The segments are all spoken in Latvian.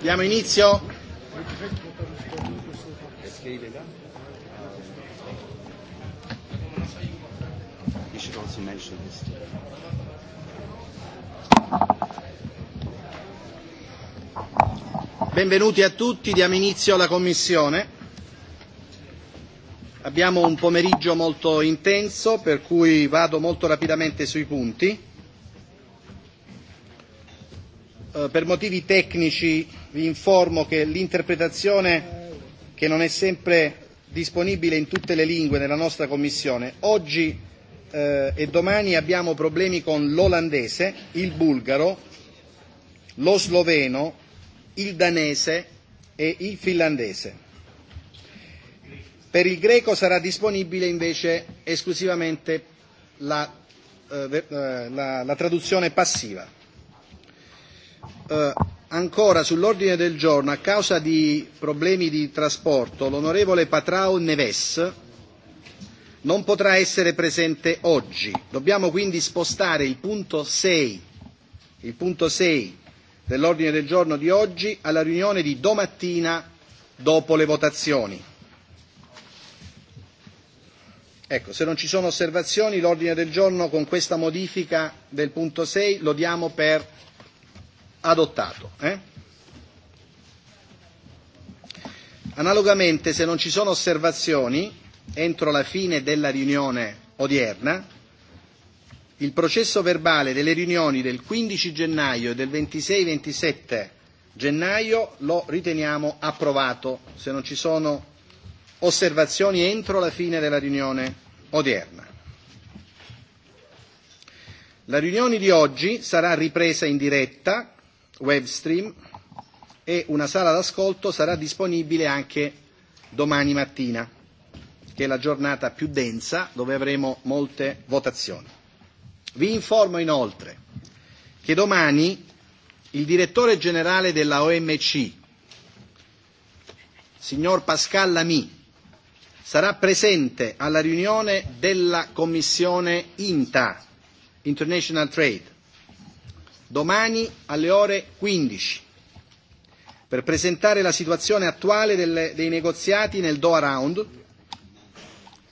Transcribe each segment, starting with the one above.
Diamo inizio. Benvenuti a tutti, diamo inizio alla Commissione. Abbiamo un pomeriggio molto intenso, per cui vado molto rapidamente sui punti eh, per motivi tecnici vi informo che l'interpretazione che non è sempre disponibile in tutte le lingue nella nostra Commissione, oggi eh, e domani abbiamo problemi con l'olandese, il bulgaro, lo sloveno, il danese e il finlandese. Per il greco sarà disponibile invece esclusivamente la, eh, eh la, la traduzione passiva. Eh, ancora sull'ordine del giorno, a causa di problemi di trasporto, l'onorevole Patrao Neves non potrà essere presente oggi. Dobbiamo quindi spostare il punto 6, il punto 6 dell'ordine del giorno di oggi alla riunione di domattina dopo le votazioni. Ecco, se non ci sono osservazioni, l'ordine del giorno con questa modifica del punto 6 lo diamo per adottato. Eh? Analogamente, se non ci sono osservazioni, entro la fine della riunione odierna, il processo verbale delle riunioni del 15 gennaio e del 26-27 gennaio lo riteniamo approvato, se non ci sono osservazioni entro la fine della riunione odierna. La riunione di oggi sarà ripresa in diretta web stream e una sala d'ascolto sarà disponibile anche domani mattina, che è la giornata più densa dove avremo molte votazioni. Vi informo inoltre che domani il direttore generale della OMC, signor Pascal Lamy, sarà presente alla riunione della Commissione INTA, International Trade, domani alle ore 15 per presentare la situazione attuale delle, dei negoziati nel Doha Round.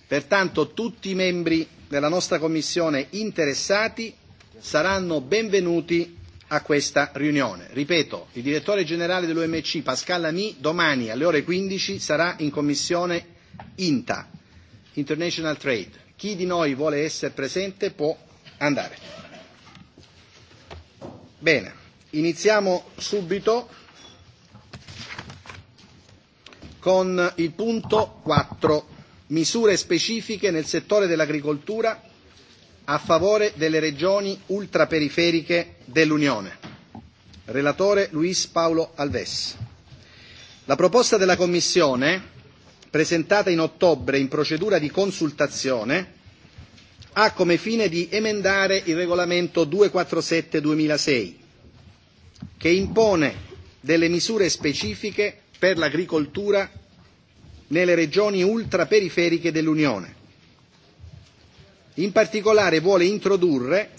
Pertanto tutti i membri della nostra Commissione interessati saranno benvenuti a questa riunione. Ripeto, il direttore generale dell'OMC Pascal Lamy domani alle ore 15 sarà in Commissione INTA, International Trade. Chi di noi vuole essere presente può andare. Bene, iniziamo subito con il punto 4, misure specifiche nel settore dell'agricoltura a favore delle regioni ultraperiferiche dell'Unione. Relatore Luis Paolo Alves. La proposta della Commissione, presentata in ottobre in procedura di consultazione, ha come fine di emendare il regolamento 247-2006, che impone delle misure specifiche per l'agricoltura nelle regioni ultraperiferiche dell'Unione. In particolare vuole introdurre,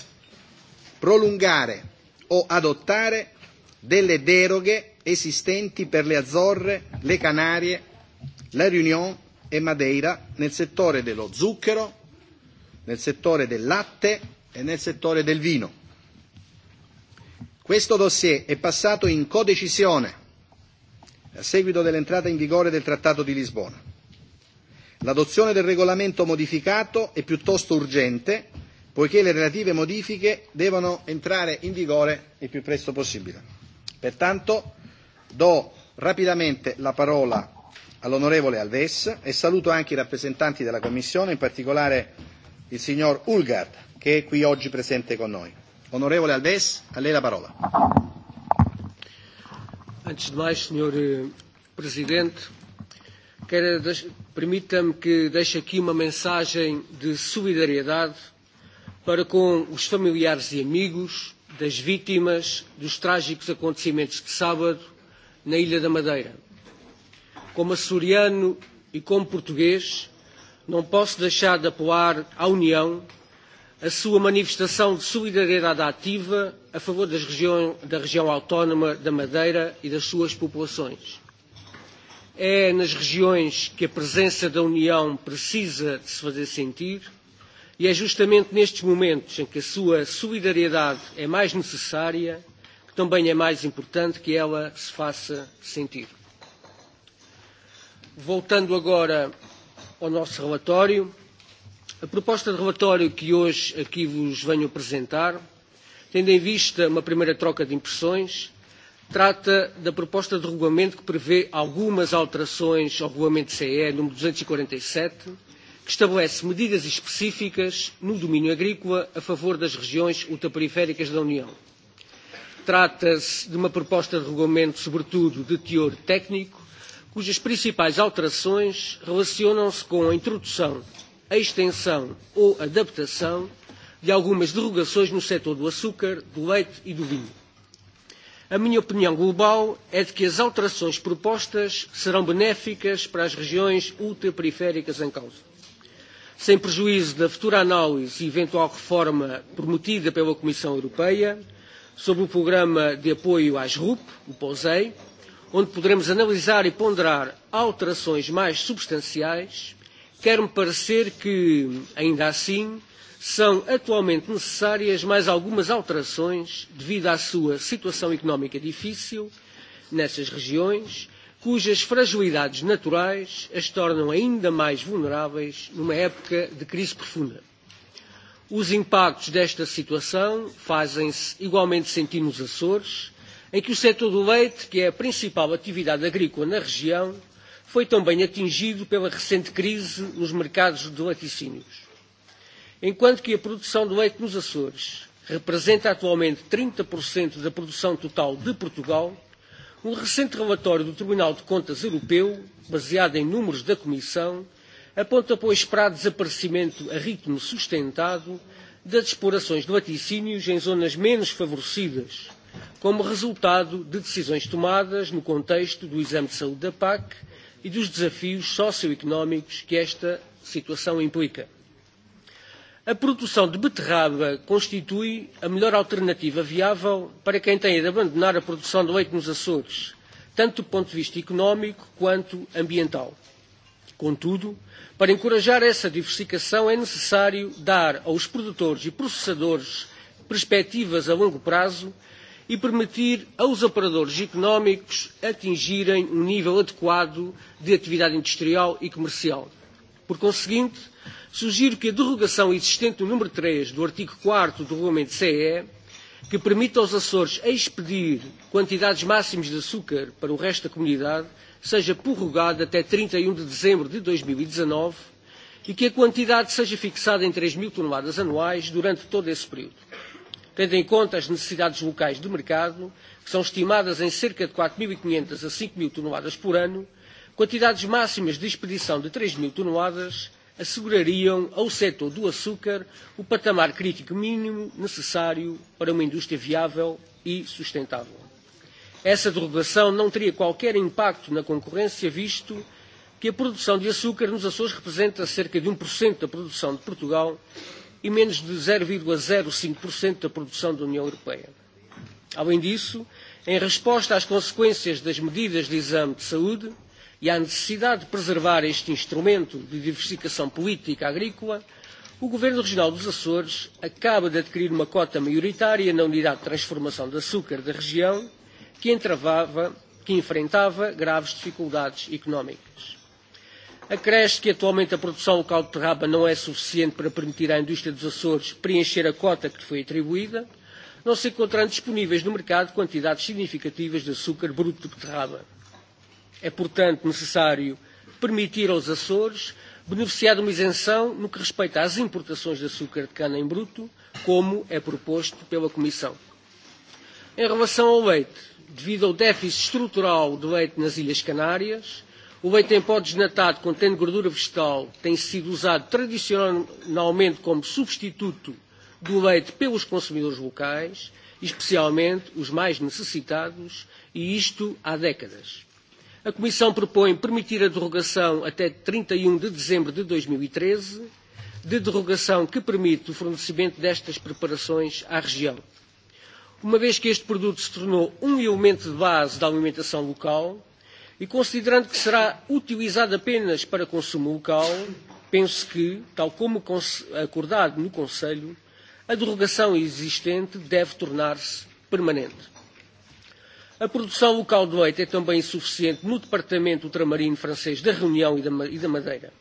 prolungare o adottare delle deroghe esistenti per le Azzorre, le Canarie, la Réunion e Madeira nel settore dello zucchero, nel settore del latte e nel settore del vino. Questo dossier è passato in codecisione a seguito dell'entrata in vigore del Trattato di Lisbona. L'adozione del regolamento modificato è piuttosto urgente, poiché le relative modifiche devono entrare in vigore il più presto possibile. Pertanto do rapidamente la parola all'onorevole Alves e saluto anche i rappresentanti della Commissione, in particolare il signor Ulgard, che è qui oggi presente con noi. Onorevole Alves, a lei la parola. Antes de mais, Sr. Eh, presidente, permita-me que deixe aqui uma mensagem de solidariedade para com os familiares e amigos das vítimas dos trágicos acontecimentos de sábado na Ilha da Madeira. Como açoriano e como português, não posso deixar de apelar à União a sua manifestação de solidariedade ativa a favor das região, da região autónoma da Madeira e das suas populações. É nas regiões que a presença da União precisa de se fazer sentir e é justamente nestes momentos em que a sua solidariedade é mais necessária que também é mais importante que ela se faça sentir. Voltando agora ao nosso relatório. A proposta de relatório que hoje aqui vos venho apresentar, tendo em vista uma primeira troca de impressões, trata da proposta de regulamento que prevê algumas alterações ao regulamento CE número 247, e e que estabelece medidas específicas no domínio agrícola a favor das regiões ultraperiféricas da União. Trata-se de uma proposta de regulamento, sobretudo, de teor técnico, cujas principais alterações relacionam-se com a introdução, a extensão ou adaptação de algumas derrogações no setor do açúcar, do leite e do vinho. A minha opinião global é de que as alterações propostas serão benéficas para as regiões ultraperiféricas em causa. Sem prejuízo da futura análise e eventual reforma prometida pela Comissão Europeia sobre o Programa de Apoio às RUP, o POSEI, onde poderemos analisar e ponderar alterações mais substanciais, quer-me parecer que, ainda assim, são atualmente necessárias mais algumas alterações devido à sua situação económica difícil nessas regiões, cujas fragilidades naturais as tornam ainda mais vulneráveis numa época de crise profunda. Os impactos desta situação fazem-se igualmente sentir nos Açores, em que o setor do leite, que é a principal atividade agrícola na região, foi também atingido pela recente crise nos mercados de laticínios. Enquanto que a produção de leite nos Açores representa atualmente 30% da produção total de Portugal, um recente relatório do Tribunal de Contas Europeu, baseado em números da Comissão, aponta, pois, para desaparecimento a ritmo sustentado das explorações de laticínios em zonas menos favorecidas, como resultado de decisões tomadas no contexto do exame de saúde da PAC e dos desafios socioeconómicos que esta situação implica. A produção de beterraba constitui a melhor alternativa viável para quem tem de abandonar a produção de leite nos Açores, tanto do ponto de vista económico quanto ambiental. Contudo, para encorajar essa diversificação é necessário dar aos produtores e processadores perspectivas a longo prazo e permitir aos operadores económicos atingirem um nível adequado de atividade industrial e comercial. Por conseguinte, sugiro que a derrogação existente no número 3 do artigo 4 do Regulamento CE, que permite aos Açores expedir quantidades máximas de açúcar para o resto da comunidade, seja prorrogada até 31 e um de dezembro de 2019 e, e que a quantidade seja fixada em 3 mil toneladas anuais durante todo esse período tendo em conta as necessidades locais de mercado, que são estimadas em cerca de 4.500 e a 5.000 toneladas por ano, quantidades máximas de expedição de 3.000 toneladas assegurariam ao setor do açúcar o patamar crítico mínimo necessário para uma indústria viável e sustentável. Essa derrogação não teria qualquer impacto na concorrência, visto que a produção de açúcar nos Açores representa cerca de 1% um da produção de Portugal e menos de 0,05% da produção da União Europeia. Além disso, em resposta às consequências das medidas de exame de saúde e à necessidade de preservar este instrumento de diversificação política agrícola, o Governo Regional dos Açores acaba de adquirir uma cota maioritária na unidade de transformação de açúcar da região, que, entravava, que enfrentava graves dificuldades económicas. Acresce que atualmente a produção local de Terraba não é suficiente para permitir à indústria dos Açores preencher a cota que lhe foi atribuída, não se encontrando disponíveis no mercado quantidades significativas de açúcar bruto de Terraba. É, portanto, necessário permitir aos Açores beneficiar de uma isenção no que respeita às importações de açúcar de cana em bruto, como é proposto pela Comissão. Em relação ao leite, devido ao déficit estrutural de leite nas Ilhas Canárias, O leite em pó desnatado contendo gordura vegetal tem sido usado tradicionalmente como substituto do leite pelos consumidores locais, especialmente os mais necessitados, e isto há décadas. A Comissão propõe permitir a derrogação até 31 e um de dezembro de 2013, e de derrogação que permite o fornecimento destas preparações à região. Uma vez que este produto se tornou um elemento de base da alimentação local, E considerando que será utilizado apenas para consumo local, penso que, tal como acordado no Conselho, a derrogação existente deve tornar-se permanente. A produção local do leite é também insuficiente no departamento ultramarino francês da Reunião e da e Madeira.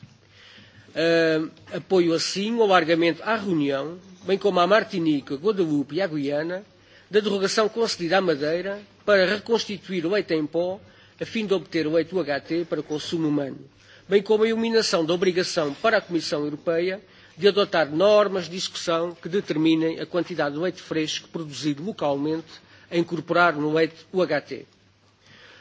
Uh, apoio assim o alargamento à Reunião, bem como à Martinica, Guadalupe e à Guiana, da derrogação concedida à Madeira para reconstituir o leite em pó a fim de obter o 8UHT e para consumo humano, bem como a iluminação da obrigação para a Comissão Europeia de adotar normas de execução que determinem a quantidade de leite fresco produzido localmente a incorporar no leite UHT.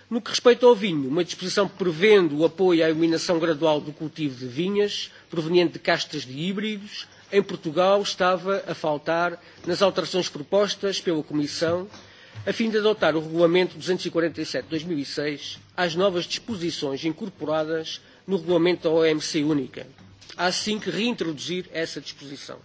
No que respeita ao vinho, uma disposição prevendo o apoio à eliminação gradual do cultivo de vinhas proveniente de castas de híbridos, em Portugal estava a faltar nas alterações propostas pela Comissão a fim de adotar o Regulamento 247-2006 às e e e novas disposições incorporadas no Regulamento da OMC Única, assim que reintroduzir essa disposição.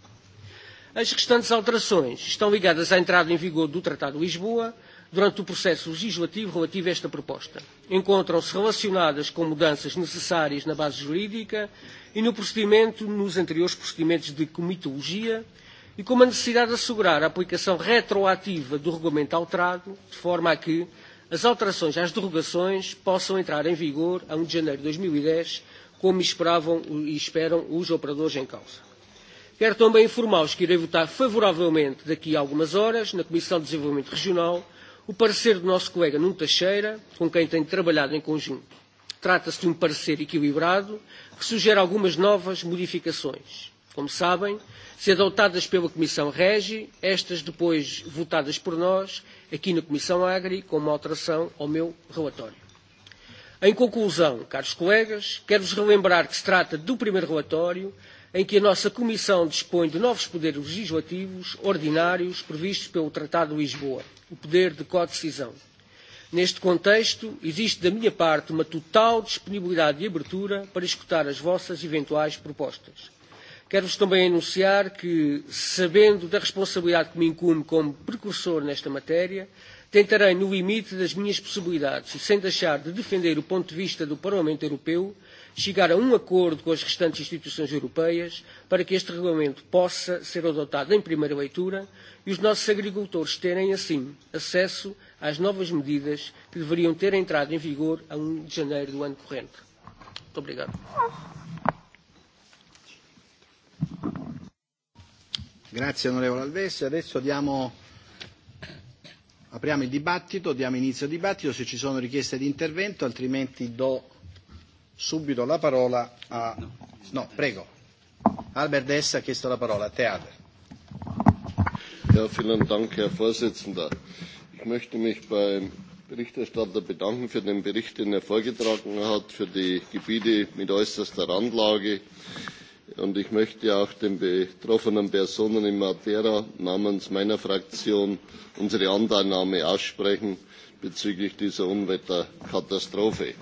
As restantes alterações estão ligadas à entrada em vigor do Tratado de Lisboa durante o processo legislativo relativo a esta proposta. Encontram-se relacionadas com mudanças necessárias na base jurídica e no procedimento, nos anteriores procedimentos de comitologia e com a necessidade de assegurar a aplicação retroativa do regulamento alterado, de forma a que as alterações às derrogações possam entrar em vigor a 1 um de janeiro de 2010, e como esperavam e esperam os operadores em causa. Quero também informá-los que irei votar favoravelmente daqui a algumas horas, na Comissão de Desenvolvimento Regional, o parecer do nosso colega Nuno Teixeira, com quem tenho trabalhado em conjunto. Trata-se de um parecer equilibrado que sugere algumas novas modificações como sabem, se adotadas pela Comissão Regi, estas depois votadas por nós, aqui na Comissão Agri, como alteração ao meu relatório. Em conclusão, caros colegas, quero-vos relembrar que se trata do primeiro relatório em que a nossa Comissão dispõe de novos poderes legislativos ordinários previstos pelo Tratado de Lisboa, o poder de codecisão. Neste contexto, existe da minha parte uma total disponibilidade de abertura para escutar as vossas eventuais propostas. Quero-vos também anunciar que, sabendo da responsabilidade que me incumbe como precursor nesta matéria, tentarei, no limite das minhas possibilidades e sem deixar de defender o ponto de vista do Parlamento Europeu, chegar a um acordo com as restantes instituições europeias para que este regulamento possa ser adotado em primeira leitura e os nossos agricultores terem, assim, acesso às novas medidas que deveriam ter entrado em vigor a 1 um de janeiro do ano corrente. Muito obrigado. Grazie onorevole Alvesi. Adesso diamo, apriamo il dibattito, diamo inizio al dibattito se ci sono richieste di intervento, altrimenti do subito la parola a... No, prego. Albert Dess ha chiesto la parola. A te Albert. Ja, vielen Dank, Herr Vorsitzender. Ich möchte mich beim Berichterstatter bedanken für den Bericht, den er vorgetragen hat, für die Gebiete mit äußerster Randlage. Und ich möchte auch den betroffenen Personen in Madeira namens meiner Fraktion unsere Anteilnahme aussprechen bezüglich dieser Unwetterkatastrophe.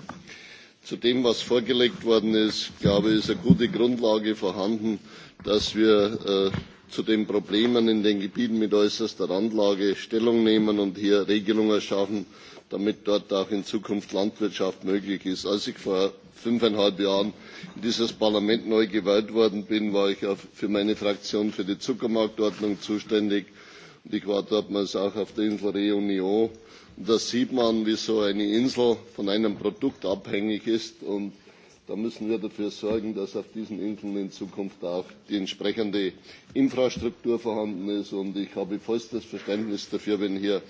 Zu dem, was vorgelegt worden ist, glaube ich, ist eine gute Grundlage vorhanden, dass wir äh, zu den Problemen in den Gebieten mit äußerster Randlage Stellung nehmen und hier Regelungen schaffen, damit dort auch in Zukunft Landwirtschaft möglich ist. Als ich vor fünfeinhalb Jahren in dieses Parlament neu gewählt worden bin, war ich auch für meine Fraktion für die Zuckermarktordnung zuständig. Und ich war damals auch auf der Insel Reunion. Und da sieht man, wie so eine Insel von einem Produkt abhängig ist. Und da müssen wir dafür sorgen, dass auf diesen Inseln in Zukunft auch die entsprechende Infrastruktur vorhanden ist. Und ich habe vollstes Verständnis dafür, wenn hier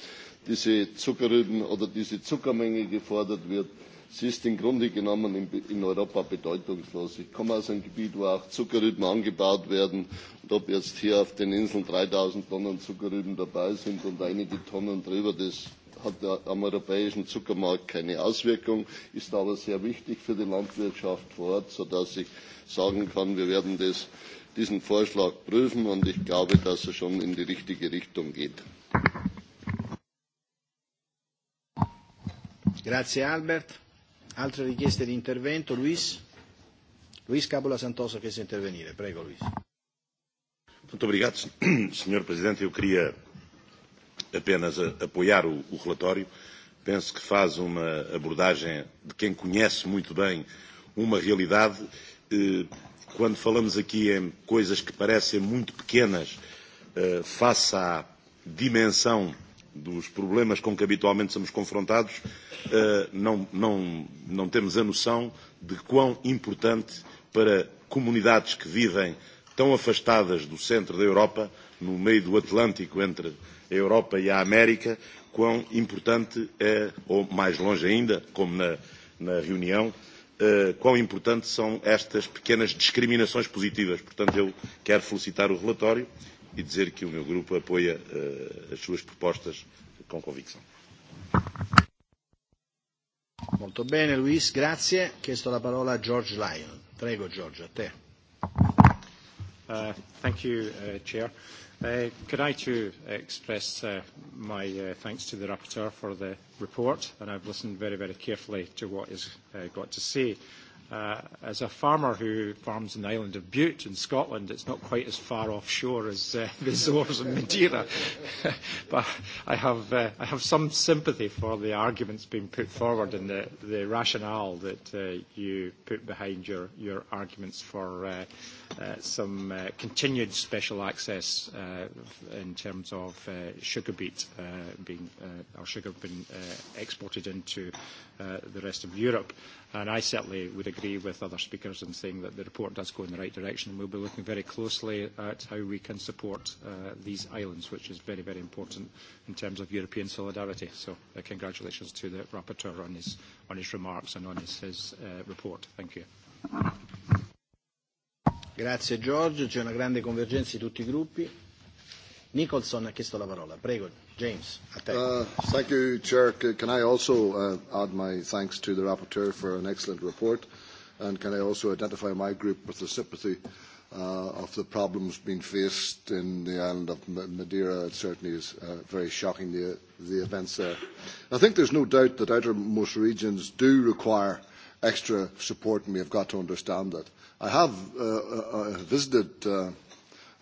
diese Zuckerrüben oder diese Zuckermenge gefordert wird Sie ist im Grunde genommen in, in Europa bedeutungslos. Ich komme aus einem Gebiet, wo auch Zuckerrüben angebaut werden. Und ob jetzt hier auf den Inseln 3000 Tonnen Zuckerrüben dabei sind und einige Tonnen drüber, das hat am europäischen Zuckermarkt keine Auswirkung, ist aber sehr wichtig für die Landwirtschaft vor Ort, sodass ich sagen kann, wir werden das, diesen Vorschlag prüfen und ich glaube, dass er schon in die richtige Richtung geht. Grazie Albert. Altre richieste di intervento? Luis? Luis Capola Santoso quer intervenire. Prego, Luis. Muito obrigado, Sr. Presidente. Eu queria apenas apoiar o, o relatório. Penso que faz uma abordagem de quem conhece muito bem uma realidade. Eh, quando falamos aqui em coisas que parecem muito pequenas eh, face à dimensão dos problemas com que habitualmente somos confrontados, eh, não, não, não temos a noção de quão importante para comunidades que vivem tão afastadas do centro da Europa, no meio do Atlântico entre a Europa e a América, quão importante é, ou mais longe ainda, como na, na reunião, uh, quão importantes são estas pequenas discriminações positivas. Portanto, eu quero felicitar o relatório e dizer que o meu grupo apoia uh, as suas propostas com convicção. Molto bene Luis, grazie. Chiesto la parola a George Lyon. Prego George, a te. Uh, thank you, uh, Chair. Uh, could I too express uh, my uh, thanks to the Rapporteur for the report, and I've listened very, very carefully to what he's uh, got to say. Uh, uh, as a farmer who farms in the island of Bute in Scotland, it's not quite as far offshore as uh, the Azores and Madeira. but I have, uh, I have some sympathy for the arguments being put forward and the, the rationale that uh, you put behind your, your arguments for uh, uh, some uh, continued special access uh, in terms of uh, sugar beet uh, being, uh, or sugar being uh, exported into uh, the rest of Europe. Uh, And I certainly would agree with other speakers in saying that the report does go in the right direction. And we'll be looking very closely at how we can support uh, these islands, which is very, very important in terms of European solidarity. So uh, congratulations to the rapporteur on his, on his remarks and on his, his uh, report. Thank you. Grazie George, c'è una grande convergenza di tutti i gruppi. Nicholson ha chiesto la parola. Prego, James, a te. Uh, thank you, Chair. Can I also uh, add my thanks to the Rapporteur for an excellent report? And can I also identify my group with the sympathy uh, of the problems being faced in the island of Madeira? It certainly is uh, very shocking, the, the events there. I think there's no doubt that outermost regions do require extra support, and we have got to understand that. I have uh, uh, uh visited... Uh,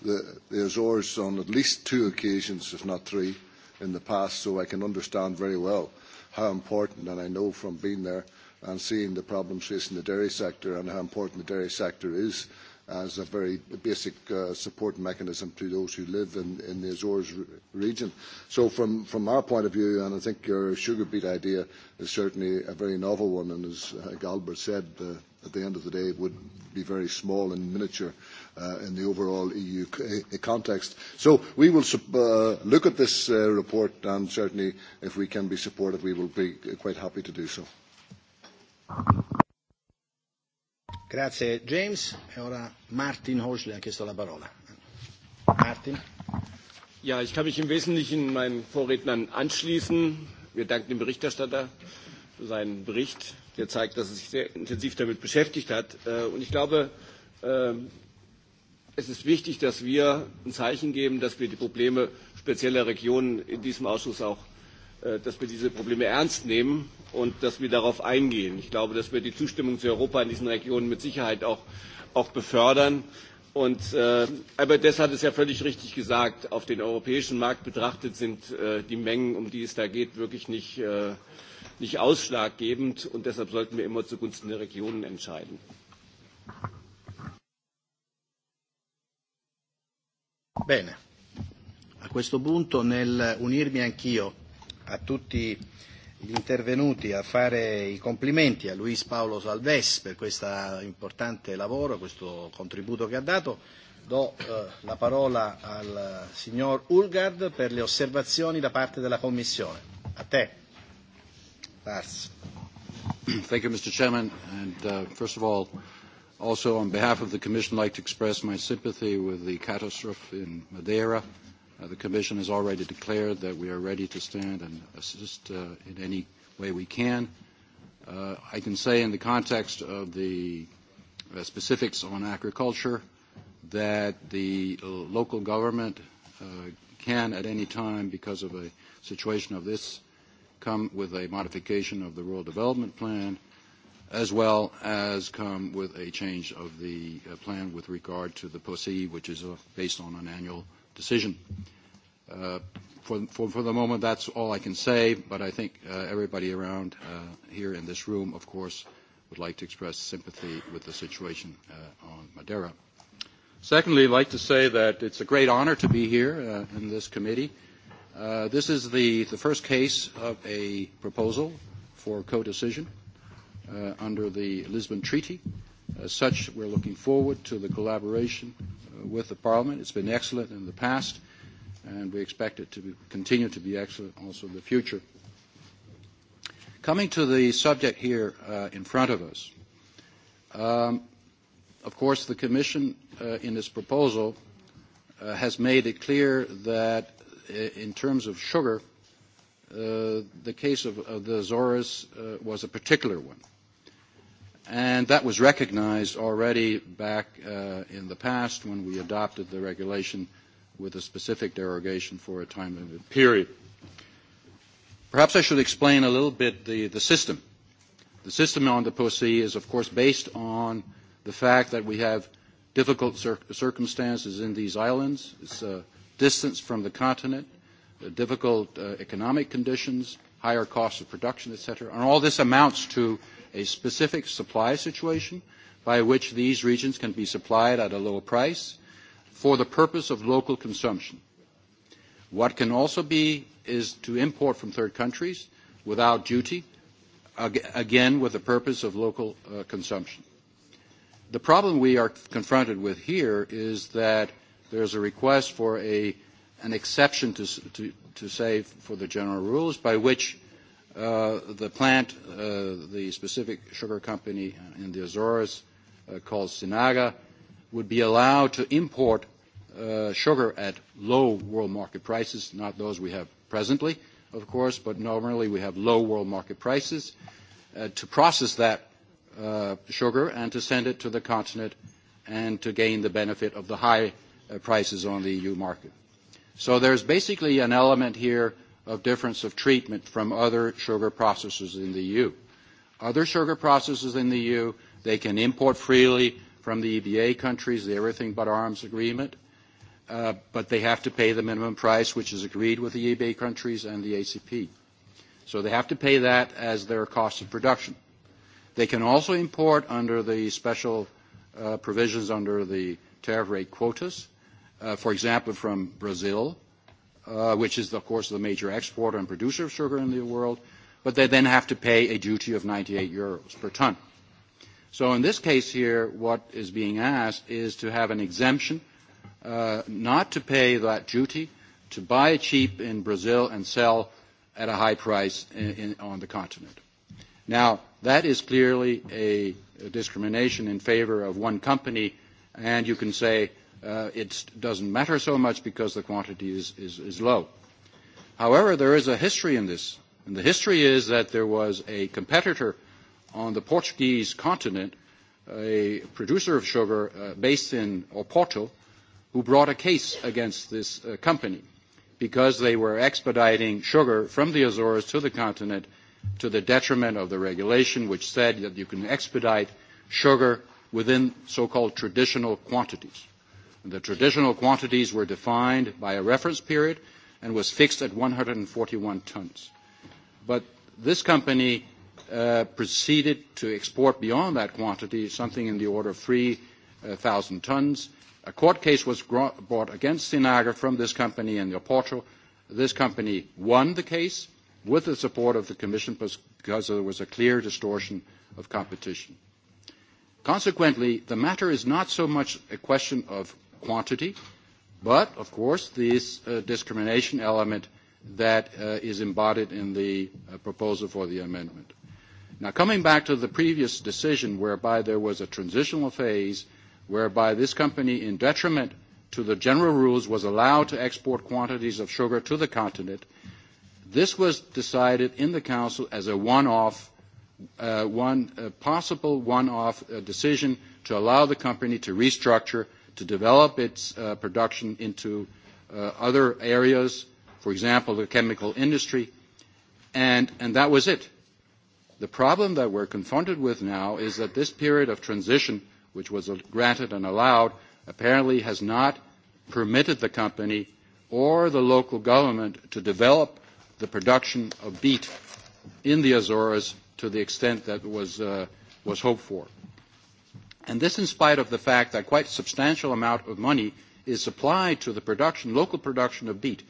the, the Azores on at least two occasions, if not three, in the past, so I can understand very well how important, and I know from being there and seeing the problems facing the dairy sector and how important the dairy sector is as a very basic uh, support mechanism to those who live in, in the Azores region. So from, from our point of view, and I think your sugar beet idea is certainly a very novel one, and as I think Albert said, the, at the end of the day would be very small and miniature uh, in the overall EU eh, eh, context. So we will uh, look at this uh, report and certainly if we can be supportive we will be quite happy to do so. Grazie James e ora Martin Hoschler ha chiesto la parola. Martin. Ja, ich kann mich im Wesentlichen meinen Vorrednern anschließen. Wir danken dem Berichterstatter für seinen Bericht der zeigt, dass er sich sehr intensiv damit beschäftigt hat. Äh, und ich glaube, ähm, es ist wichtig, dass wir ein Zeichen geben, dass wir die Probleme spezieller Regionen in diesem Ausschuss auch, äh, dass wir diese Probleme ernst nehmen und dass wir darauf eingehen. Ich glaube, dass wir die Zustimmung zu Europa in diesen Regionen mit Sicherheit auch, auch befördern. Und äh, Albert Dess hat es ja völlig richtig gesagt, auf den europäischen Markt betrachtet sind äh, die Mengen, um die es da geht, wirklich nicht äh, nicht ausschlaggebend. Und deshalb sollten wir immer zugunsten der Regionen entscheiden. Bene, a questo punto nel unirmi anch'io a tutti gli intervenuti a fare i complimenti a Luis Paolo Salves per questo importante lavoro, questo contributo che ha dato, do eh, la parola al signor Ulgard per le osservazioni da parte della Commissione. A te. Lars. Thank you, Mr. Chairman. And uh, first of all, also on behalf of the Commission, I'd like to express my sympathy with the catastrophe in Madeira. Uh, the Commission has already declared that we are ready to stand and assist uh, in any way we can. Uh, I can say in the context of the uh, specifics on agriculture that the uh, local government uh, can at any time, because of a situation of this come with a modification of the rural development plan, as well as come with a change of the uh, plan with regard to the POSI, e, which is uh, based on an annual decision. Uh, for, for, for the moment, that's all I can say, but I think uh, everybody around uh, here in this room, of course, would like to express sympathy with the situation uh, on Madeira. Secondly, I'd like to say that it's a great honor to be here uh, in this committee. Uh, Uh, this is the, the first case of a proposal for co-decision uh, under the Lisbon Treaty. As such, we're looking forward to the collaboration uh, with the Parliament. It's been excellent in the past, and we expect it to be, continue to be excellent also in the future. Coming to the subject here uh, in front of us, um, of course, the Commission uh, in this proposal uh, has made it clear that Uh, in terms of sugar, uh, the case of, of the Azores uh, was a particular one. And that was recognized already back uh, in the past when we adopted the regulation with a specific derogation for a time limited period. Perhaps I should explain a little bit the, the system. The system on the POSI is, of course, based on the fact that we have difficult cir- circumstances in these islands. It's a uh, distance from the continent, the difficult uh, economic conditions, higher costs of production, etc. And all this amounts to a specific supply situation by which these regions can be supplied at a lower price for the purpose of local consumption. What can also be is to import from third countries without duty, again with the purpose of local uh, consumption. The problem we are confronted with here is that there's a request for a, an exception to, to, to say for the general rules by which uh, the plant, uh, the specific sugar company in the Azores uh, called Sinaga, would be allowed to import uh, sugar at low world market prices, not those we have presently, of course, but normally we have low world market prices, uh, to process that uh, sugar and to send it to the continent and to gain the benefit of the high Uh, prices on the EU market. So there's basically an element here of difference of treatment from other sugar processors in the EU. Other sugar processors in the EU, they can import freely from the EBA countries, the Everything But Arms Agreement, uh, but they have to pay the minimum price, which is agreed with the EBA countries and the ACP. So they have to pay that as their cost of production. They can also import under the special uh, provisions under the tariff rate quotas, uh, for example, from Brazil, uh, which is, of course, the major exporter and producer of sugar in the world, but they then have to pay a duty of 98 euros per ton. So in this case here, what is being asked is to have an exemption uh, not to pay that duty, to buy cheap in Brazil and sell at a high price in, in, on the continent. Now, that is clearly a, a discrimination in favor of one company, and you can say, uh, it doesn't matter so much because the quantity is, is, is low. However, there is a history in this, and the history is that there was a competitor on the Portuguese continent, a producer of sugar uh, based in Oporto, who brought a case against this uh, company because they were expediting sugar from the Azores to the continent to the detriment of the regulation, which said that you can expedite sugar within so-called traditional quantities. The traditional quantities were defined by a reference period and was fixed at 141 tons. But this company uh, proceeded to export beyond that quantity, something in the order of 3,000 tons. A court case was brought against Sinagra from this company in Oporto. This company won the case with the support of the commission because there was a clear distortion of competition. Consequently, the matter is not so much a question of quantity, but of course this uh, discrimination element that uh, is embodied in the uh, proposal for the amendment. Now coming back to the previous decision whereby there was a transitional phase whereby this company in detriment to the general rules was allowed to export quantities of sugar to the continent. This was decided in the Council as a one-off, uh, one, uh, possible one-off uh, decision to allow the company to restructure to develop its uh, production into uh, other areas, for example, the chemical industry, and, and that was it. The problem that we're confronted with now is that this period of transition, which was granted and allowed, apparently has not permitted the company or the local government to develop the production of beet in the Azores to the extent that was, uh, was hoped for. And this in spite of the fact that quite substantial amount of money is applied to the production, local production of beet.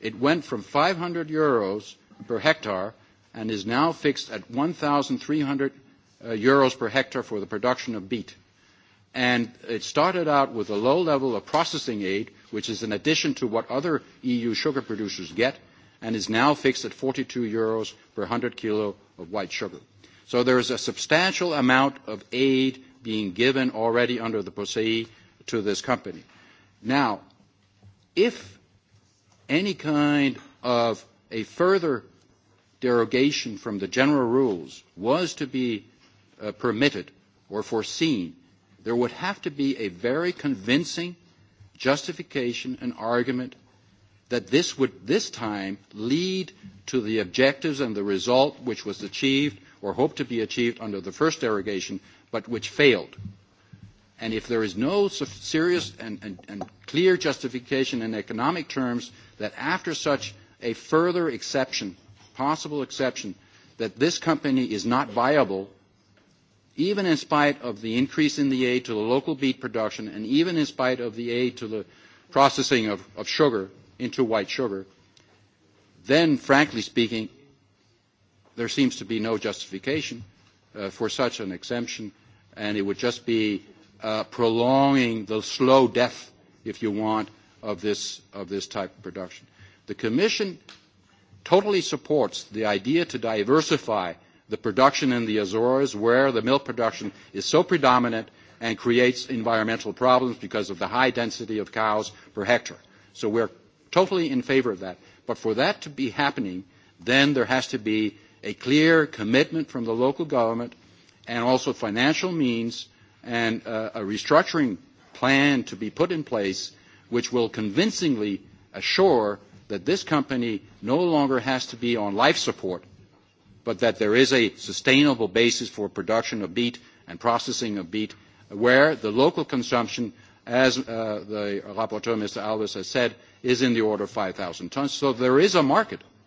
It went from 500 euros per hectare and is now fixed at 1,300 uh, euros per hectare for the production of beet. And it started out with a low level of processing aid, which is an addition to what other EU sugar producers get, and is now fixed at 42 euros per 100 kilo of white sugar. So there is a substantial amount of aid being given already under the POSEI to this company. Now, if any kind of a further derogation from the general rules was to be uh, permitted or foreseen, there would have to be a very convincing justification and argument that this would this time lead to the objectives and the result which was achieved or hoped to be achieved under the first derogation but which failed. And if there is no serious and, and, and clear justification in economic terms that after such a further exception, possible exception, that this company is not viable, even in spite of the increase in the aid to the local beet production and even in spite of the aid to the processing of, of sugar into white sugar, then, frankly speaking, there seems to be no justification uh, for such an exemption, and it would just be uh, prolonging the slow death, if you want, of this, of this type of production. The Commission totally supports the idea to diversify the production in the Azores where the milk production is so predominant and creates environmental problems because of the high density of cows per hectare. So we're totally in favor of that. But for that to be happening, then there has to be a clear commitment from the local government and also financial means and uh, a restructuring plan to be put in place which will convincingly assure that this company no longer has to be on life support, but that there is a sustainable basis for production of beet and processing of beet where the local consumption, as uh, the rapporteur, Mr. Alves, has said, is in the order of 5,000 tons. So there is a market. Uh,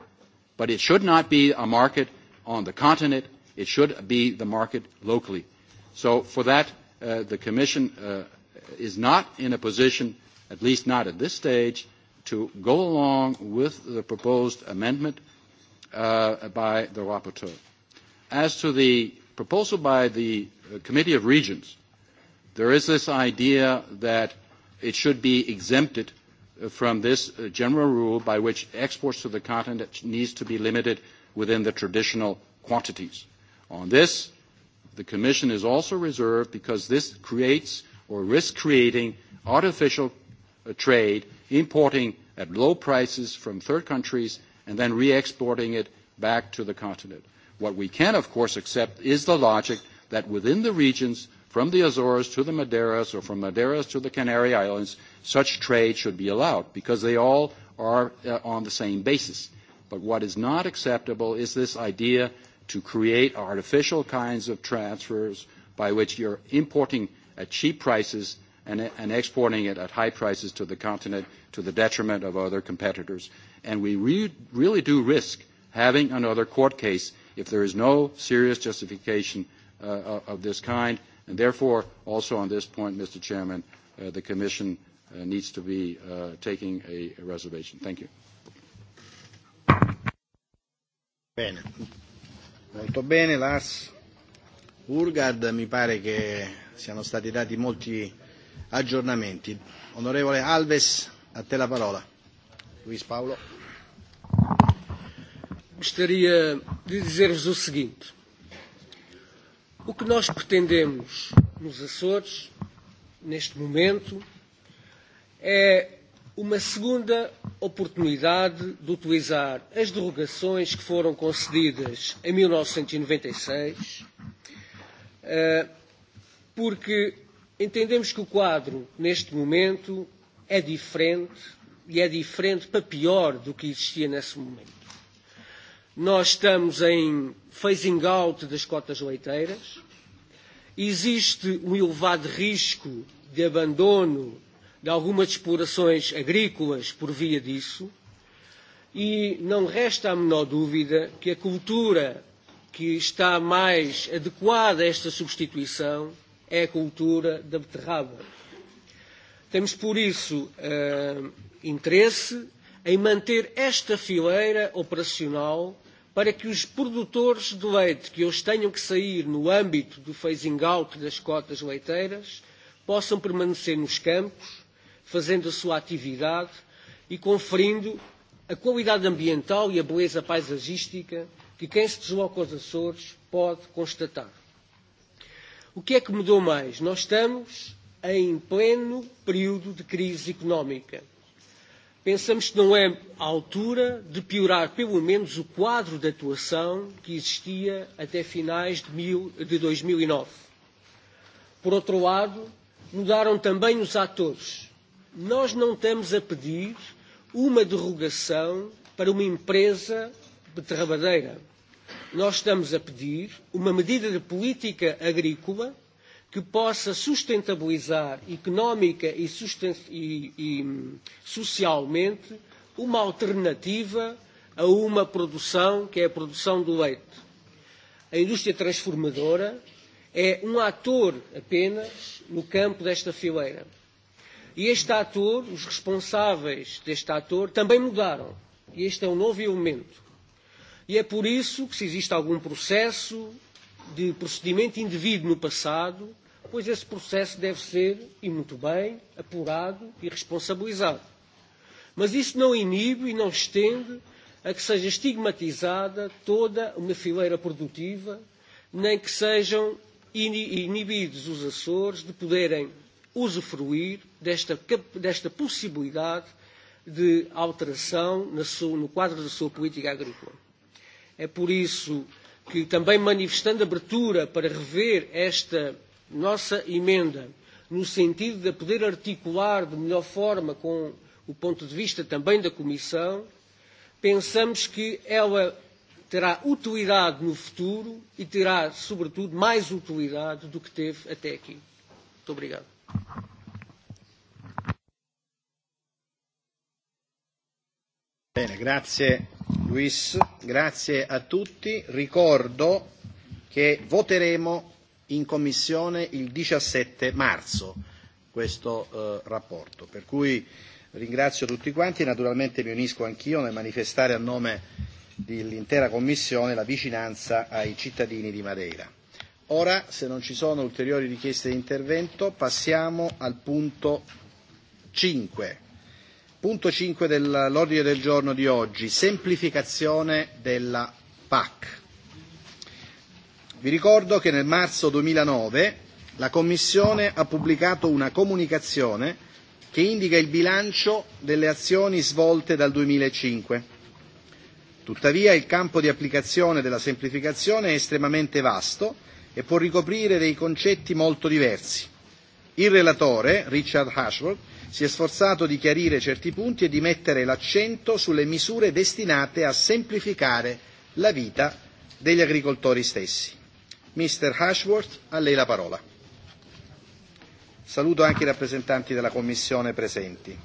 But it should not be a market on the continent. It should be the market locally. So for that, uh, the Commission uh, is not in a position, at least not at this stage, to go along with the proposed amendment uh, by the rapporteur. As to the proposal by the uh, Committee of Regions, there is this idea that it should be exempted from this general rule by which exports to the continent needs to be limited within the traditional quantities. On this, the Commission is also reserved because this creates or risks creating artificial uh, trade, importing at low prices from third countries and then re-exporting it back to the continent. What we can, of course, accept is the logic that within the regions from the Azores to the Madeiras or from Madeiras to the Canary Islands, such trade should be allowed because they all are uh, on the same basis. But what is not acceptable is this idea to create artificial kinds of transfers by which you're importing at cheap prices and, and exporting it at high prices to the continent to the detriment of other competitors. And we re- really do risk having another court case if there is no serious justification uh, of this kind And therefore, also on this point, Mr. Chairman, uh, the Commission uh, needs to be uh, taking a, a reservation. Thank you. Bene. Molto bene, Lars Urgard. Mi pare che siano stati dati molti aggiornamenti. Onorevole Alves, a te la parola. Luís Paulo. Gostaria de dizer-vos o seguinte O que nós pretendemos nos Açores, neste momento, é uma segunda oportunidade de utilizar as derrogações que foram concedidas em 1996, e e eh, porque entendemos que o quadro, neste momento, é diferente e é diferente para pior do que existia nesse momento. Nós estamos em phasing out das cotas leiteiras, existe um elevado risco de abandono de algumas explorações agrícolas por via disso, e não resta a menor dúvida que a cultura que está mais adequada a esta substituição é a cultura da beterraba. Temos, por isso, uh, interesse em manter esta fileira operacional para que os produtores de leite que hoje tenham que sair no âmbito do phasing out das cotas leiteiras possam permanecer nos campos, fazendo a sua atividade e conferindo a qualidade ambiental e a beleza paisagística que quem se desloca aos Açores pode constatar. O que é que mudou mais? Nós estamos em pleno período de crise económica pensamos que não é a altura de piorar pelo menos o quadro de atuação que existia até finais de, mil, de 2009. E Por outro lado, mudaram também os atores. Nós não estamos a pedir uma derrogação para uma empresa beterrabadeira. Nós estamos a pedir uma medida de política agrícola que possa sustentabilizar económica e, susten e, e socialmente uma alternativa a uma produção que é a produção do leite. A indústria transformadora é um ator apenas no campo desta fileira. E este ator, os responsáveis deste ator, também mudaram. E este é um novo elemento. E é por isso que, se existe algum processo de procedimento indevido no passado, pois esse processo deve ser, e muito bem, apurado e responsabilizado. Mas isso não inibe e não estende a que seja estigmatizada toda uma fileira produtiva, nem que sejam inibidos os Açores de poderem usufruir desta, desta possibilidade de alteração na sua, no quadro da sua política agrícola. É por isso que, também manifestando abertura para rever esta nossa emenda no sentido de poder articular de melhor forma com o ponto de vista também da Comissão, pensamos que ela terá utilidade no futuro e terá, sobretudo, mais utilidade do que teve até aqui. Muito obrigado. Bene, grazie Luis, grazie a tutti. Ricordo che voteremo in Commissione il 17 marzo questo eh, rapporto. Per cui ringrazio tutti quanti e naturalmente mi unisco anch'io nel manifestare a nome dell'intera Commissione la vicinanza ai cittadini di Madeira. Ora, se non ci sono ulteriori richieste di intervento, passiamo al punto 5. Punto 5 dell'ordine del giorno di oggi, semplificazione della PAC. Vi ricordo che nel marzo 2009 la Commissione ha pubblicato una comunicazione che indica il bilancio delle azioni svolte dal 2005. Tuttavia il campo di applicazione della semplificazione è estremamente vasto e può ricoprire dei concetti molto diversi. Il relatore, Richard Ashworth, si è sforzato di chiarire certi punti e di mettere l'accento sulle misure destinate a semplificare la vita degli agricoltori stessi. Mr. Ashworth, a lei la parola. Saluto anche i rappresentanti della Commissione presenti.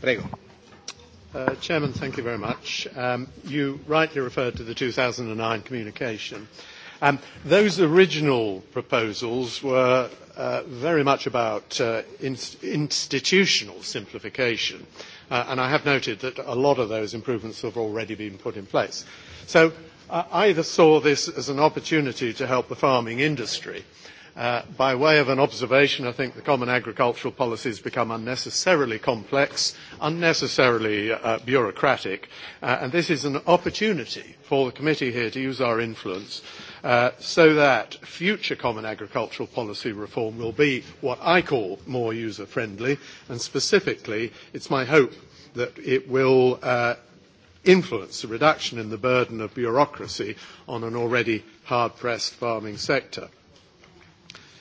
Prego. Uh, Chairman, thank you very much. Um, you rightly referred to the 2009 communication. Um, those original proposals were uh, very much about uh, in- institutional simplification, uh, and I have noted that a lot of those improvements have already been put in place. So either saw this as an opportunity to help the farming industry. Uh, by way of an observation, I think the common agricultural policy has become unnecessarily complex, unnecessarily uh, bureaucratic, uh, and this is an opportunity for the committee here to use our influence uh, so that future common agricultural policy reform will be what I call more user-friendly, and specifically, it's my hope that it will uh, influence the reduction in the burden of bureaucracy on an already hard-pressed farming sector.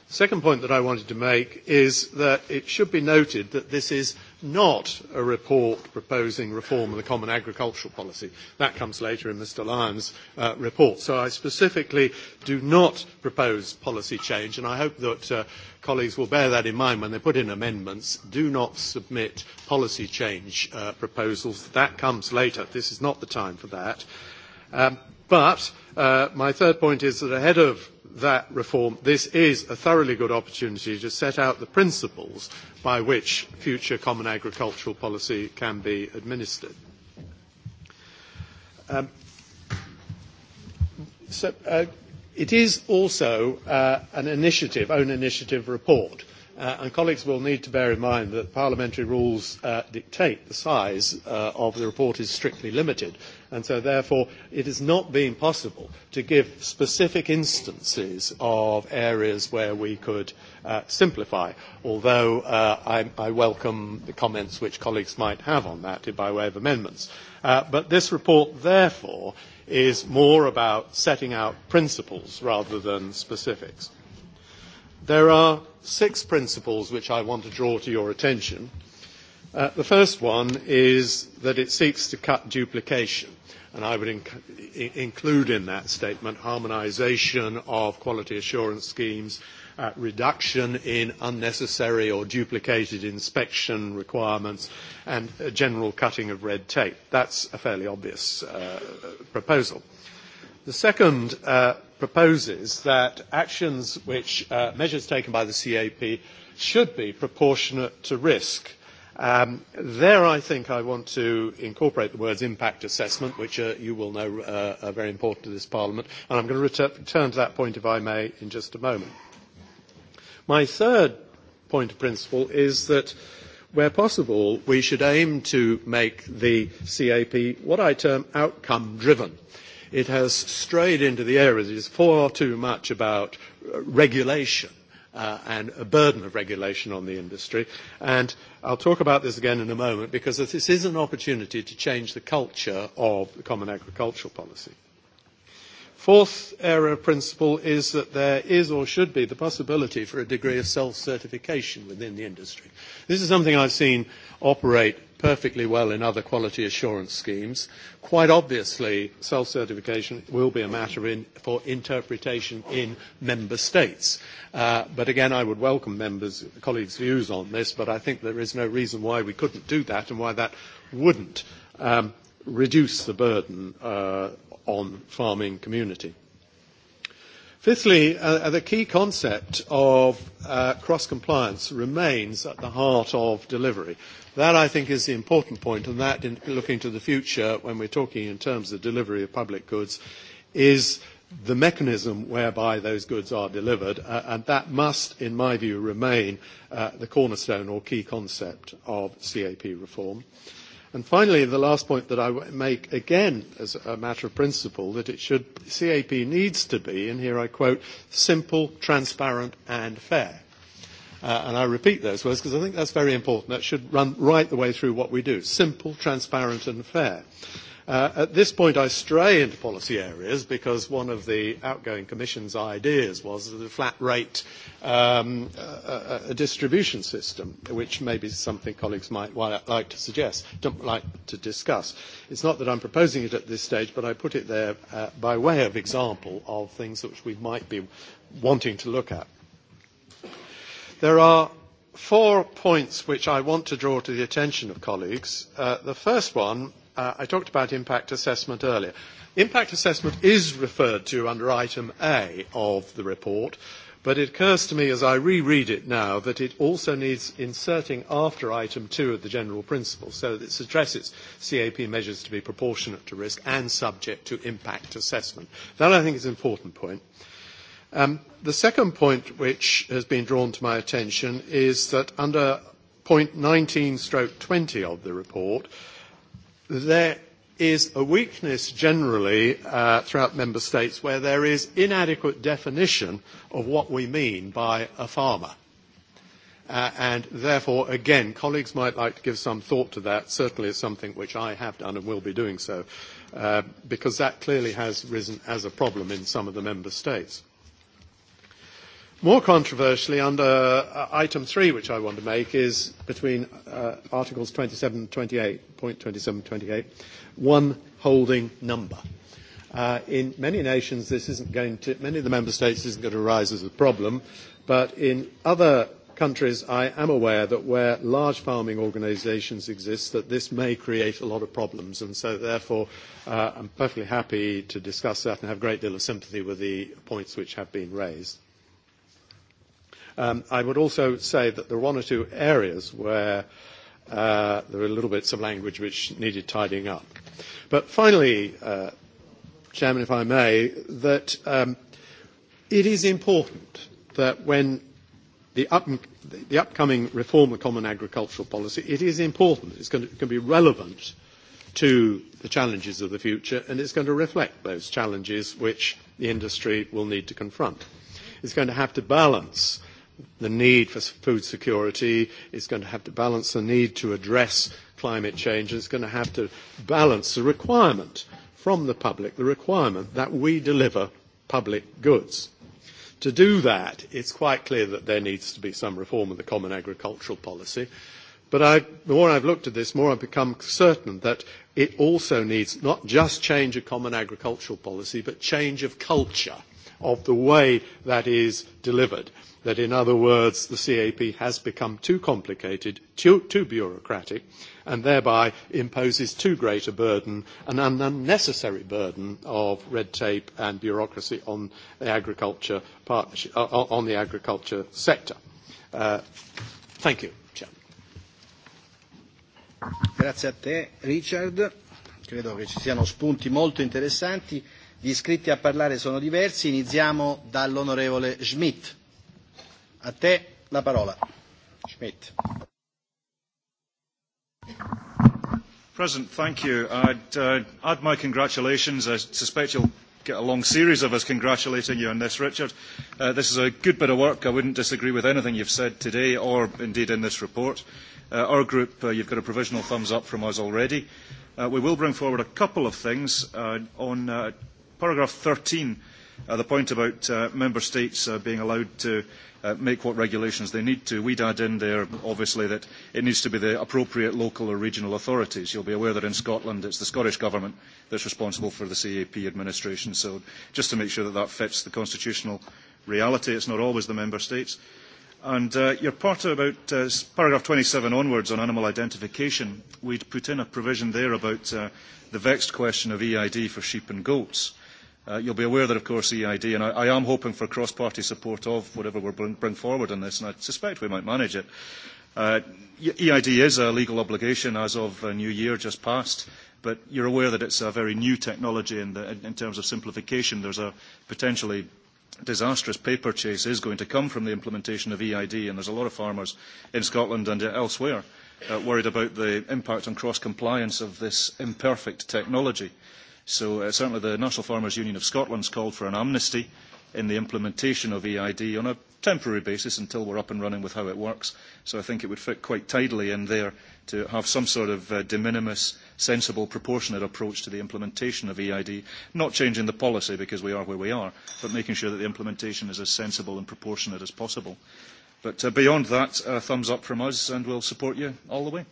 Second point that I wanted to make is that it should be noted that this is not a report proposing reform of the common agricultural policy. That comes later in Mr. Lyon's uh, report. So I specifically do not propose policy change, and I hope that uh, colleagues will bear that in mind when they put in amendments. Do not submit policy change uh, proposals. That comes later. This is not the time for that. Um, but uh, my third point is that ahead of that reform, this is a thoroughly good opportunity to set out the principles by which future common agricultural policy can be administered. Um, so, uh, it is also uh, an initiative, own initiative report. Uh, and colleagues will need to bear in mind that parliamentary rules uh, dictate the size uh, of the report is strictly limited. And so, therefore, it has not been possible to give specific instances of areas where we could uh, simplify, although uh, I, I welcome the comments which colleagues might have on that by way of amendments. Uh, but this report, therefore, is more about setting out principles rather than specifics. There are six principles which I want to draw to your attention. Uh, the first one is that it seeks to cut duplication, and I would inc- include in that statement harmonization of quality assurance schemes, uh, reduction in unnecessary or duplicated inspection requirements, and a general cutting of red tape. That's a fairly obvious uh, proposal. The second uh, proposes that actions which uh, measures taken by the CAP should be proportionate to risk. Um, there, I think I want to incorporate the words impact assessment, which uh, you will know uh, are very important to this Parliament, and I'm going to retur- return to that point, if I may, in just a moment. My third point of principle is that where possible, we should aim to make the CAP what I term outcome driven. Uh, it has strayed into the area that is far too much about uh, regulation uh, and a burden of regulation on the industry. And I'll talk about this again in a moment because this is an opportunity to change the culture of the common agricultural policy. Fourth area of principle is that there is or should be the possibility for a degree of self-certification within the industry. This is something I've seen operate perfectly well in other quality assurance schemes. Quite obviously, self-certification will be a matter in, for interpretation in member states. Uh, but again, I would welcome members, colleagues' views on this, but I think there is no reason why we couldn't do that and why that wouldn't um, reduce the burden uh, on farming community. Fifthly, uh, uh, the key concept of uh, cross-compliance remains at the heart of delivery. That, I think, is the important point, and that, in looking to the future, when we're talking in terms of delivery of public goods, is the mechanism whereby those goods are delivered, uh, and that must, in my view, remain uh, the cornerstone or key concept of CAP reform. Uh, And finally, the last point that I make again as a matter of principle that it should, CAP needs to be, and here I quote, simple, transparent and fair. Uh, and I repeat those words because I think that's very important. That should run right the way through what we do. Simple, transparent and fair. Uh, at this point, I stray into policy areas because one of the outgoing Commission's ideas was the flat rate um, uh, uh, distribution system, which may be something colleagues might like to suggest, don't like to discuss. It's not that I'm proposing it at this stage, but I put it there uh, by way of example of things which we might be wanting to look at. There are four points which I want to draw to the attention of colleagues. Uh, the first one Uh, I talked about impact assessment earlier. Impact assessment is referred to under item A of the report, but it occurs to me as I reread it now that it also needs inserting after item 2 of the general principles so that it addresses CAP measures to be proportionate to risk and subject to impact assessment. That I think is an important point. Um, the second point which has been drawn to my attention is that under point 19 stroke 20 of the report, uh, there is a weakness generally uh, throughout member states where there is inadequate definition of what we mean by a farmer. Uh, and therefore, again, colleagues might like to give some thought to that. Certainly it's something which I have done and will be doing so, uh, because that clearly has risen as a problem in some of the member states. Uh, More controversially, under uh, item three, which I want to make, is between uh, Articles 27 and 28, point 27 28, one holding number. Uh, in many nations, this isn't going to, many of the member states isn't going to arise as a problem, but in other countries, I am aware that where large farming organizations exist, that this may create a lot of problems. And so therefore, uh, I'm perfectly happy to discuss that and have a great deal of sympathy with the points which have been raised. Um, I would also say that there are one or two areas where uh, there are little bits of language which needed tidying up. But finally, uh, Chairman, if I may, that um, it is important that when the, up, the upcoming reform of common agricultural policy, it is important, it's going to, it can be relevant to the challenges of the future, and it's going to reflect those challenges which the industry will need to confront. It's going to have to balance uh, the need for food security. It's going to have to balance the need to address climate change. It's going to have to balance the requirement from the public, the requirement that we deliver public goods. To do that, it's quite clear that there needs to be some reform of the common agricultural policy. But I, the more I've looked at this, the more I've become certain that it also needs not just change of common agricultural policy, but change of culture, of the way that is delivered that, in other words, the CAP has become too complicated, too, too bureaucratic, and thereby imposes too great a burden, an unnecessary burden of red tape and bureaucracy on the agriculture, partnership, uh, on the agriculture sector. Uh, thank you. Grazie a te Richard, credo che ci siano spunti molto interessanti. Gli iscritti a parlare sono diversi, iniziamo dall'onorevole Schmidt. A te la parola. Schmidt. President, thank you. I'd uh, add my congratulations. I suspect you'll get a long series of us congratulating you on this, Richard. Uh, this is a good bit of work. I wouldn't disagree with anything you've said today or indeed in this report. Uh, our group, uh, you've got a provisional thumbs up from us already. Uh, we will bring forward a couple of things. Uh, on uh, paragraph 13, uh, the point about uh, member states uh, being allowed to uh, make what regulations they need to. We'd add in there, obviously, that it needs to be the appropriate local or regional authorities. You'll be aware that in Scotland it's the Scottish Government that's responsible for the CAP administration, so just to make sure that that fits the constitutional reality, it's not always the Member States. And uh, your part about uh, paragraph 27 onwards on animal identification, we'd put in a provision there about uh, the vexed question of EID for sheep and goats. Uh, Uh, you'll be aware that, of course, EID, and I, I am hoping for cross-party support of whatever we bring, bring forward on this, and I suspect we might manage it. Uh, EID e is a legal obligation as of a new year just passed, but you're aware that it's a very new technology in, the, in terms of simplification. There's a potentially disastrous paper chase is going to come from the implementation of EID, and there's a lot of farmers in Scotland and elsewhere uh, worried about the impact on cross-compliance of this imperfect technology. So uh, certainly the National Farmers Union of Scotland's called for an amnesty in the implementation of EID on a temporary basis until we're up and running with how it works. So I think it would fit quite tidily in there to have some sort of uh, de minimis, sensible, proportionate approach to the implementation of EID, not changing the policy because we are where we are, but making sure that the implementation is as sensible and proportionate as possible. But uh, beyond that, uh, thumbs up from us, and we'll support you all the way.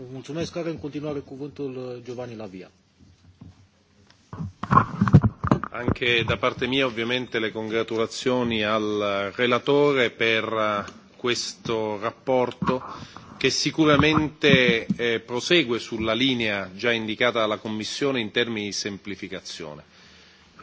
Vă mulțumesc. Are în continuare cuvântul uh, Giovanni Lavia. Anche da parte mia ovviamente le congratulazioni al uh, relatore per uh, questo rapporto che sicuramente eh, prosegue sulla linea già indicata dalla Commissione in termini di semplificazione.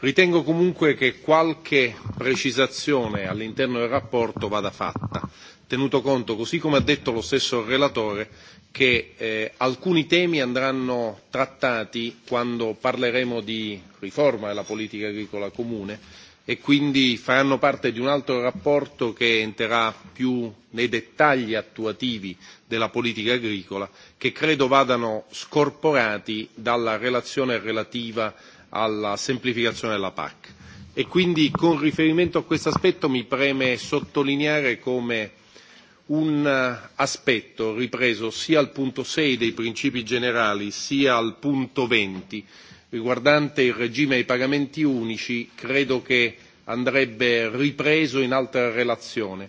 Ritengo comunque che qualche precisazione all'interno del rapporto vada fatta tenuto conto, così come ha detto lo stesso relatore, che eh, alcuni temi andranno trattati quando parleremo di riforma della politica agricola comune e quindi faranno parte di un altro rapporto che entrerà più nei dettagli attuativi della politica agricola, che credo vadano scorporati dalla relazione relativa alla semplificazione della PAC. E quindi con riferimento a questo aspetto mi preme sottolineare come un eh, aspetto ripreso sia al punto 6 dei principi generali sia al punto 20 riguardante il regime dei pagamenti unici credo che andrebbe ripreso in altra relazione.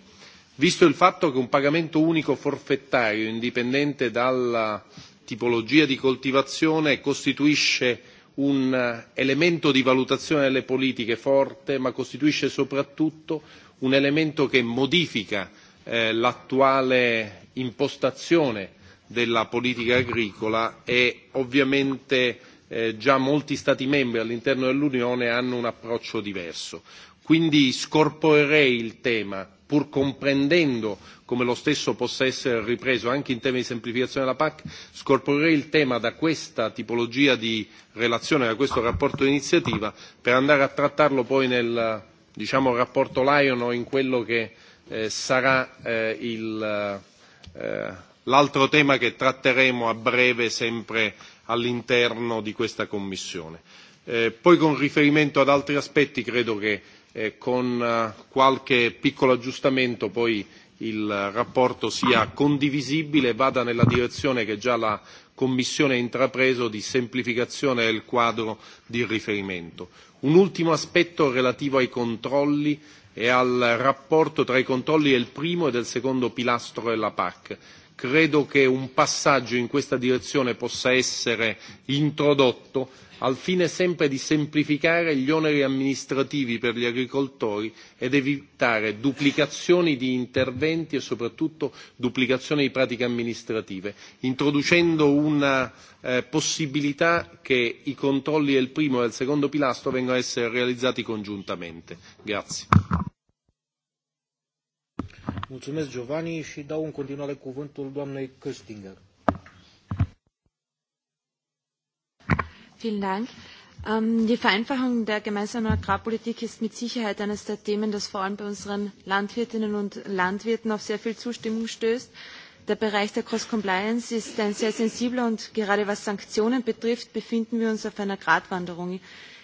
Visto il fatto che un pagamento unico forfettario indipendente dalla tipologia di coltivazione costituisce un eh, elemento di valutazione delle politiche forte ma costituisce soprattutto un elemento che modifica eh, l'attuale impostazione della politica agricola e ovviamente eh, già molti Stati membri all'interno dell'Unione hanno un approccio diverso. Quindi scorporerei il tema, pur comprendendo come lo stesso possa essere ripreso anche in tema di semplificazione della PAC, scorporerei il tema da questa tipologia di relazione, da questo rapporto di iniziativa, per andare a trattarlo poi nel diciamo, rapporto Lion o in quello che eh, eh, sarà eh, il, eh, l'altro tema che tratteremo a breve sempre all'interno di questa Commissione. Eh, poi con riferimento ad altri aspetti credo che eh, con eh, qualche piccolo aggiustamento poi il rapporto sia condivisibile e vada nella direzione che già la Commissione ha intrapreso di semplificazione del quadro di riferimento. Un ultimo aspetto relativo ai controlli e al rapporto tra i controlli del primo e del secondo pilastro della PAC. Credo che un passaggio in questa direzione possa essere introdotto al fine sempre di semplificare gli oneri amministrativi per gli agricoltori ed evitare duplicazioni di interventi e soprattutto duplicazioni di pratiche amministrative, introducendo una eh, possibilità che i controlli del primo e del secondo pilastro vengano a essere realizzati congiuntamente. Grazie. Mulțumesc, Giovanni, și dau în continuare cuvântul doamnei Köstinger. Vielen Dank. Ähm, die Vereinfachung der gemeinsamen Agrarpolitik ist mit Sicherheit eines der Themen, das vor allem bei unseren Landwirtinnen und Landwirten auf sehr viel Zustimmung stößt. Der Bereich der Cross-Compliance ist ein sehr sensibler und gerade was Sanktionen betrifft, befinden wir uns auf einer Gratwanderung.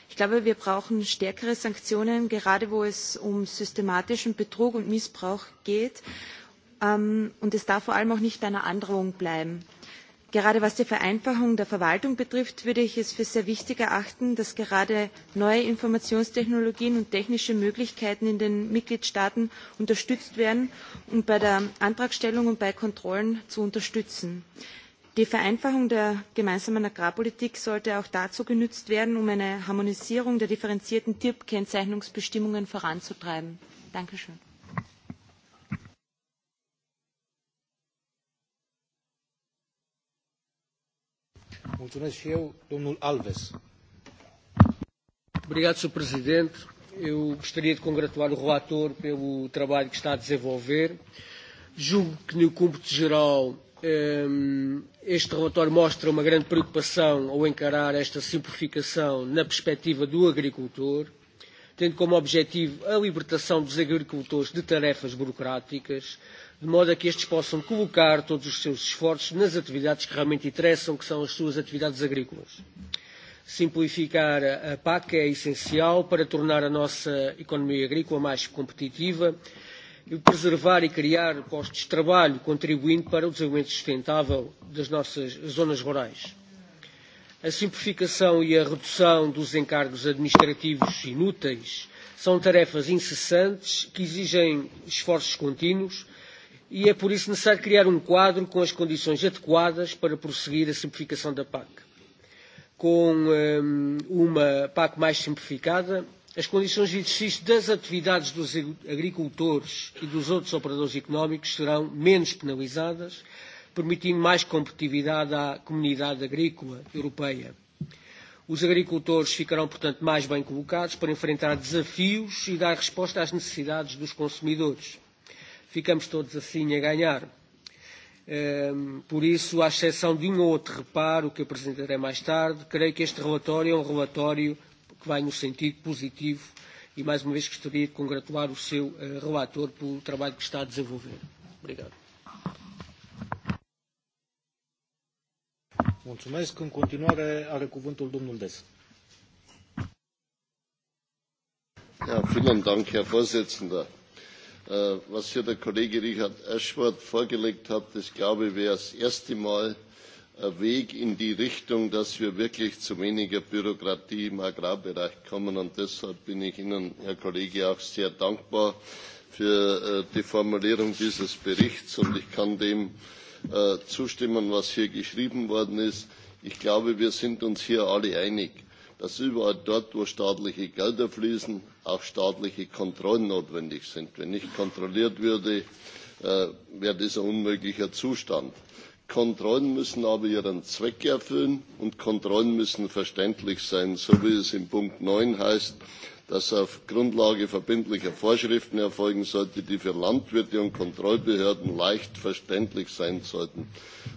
Ich glaube, wir brauchen stärkere Sanktionen, gerade wo es um systematischen Betrug und Missbrauch geht. Ähm, und es darf vor allem auch nicht einer Androhung bleiben. Gerade was die Vereinfachung der Verwaltung betrifft, würde ich es für sehr wichtig erachten, dass gerade neue Informationstechnologien und technische Möglichkeiten in den Mitgliedstaaten unterstützt werden, um bei der Antragstellung und bei Kontrollen zu unterstützen. Die Vereinfachung der gemeinsamen Agrarpolitik sollte auch dazu genützt werden, um eine Harmonisierung der differenzierten Tierkennzeichnungsbestimmungen voranzutreiben. Dankeschön. Mulțumesc și eu, domnul Alves. Obrigado, Sr. Presidente. Eu gostaria de congratular o relator pelo trabalho que está a desenvolver. Julgo que, no cúmplice geral, Ehm, este relatório mostra uma grande preocupação ao encarar esta simplificação na perspectiva do agricultor, tendo como objetivo a libertação dos agricultores de tarefas burocráticas, de modo a que estes possam colocar todos os seus esforços nas atividades que realmente interessam, que são as suas atividades agrícolas. Simplificar a PAC é essencial para tornar a nossa economia agrícola mais competitiva e preservar e criar postos de trabalho, contribuindo para o desenvolvimento sustentável das nossas zonas rurais. A simplificação e a redução dos encargos administrativos inúteis são tarefas incessantes que exigem esforços contínuos e é por isso necessário criar um quadro com as condições adequadas para prosseguir a simplificação da PAC. Com um, uma PAC mais simplificada, as condições de exercício das atividades dos agricultores e dos outros operadores económicos serão menos penalizadas, permitindo mais competitividade à comunidade agrícola europeia. Os agricultores ficarão, portanto, mais bem colocados para enfrentar desafios e dar resposta às necessidades dos consumidores. Ficamos todos assim a ganhar. Ehm, por isso, à exceção de um ou outro reparo que apresentarei mais tarde, creio que este relatório é um relatório que vai no sentido positivo e, mais uma vez, gostaria de congratular o seu uh, relator pelo trabalho que está a desenvolver. Obrigado. Mulțumesc. În continuare are cuvântul domnul Des. Ja, vielen Dank, Herr Vorsitzender. Äh, was hier der Kollege Richard Ashworth vorgelegt hat, ich glaube, wäre das erste Mal, Äh, Weg in die Richtung, dass wir wirklich zu weniger Bürokratie im Agrarbereich kommen. Und deshalb bin ich Ihnen, Herr Kollege, auch sehr dankbar für äh, die Formulierung dieses Berichts. Und ich kann dem äh, zustimmen, was hier geschrieben worden ist. Ich glaube, wir sind uns hier alle einig, dass überall dort, wo staatliche Gelder fließen, auch staatliche Kontrollen notwendig sind. Wenn nicht kontrolliert würde, wäre das ein unmöglicher Zustand. Kontrollen müssen aber ihren Zweck erfüllen und Kontrollen müssen verständlich sein, so wie es in Punkt 9 heißt, das auf Grundlage verbindlicher Vorschriften erfolgen sollte, die für Landwirte und Kontrollbehörden leicht verständlich sein sollten.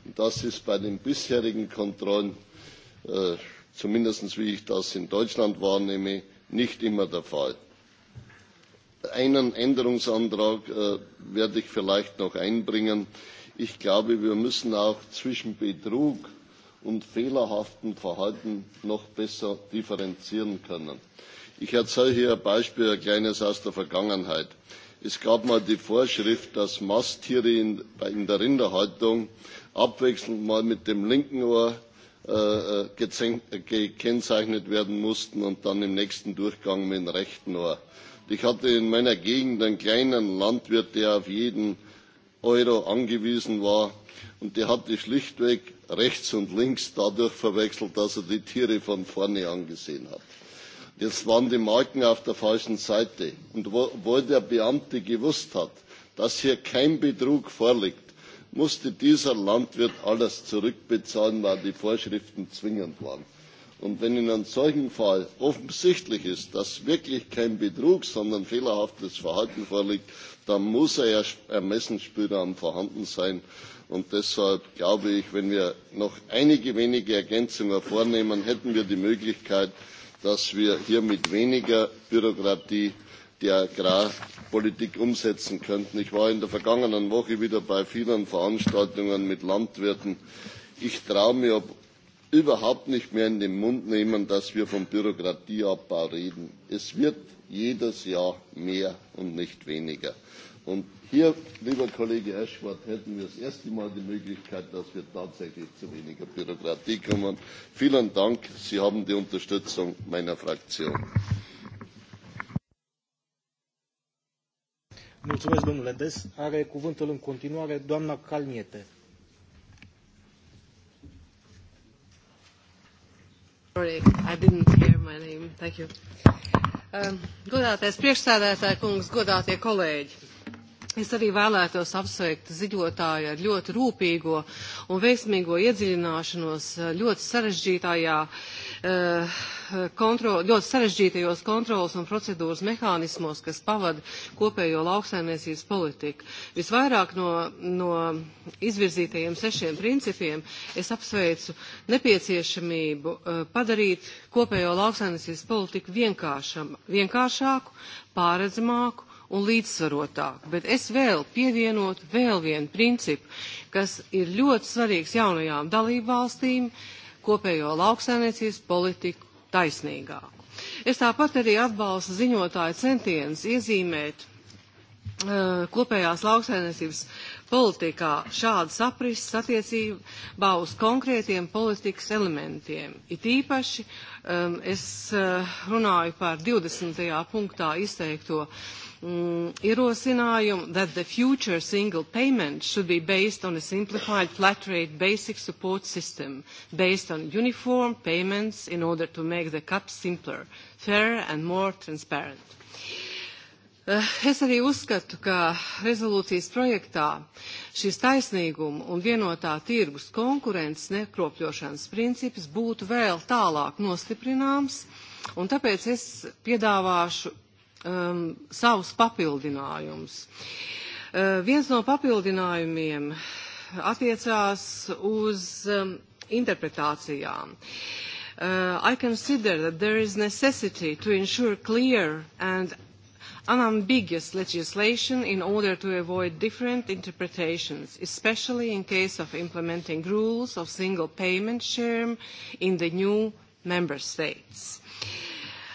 Und das ist bei den bisherigen Kontrollen, äh, zumindest wie ich das in Deutschland wahrnehme, nicht immer der Fall. Einen Änderungsantrag äh, werde ich vielleicht noch einbringen Ich glaube, wir müssen auch zwischen Betrug und fehlerhaftem Verhalten noch besser differenzieren können. Ich erzähle hier ein Beispiel, ein kleines aus der Vergangenheit. Es gab mal die Vorschrift, dass Masttiere in, in der Rinderhaltung abwechselnd mal mit dem linken Ohr äh, äh, äh gekennzeichnet werden mussten und dann im nächsten Durchgang mit dem rechten Ohr. Ich hatte in meiner Gegend einen kleinen Landwirt, der auf jeden euro angewiesen war und der hatte schlichtweg rechts und links dadurch verwechselt dass er die tiere von vorne angesehen hat. jetzt waren die marken auf der falschen seite und obwohl der beamte gewusst hat dass hier kein betrug vorliegt musste dieser landwirt alles zurückbezahlen weil die vorschriften zwingend waren. Und wenn in einem solchen Fall offensichtlich ist, dass wirklich kein Betrug, sondern fehlerhaftes Verhalten vorliegt, dann muss ein er Ermessensspielraum vorhanden sein. Und deshalb glaube ich, wenn wir noch einige wenige Ergänzungen vornehmen, hätten wir die Möglichkeit, dass wir hier mit weniger Bürokratie die Agrarpolitik umsetzen könnten. Ich war in der vergangenen Woche wieder bei vielen Veranstaltungen mit Landwirten. Ich traue mir, ob überhaupt nicht mehr in den Mund nehmen, dass wir vom Bürokratieabbau reden. Es wird jedes Jahr mehr und nicht weniger. Und hier, lieber Kollege Ashworth, hätten wir das erste Mal die Möglichkeit, dass wir tatsächlich zu weniger Bürokratie kommen. Vielen Dank. Sie haben die Unterstützung meiner Fraktion. Mulțumesc, domnule Des. Are cuvântul în continuare doamna Calniete Sorry, I didn't hear my name. Thank you. Um, godātais priekšsēdētāja kungs, godātie kolēģi! Es arī vēlētos apsveikt ziņotāju ar ļoti rūpīgo un veiksmīgo iedziļināšanos eh, ļoti sarežģītajā eh, kontro, ļoti sarežģītajos kontrolas un procedūras mehānismos, kas pavada kopējo lauksaimniecības politiku. Visvairāk no, no izvirzītajiem sešiem principiem es apsveicu nepieciešamību eh, padarīt kopējo lauksaimniecības politiku vienkāršāku, pāredzamāku un līdzsvarotāk. Bet es vēl pievienot vēl vienu principu, kas ir ļoti svarīgs jaunajām dalībvalstīm kopējo lauksainiecības politiku taisnīgāk. Es tāpat arī atbalstu ziņotāju centienus iezīmēt uh, kopējās lauksainiecības politikā šāda saprises attiecībā uz konkrētiem politikas elementiem. It īpaši um, es uh, runāju par 20. punktā izteikto uh, um, ierosinājumu that the future single payment should be based on a simplified flat rate basic support system based on uniform payments in order to make the cap simpler, fairer and more transparent. Uh, es arī uzskatu, ka rezolūcijas projektā šis taisnīguma un vienotā tirgus konkurences nekropļošanas princips būtu vēl tālāk nostiprināms, un tāpēc es piedāvāšu um, savus papildinājumus. Uh, viens no papildinājumiem attiecās uz um, interpretācijām. Uh, I consider that there is necessity to ensure clear and unambiguous legislation in order to avoid different interpretations, especially in case of implementing rules of single payment share in the new member states.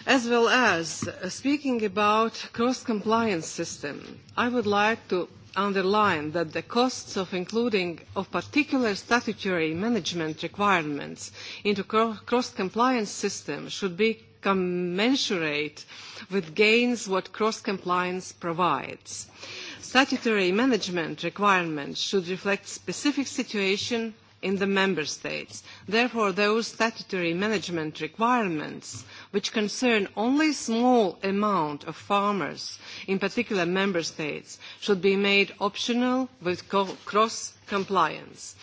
As well as uh, speaking about cross-compliance system, I would like to underline that the costs of including of particular statutory management requirements into cross-compliance system should be commensurate with gains what cross-compliance provides. Statutory management requirements should reflect specific situation in the member states. Therefore, those statutory management requirements which concern only a small amount of farmers, in particular member states, should be made optional with co- cross-compliance.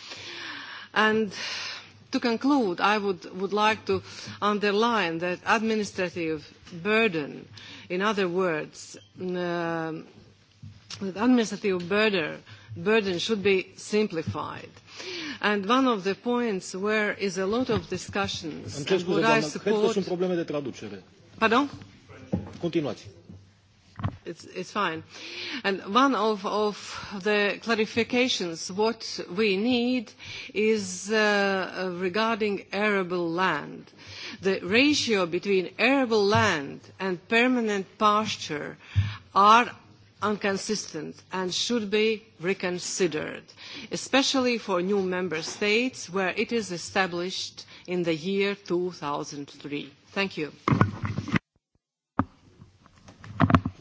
And to conclude, I would, would like to underline that administrative burden, in other words, uh, that administrative burden burden should be simplified. And one of the points where is a lot of discussions Îmi cer scuze, and what doamnă, I support... cred că sunt probleme de traducere. Pardon? Continuați. It's, it's fine. And one of, of the clarifications what we need is uh, uh regarding arable land. The ratio between arable land and permanent pasture are inconsistent and should be reconsidered, especially for new member states where it is established in the year 2003. Thank you.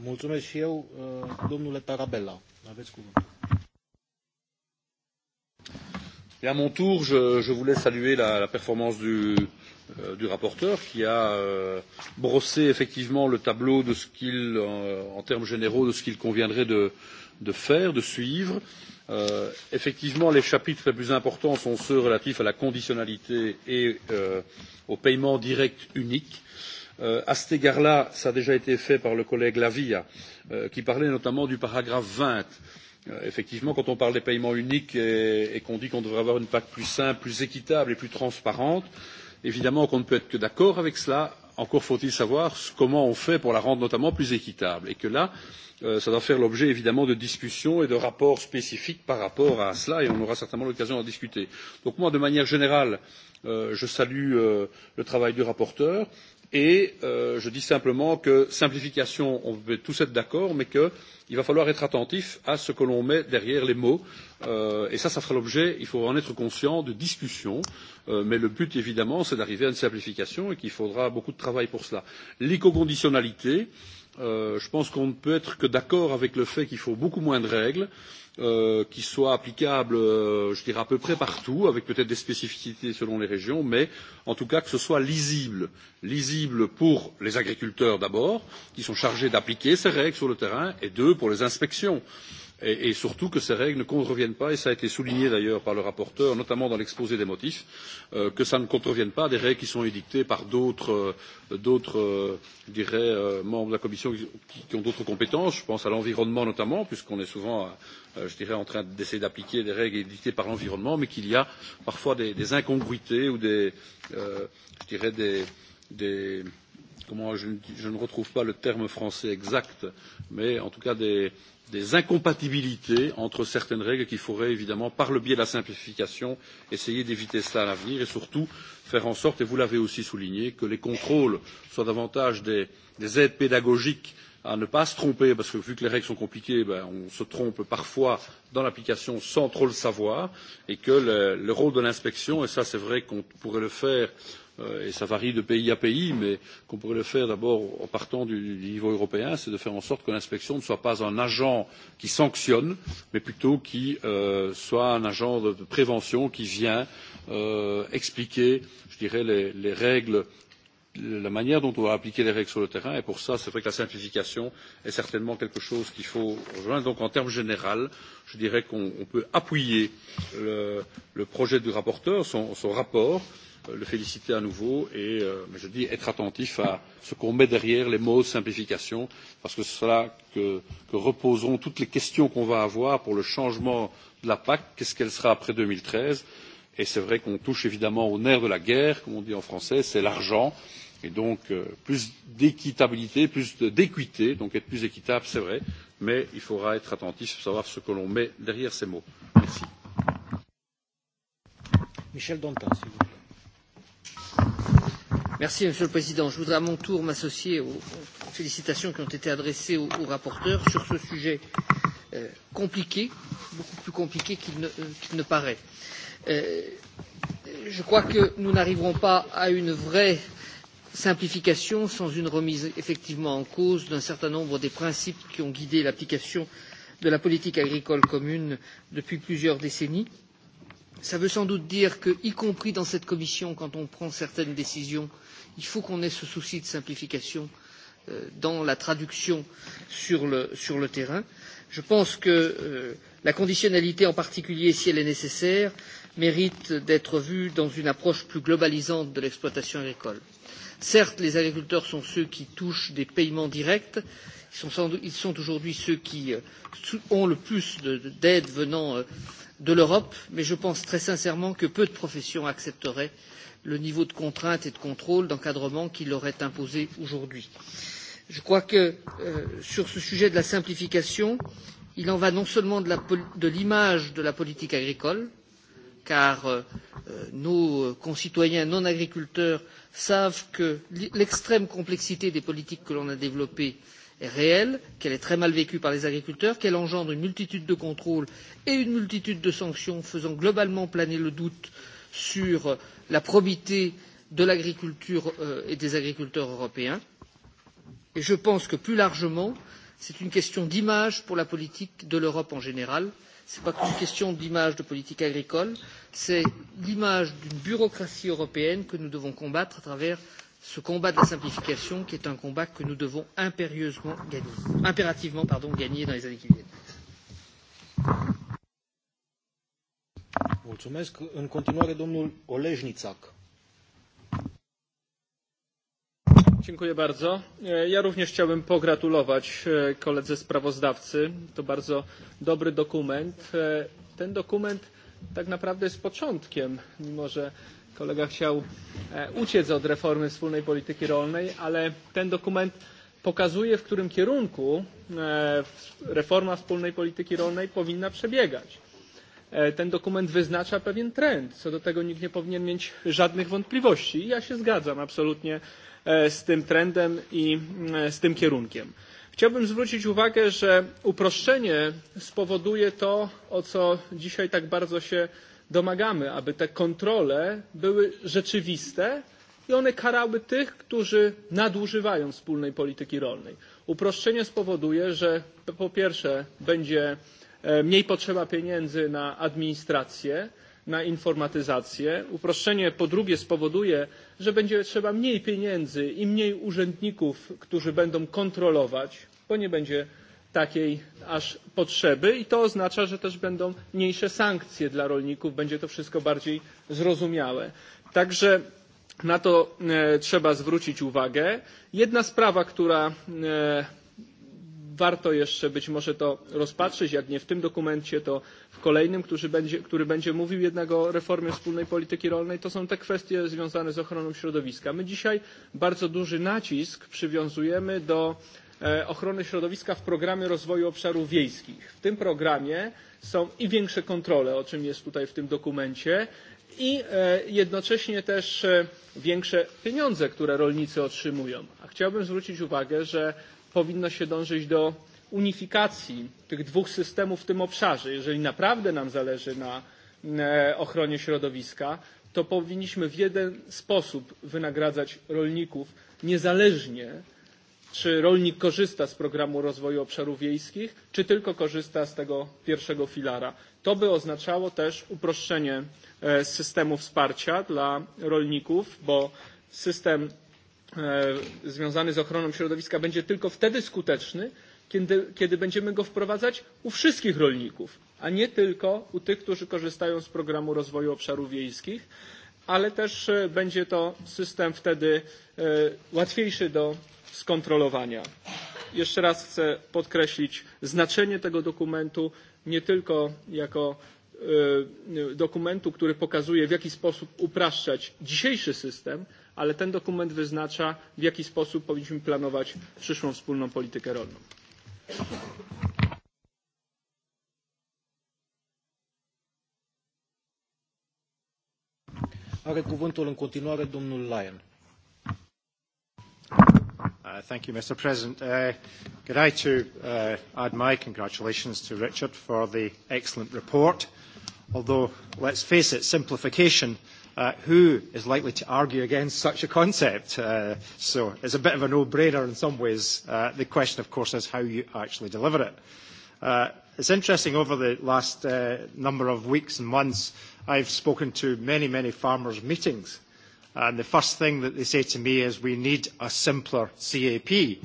Mulțumesc și eu, uh, domnule Tarabella. Aveți cuvântul. Et à mon tour, je, je voulais saluer la, la performance du, euh, du rapporteur qui a euh, brossé effectivement le tableau de ce qu'il, euh, en termes généraux, de ce qu'il conviendrait de, de faire, de suivre. Euh, effectivement, les chapitres les plus importants sont ceux relatifs à la conditionnalité et euh, au paiement direct unique. Euh, à cet égard-là, ça a déjà été fait par le collègue Lavia, euh, qui parlait notamment du paragraphe 20. Euh, effectivement, quand on parle des paiements uniques et, et qu'on dit qu'on devrait avoir une PAC plus simple, plus équitable et plus transparente, euh, Évidemment qu'on ne peut être que d'accord avec cela, encore faut il savoir comment on fait pour la rendre notamment plus équitable et que là euh, ça doit faire l'objet évidemment de discussions et de rapports spécifiques par rapport à cela et on aura certainement l'occasion d'en discuter. donc moi de manière générale euh, je salue euh, le travail du rapporteur Et euh, je dis simplement que simplification, on peut tous être d'accord, mais qu'il va falloir être attentif à ce que l'on met derrière les mots. Euh, et ça, ça fera l'objet, il faut en être conscient, de discussions. Euh, mais le but, évidemment, c'est d'arriver à une simplification et qu'il faudra beaucoup de travail pour cela. L'éco-conditionnalité, euh, je pense qu'on ne peut être que d'accord avec le fait qu'il faut beaucoup moins de règles euh, qui soit applicable, euh, je dirais à peu près partout, avec peut-être des spécificités selon les régions, mais en tout cas que ce soit lisible. Lisible pour les agriculteurs d'abord, qui sont chargés d'appliquer ces règles sur le terrain, et deux, pour les inspections. Euh, et, et surtout que ces règles ne contreviennent pas et cela a été souligné d'ailleurs par le rapporteur notamment dans l'exposé des motifs euh, que cela ne contrevienne pas à des règles qui sont édictées par d'autres euh, je euh, dirais euh, membres de la commission qui, qui ont d'autres compétences je pense à l'environnement notamment puisqu'on est souvent euh, euh, je dirais en train d'essayer d'appliquer des règles édictées par l'environnement mais qu'il y a parfois des, des incongruités ou des je dirais des, des comment je, je ne retrouve pas le terme français exact mais en tout cas des, des incompatibilités entre certaines règles qu'il faudrait évidemment par le biais de la simplification essayer d'éviter cela à l'avenir et surtout faire en sorte et vous l'avez aussi souligné que les contrôles soient davantage des, des aides pédagogiques à ne pas se tromper parce que vu que les règles sont compliquées ben, on se trompe parfois dans l'application sans trop le savoir et que le, le rôle de l'inspection et ça c'est vrai qu'on pourrait le faire Euh, et cela varie de pays à pays mais qu'on pourrait le faire d'abord en partant du niveau européen c'est de faire en sorte que l'inspection ne soit pas un agent qui sanctionne mais plutôt euh, un agent de prévention qui vient euh, expliquer je dirais les règles la manière dont on va appliquer les règles sur le terrain et pour cela c'est vrai que la simplification est certainement quelque chose qu'il faut rejoindre. donc en termes généraux je dirais qu'on peut appuyer le projet du rapporteur son rapport Euh, le féliciter à nouveau et euh, je dis être attentif à ce qu'on met derrière les mots simplification parce que c'est là que, que reposeront toutes les questions qu'on va avoir pour le changement de la PAC, qu'est-ce qu'elle sera après 2013 et c'est vrai qu'on touche évidemment au nerf de la guerre, comme on dit en français, c'est l'argent et donc euh, plus d'équitabilité, plus d'équité, donc être plus équitable, c'est vrai, mais il faudra être attentif pour savoir ce que l'on met derrière ces mots. Merci. Michel Dantin, s'il vous plaît. Merci, Monsieur le Président. Je voudrais à mon tour m'associer aux félicitations qui ont été adressées au, au rapporteur sur ce sujet euh, compliqué, beaucoup plus compliqué qu'il ne, euh, qu'il ne paraît. Euh, je crois que nous n'arriverons pas à une vraie simplification sans une remise effectivement en cause d'un certain nombre des principes qui ont guidé l'application de la politique agricole commune depuis plusieurs décennies. Euh, Ça veut sans doute dire que, y compris dans cette commission, quand on prend certaines décisions, il faut qu'on ait ce souci de simplification euh, dans la traduction sur le, sur le terrain. Je pense que euh, la conditionnalité en particulier, si elle est nécessaire, mérite d'être vue dans une approche plus globalisante de l'exploitation agricole. Certes, les agriculteurs sont ceux qui touchent des paiements directs, euh, Ils sont aujourd'hui ceux qui euh, ont le plus d'aide venant euh, de l'Europe, mais je pense très sincèrement que peu de professions accepteraient le niveau de contraintes et de contrôle, d'encadrement qui leur est imposé aujourd'hui. Je crois que euh, sur ce sujet de la simplification, il en va non seulement de l'image de, de la politique agricole, car euh, euh nos concitoyens non agriculteurs savent que l'extrême complexité des politiques que l'on a développées euh, est réelle, qu'elle est très mal vécue par les agriculteurs, qu'elle engendre une multitude de contrôles et une multitude de sanctions, faisant globalement planer le doute sur la probité de l'agriculture euh, et des agriculteurs européens. Et je pense que plus largement, c'est une question d'image pour la politique de l'Europe en général. Ce n'est pas qu'une question d'image de politique agricole, c'est l'image d'une bureaucratie européenne que nous devons combattre à travers ce combat de la simplification qui est un combat que nous devons impérieusement gagner, impérativement pardon, gagner dans les années qui viennent. Mulțumesc. În continuare, domnul Oleżniczak. Dziękuję bardzo. Ja również chciałbym pogratulować e, koledze sprawozdawcy. To bardzo dobry dokument. E, ten dokument tak naprawdę jest początkiem, mimo że kolega chciał e, uciec od reformy wspólnej polityki rolnej, ale ten dokument pokazuje, w którym kierunku e, reforma wspólnej polityki rolnej powinna przebiegać. E, ten dokument wyznacza pewien trend, co do tego nikt nie powinien mieć żadnych wątpliwości. I ja się zgadzam absolutnie z tym trendem i z tym kierunkiem. Chciałbym zwrócić uwagę, że uproszczenie spowoduje to, o co dzisiaj tak bardzo się domagamy, aby te kontrole były rzeczywiste i one karały tych, którzy nadużywają wspólnej polityki rolnej. Uproszczenie spowoduje, że po pierwsze będzie e, mniej potrzeba pieniędzy na administrację, na informatyzację. Uproszczenie po drugie spowoduje, że będzie trzeba mniej pieniędzy i mniej urzędników, którzy będą kontrolować, bo nie będzie takiej aż potrzeby i to oznacza, że też będą mniejsze sankcje dla rolników, będzie to wszystko bardziej zrozumiałe. Także na to e, trzeba zwrócić uwagę. Jedna sprawa, która e, warto jeszcze być może to rozpatrzyć, jak nie w tym dokumencie, to w kolejnym, który będzie, który będzie mówił jednak o reformie wspólnej polityki rolnej, to są te kwestie związane z ochroną środowiska. My dzisiaj bardzo duży nacisk przywiązujemy do e, E, ochrony środowiska w programie rozwoju obszarów wiejskich. W tym programie są i większe kontrole, o czym jest tutaj w tym dokumencie, i e, jednocześnie też e, większe pieniądze, które rolnicy otrzymują. A chciałbym zwrócić uwagę, że powinno się dążyć do unifikacji tych dwóch systemów w tym obszarze. Jeżeli naprawdę nam zależy na ochronie środowiska, to powinniśmy w jeden sposób wynagradzać rolników niezależnie Czy rolnik korzysta z programu rozwoju obszarów wiejskich, czy tylko korzysta z tego pierwszego filara? To by oznaczało też uproszczenie e, systemu wsparcia dla rolników, bo system e, związany z ochroną środowiska będzie tylko wtedy skuteczny, kiedy, kiedy będziemy go wprowadzać u wszystkich rolników, a nie tylko u tych, którzy korzystają z programu rozwoju obszarów wiejskich ale też e, będzie to system wtedy e, łatwiejszy do skontrolowania. Jeszcze raz chcę podkreślić znaczenie tego dokumentu nie tylko jako e, dokumentu, który pokazuje, w jaki sposób upraszczać dzisiejszy system, ale ten dokument wyznacza, w jaki sposób powinniśmy planować przyszłą wspólną politykę rolną. Are cuvântul în continuare domnul Lyon. Uh, thank you, Mr. President. Uh, could I too uh, add my congratulations to Richard for the excellent report? Although, let's face it, simplification, uh, who is likely to argue against such a concept? Uh, so it's a bit of a no-brainer in some ways. Uh, the question, of course, is how you actually deliver it. Uh, It's interesting, over the last uh, number of weeks and months, I've spoken to many, many farmers' meetings, and the first thing that they say to me is, we need a simpler CAP.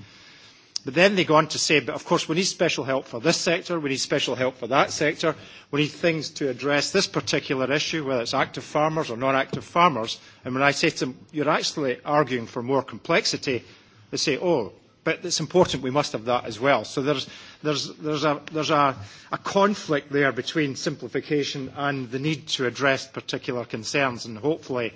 But then they go on to say, but of course we need special help for this sector, we need special help for that sector, we need things to address this particular issue, whether it's active farmers or non-active farmers. And when I say to them, you're actually arguing for more complexity, they say, oh, but it's important we must have that as well. So there's, there's, there's, a, there's a, a conflict there between simplification and the need to address particular concerns, and hopefully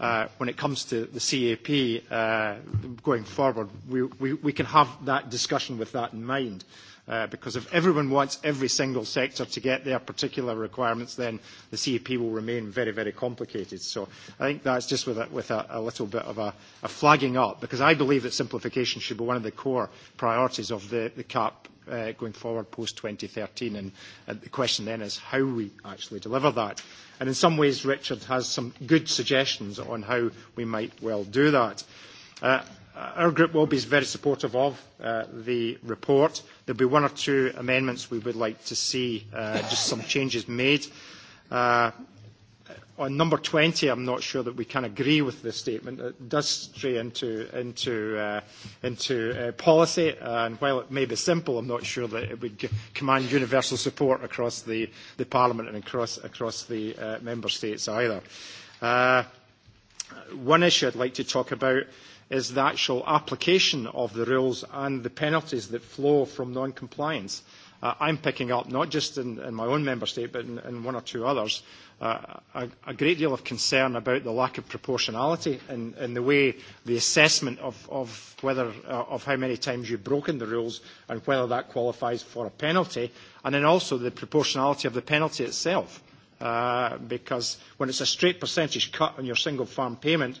uh, when it comes to the CAP uh, going forward, we, we, we can have that discussion with that in mind. Uh, uh, because if everyone wants every single sector to get their particular requirements, then the CEP will remain very, very complicated. So I think that's just with a, with a, a little bit of a, a flagging up, because I believe that simplification should be one of the core priorities of the, the CAP uh, going forward post-2013. And, and uh, the question then is how we actually deliver that. And in some ways, Richard has some good suggestions on how we might well do that. Uh, our group will be very supportive of uh, the report. There'll be one or two amendments we would like to see, uh, just some changes made. Uh, on number 20, I'm not sure that we can agree with this statement. It does stray into, into, uh, into uh, policy, uh, and while it may be simple, I'm not sure that it would g- command universal support across the, the Parliament and across, across the uh, Member States either. Uh, one issue I'd like to talk about is the actual application of the rules and the penalties that flow from non-compliance. Uh, I'm picking up, not just in, in my own member state, but in, in one or two others, uh, a, a great deal of concern about the lack of proportionality in, in the way the assessment of, of whether uh, of how many times you've broken the rules and whether that qualifies for a penalty, and then also the proportionality of the penalty itself. Uh, because when it's a straight percentage cut on your single farm payment, uh,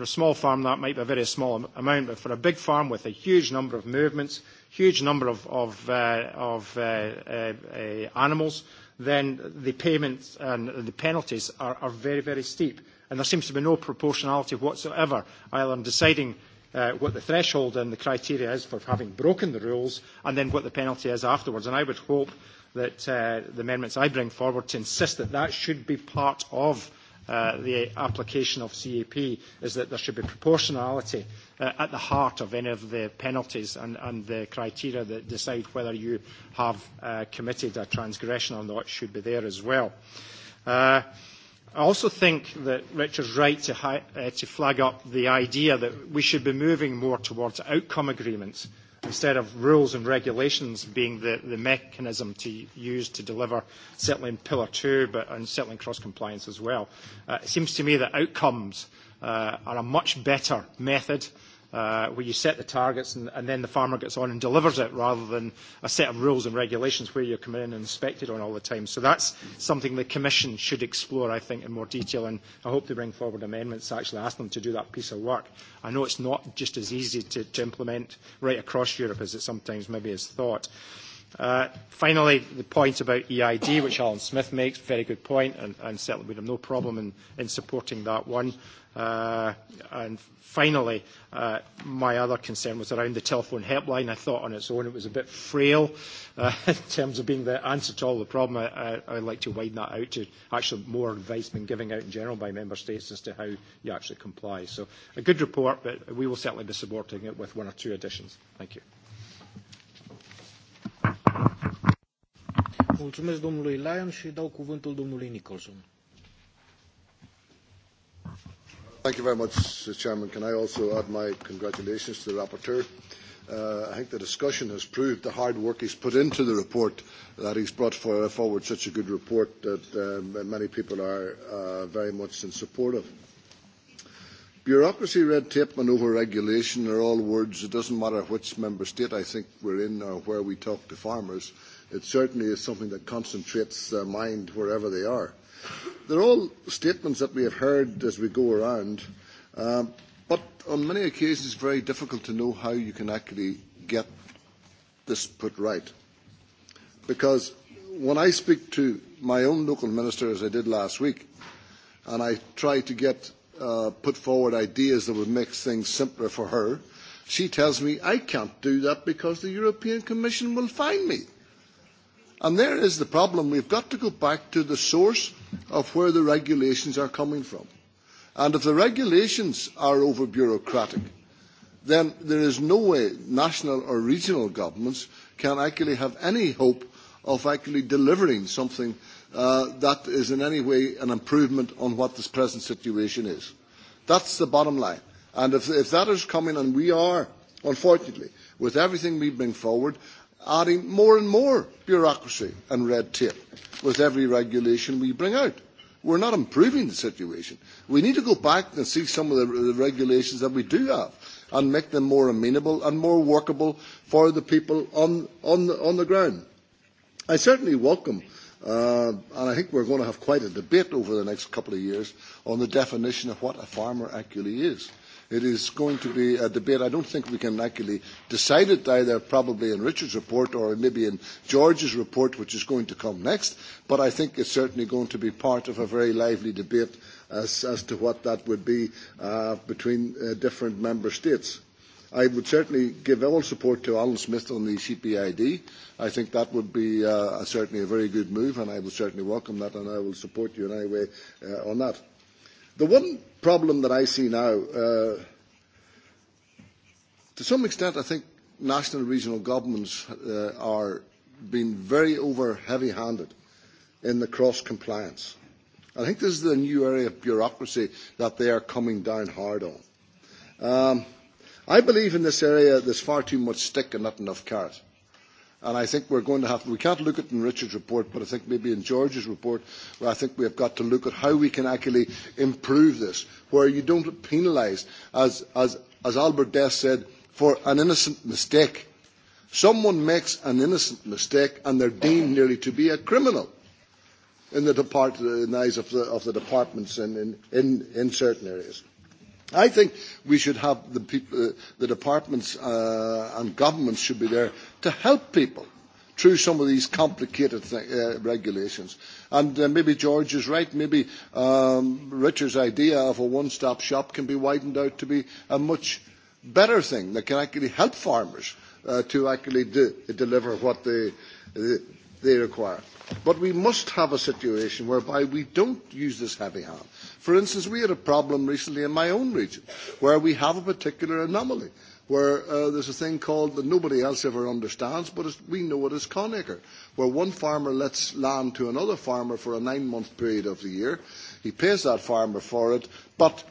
For a small farm, that might be a very small amount, but for a big farm with a huge number of movements, huge number of, of, uh, of uh, uh, uh, animals, then the payments and the penalties are, are very, very steep. And there seems to be no proportionality whatsoever, either in deciding uh, what the threshold and the criteria is for having broken the rules, and then what the penalty is afterwards. And I would hope that uh, the amendments I bring forward to insist that that should be part of uh, the application of CAP is that there should be proportionality uh, at the heart of any of the penalties and, and the criteria that decide whether you have uh, committed a transgression or not should be there as well. Uh, I also think that Richard's right to, hi- uh, to flag up the idea that we should be moving more towards outcome agreements uh, instead of rules and regulations being the, the mechanism to use to deliver, certainly in Pillar 2, but and certainly in cross-compliance as well. Uh, it seems to me that outcomes uh, are a much better method uh, uh, where you set the targets and, and then the farmer gets on and delivers it rather than a set of rules and regulations where you're coming in and inspected on all the time. So that's something the Commission should explore, I think, in more detail, and I hope they bring forward amendments to actually ask them to do that piece of work. I know it's not just as easy to, to implement right across Europe as it sometimes maybe is thought. Uh, Uh, finally, the point about EID, which Alan Smith makes, very good point, and, and certainly we have no problem in, in supporting that one. Uh, and finally, uh, my other concern was around the telephone helpline. I thought on its own it was a bit frail uh, in terms of being the answer to all the problem. I, I, I'd like to widen that out to actually more advice being given out in general by member states as to how you actually comply. So a good report, but we will certainly be supporting it with one or two additions. Thank you. Mulțumesc domnului Lyon și dau cuvântul domnului Nicholson. Thank you very much, Chairman. Can I also add my congratulations to the rapporteur? Uh, I think the discussion has proved the hard work he's put into the report, that he's brought for, forward such a good report that um, many people are uh, very much in support of. Uh, Bureaucracy, red tape, and over-regulation are all words. It doesn't matter which member state I think we're in or where we talk to farmers. It certainly is something that concentrates their mind wherever they are. They're all statements that we have heard as we go around, um, but on many occasions it's very difficult to know how you can actually get this put right. Because when I speak to my own local minister, as I did last week, and I try to get uh, put forward ideas that would make things simpler for her. She tells me I can't do that because the European Commission will fine me. And there is the problem. We've got to go back to the source of where the regulations are coming from. And if the regulations are over bureaucratic, then there is no way national or regional governments can actually have any hope of actually delivering something uh, that is in any way an improvement on what this present situation is. That's the bottom line. And if, if that is coming, and we are, unfortunately, with everything we bring forward, adding more and more bureaucracy and red tape with every regulation we bring out. We're not improving the situation. We need to go back and see some of the, the regulations that we do have and make them more amenable and more workable for the people on, on, the, on the ground. I certainly welcome uh, Uh, and I think we're going to have quite a debate over the next couple of years on the definition of what a farmer actually is. It is going to be a debate. I don't think we can actually decide it either probably in Richard's report or maybe in George's report, which is going to come next. But I think it's certainly going to be part of a very lively debate as, as to what that would be uh, between uh, different member states. I would certainly give all support to Alan Smith on the CPID. I think that would be uh, certainly a very good move, and I will certainly welcome that, and I will support you in any way uh, on that. The one problem that I see now, uh, to some extent, I think national and regional governments uh, are being very over heavy-handed in the cross-compliance. I think this is the new area of bureaucracy that they are coming down hard on. Um, I believe in this area there's far too much stick and not enough carrot. And I think we're going to have, we can't look at it in Richard's report, but I think maybe in George's report, where I think we have got to look at how we can actually improve this, where you don't penalise, as, as, as Albert Death said, for an innocent mistake. Someone makes an innocent mistake and they're deemed nearly to be a criminal in the, depart- in the eyes of the, of the departments in, in, in, in certain areas. I think we should have the, people, uh, the departments uh, and governments should be there to help people through some of these complicated th- uh, regulations. And uh, maybe George is right. Maybe um, Richard's idea of a one-stop shop can be widened out to be a much better thing that can actually help farmers uh, to actually de- deliver what they, they, uh, they require. But we must have a situation whereby we don't use this heavy hand. For instance, we had a problem recently in my own region where we have a particular anomaly where uh, there's a thing called that nobody else ever understands, but we know it as Conacher, where one farmer lets land to another farmer for a nine-month period of the year. He pays that farmer for it, but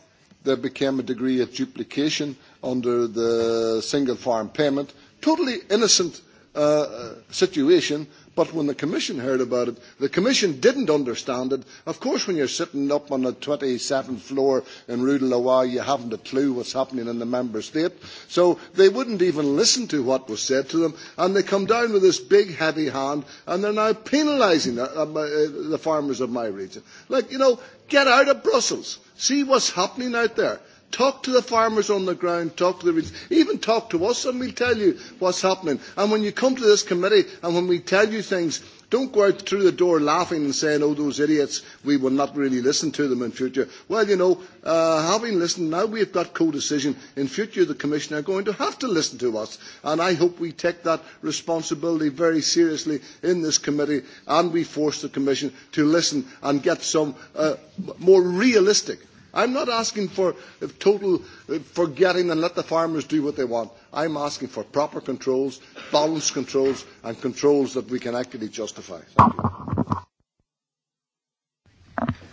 there became a degree of duplication under the single farm payment. Totally innocent uh, uh situation, But when the Commission heard about it, the Commission didn't understand it. Of course, when you're sitting up on the 27th floor in Rue de la Loire, you haven't a clue what's happening in the member state. So they wouldn't even listen to what was said to them, and they come down with this big, heavy hand, and they're now penalising the uh, uh, farmers of my region. Like, you know, get out of Brussels. See what's happening out there. Talk to the farmers on the ground, talk to the regions, even talk to us and we'll tell you what's happening. And when you come to this committee and when we tell you things, Don't go out through the door laughing and saying, oh, those idiots, we will not really listen to them in future. Well, you know, uh, having listened, now we've got co-decision. In future, the Commission are going to have to listen to us. And I hope we take that responsibility very seriously in this committee and we force the Commission to listen and get some uh, more realistic I'm not asking for total uh, forgetting and let the farmers do what they want. I'm asking for proper controls, balanced controls, and controls that we can actually justify. Thank you.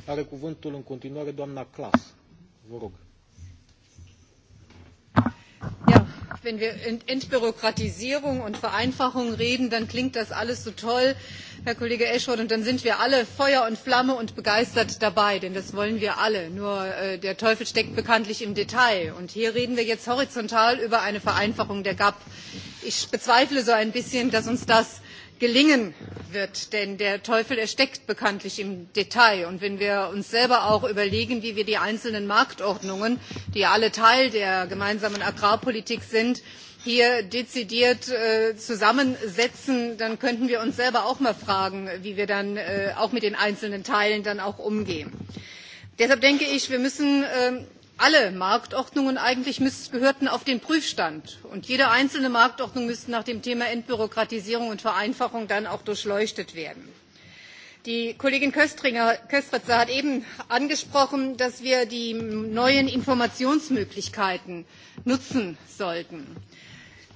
Are cuvântul în continuare doamna Clas. Vă rog wenn wir Entbürokratisierung und Vereinfachung reden, dann klingt das alles so toll, Herr Kollege Eschroth, und dann sind wir alle Feuer und Flamme und begeistert dabei, denn das wollen wir alle. Nur äh, der Teufel steckt bekanntlich im Detail. Und hier reden wir jetzt horizontal über eine Vereinfachung der GAP. Ich bezweifle so ein bisschen, dass uns das gelingen wird. Denn der Teufel, er steckt bekanntlich im Detail. Und wenn wir uns selber auch überlegen, wie wir die einzelnen Marktordnungen, die ja alle Teil der gemeinsamen Agrarpolitik sind, hier dezidiert äh, zusammensetzen, dann könnten wir uns selber auch mal fragen, wie wir dann äh, auch mit den einzelnen Teilen dann auch umgehen. Deshalb denke ich, wir müssen äh, alle Marktordnungen eigentlich müß, gehörten auf den Prüfstand. Und jede einzelne Marktordnung müsste nach dem Thema Entbürokratisierung und Vereinfachung dann auch durchleuchtet werden. Die Kollegin Köstritzer hat eben angesprochen, dass wir die neuen Informationsmöglichkeiten nutzen sollten.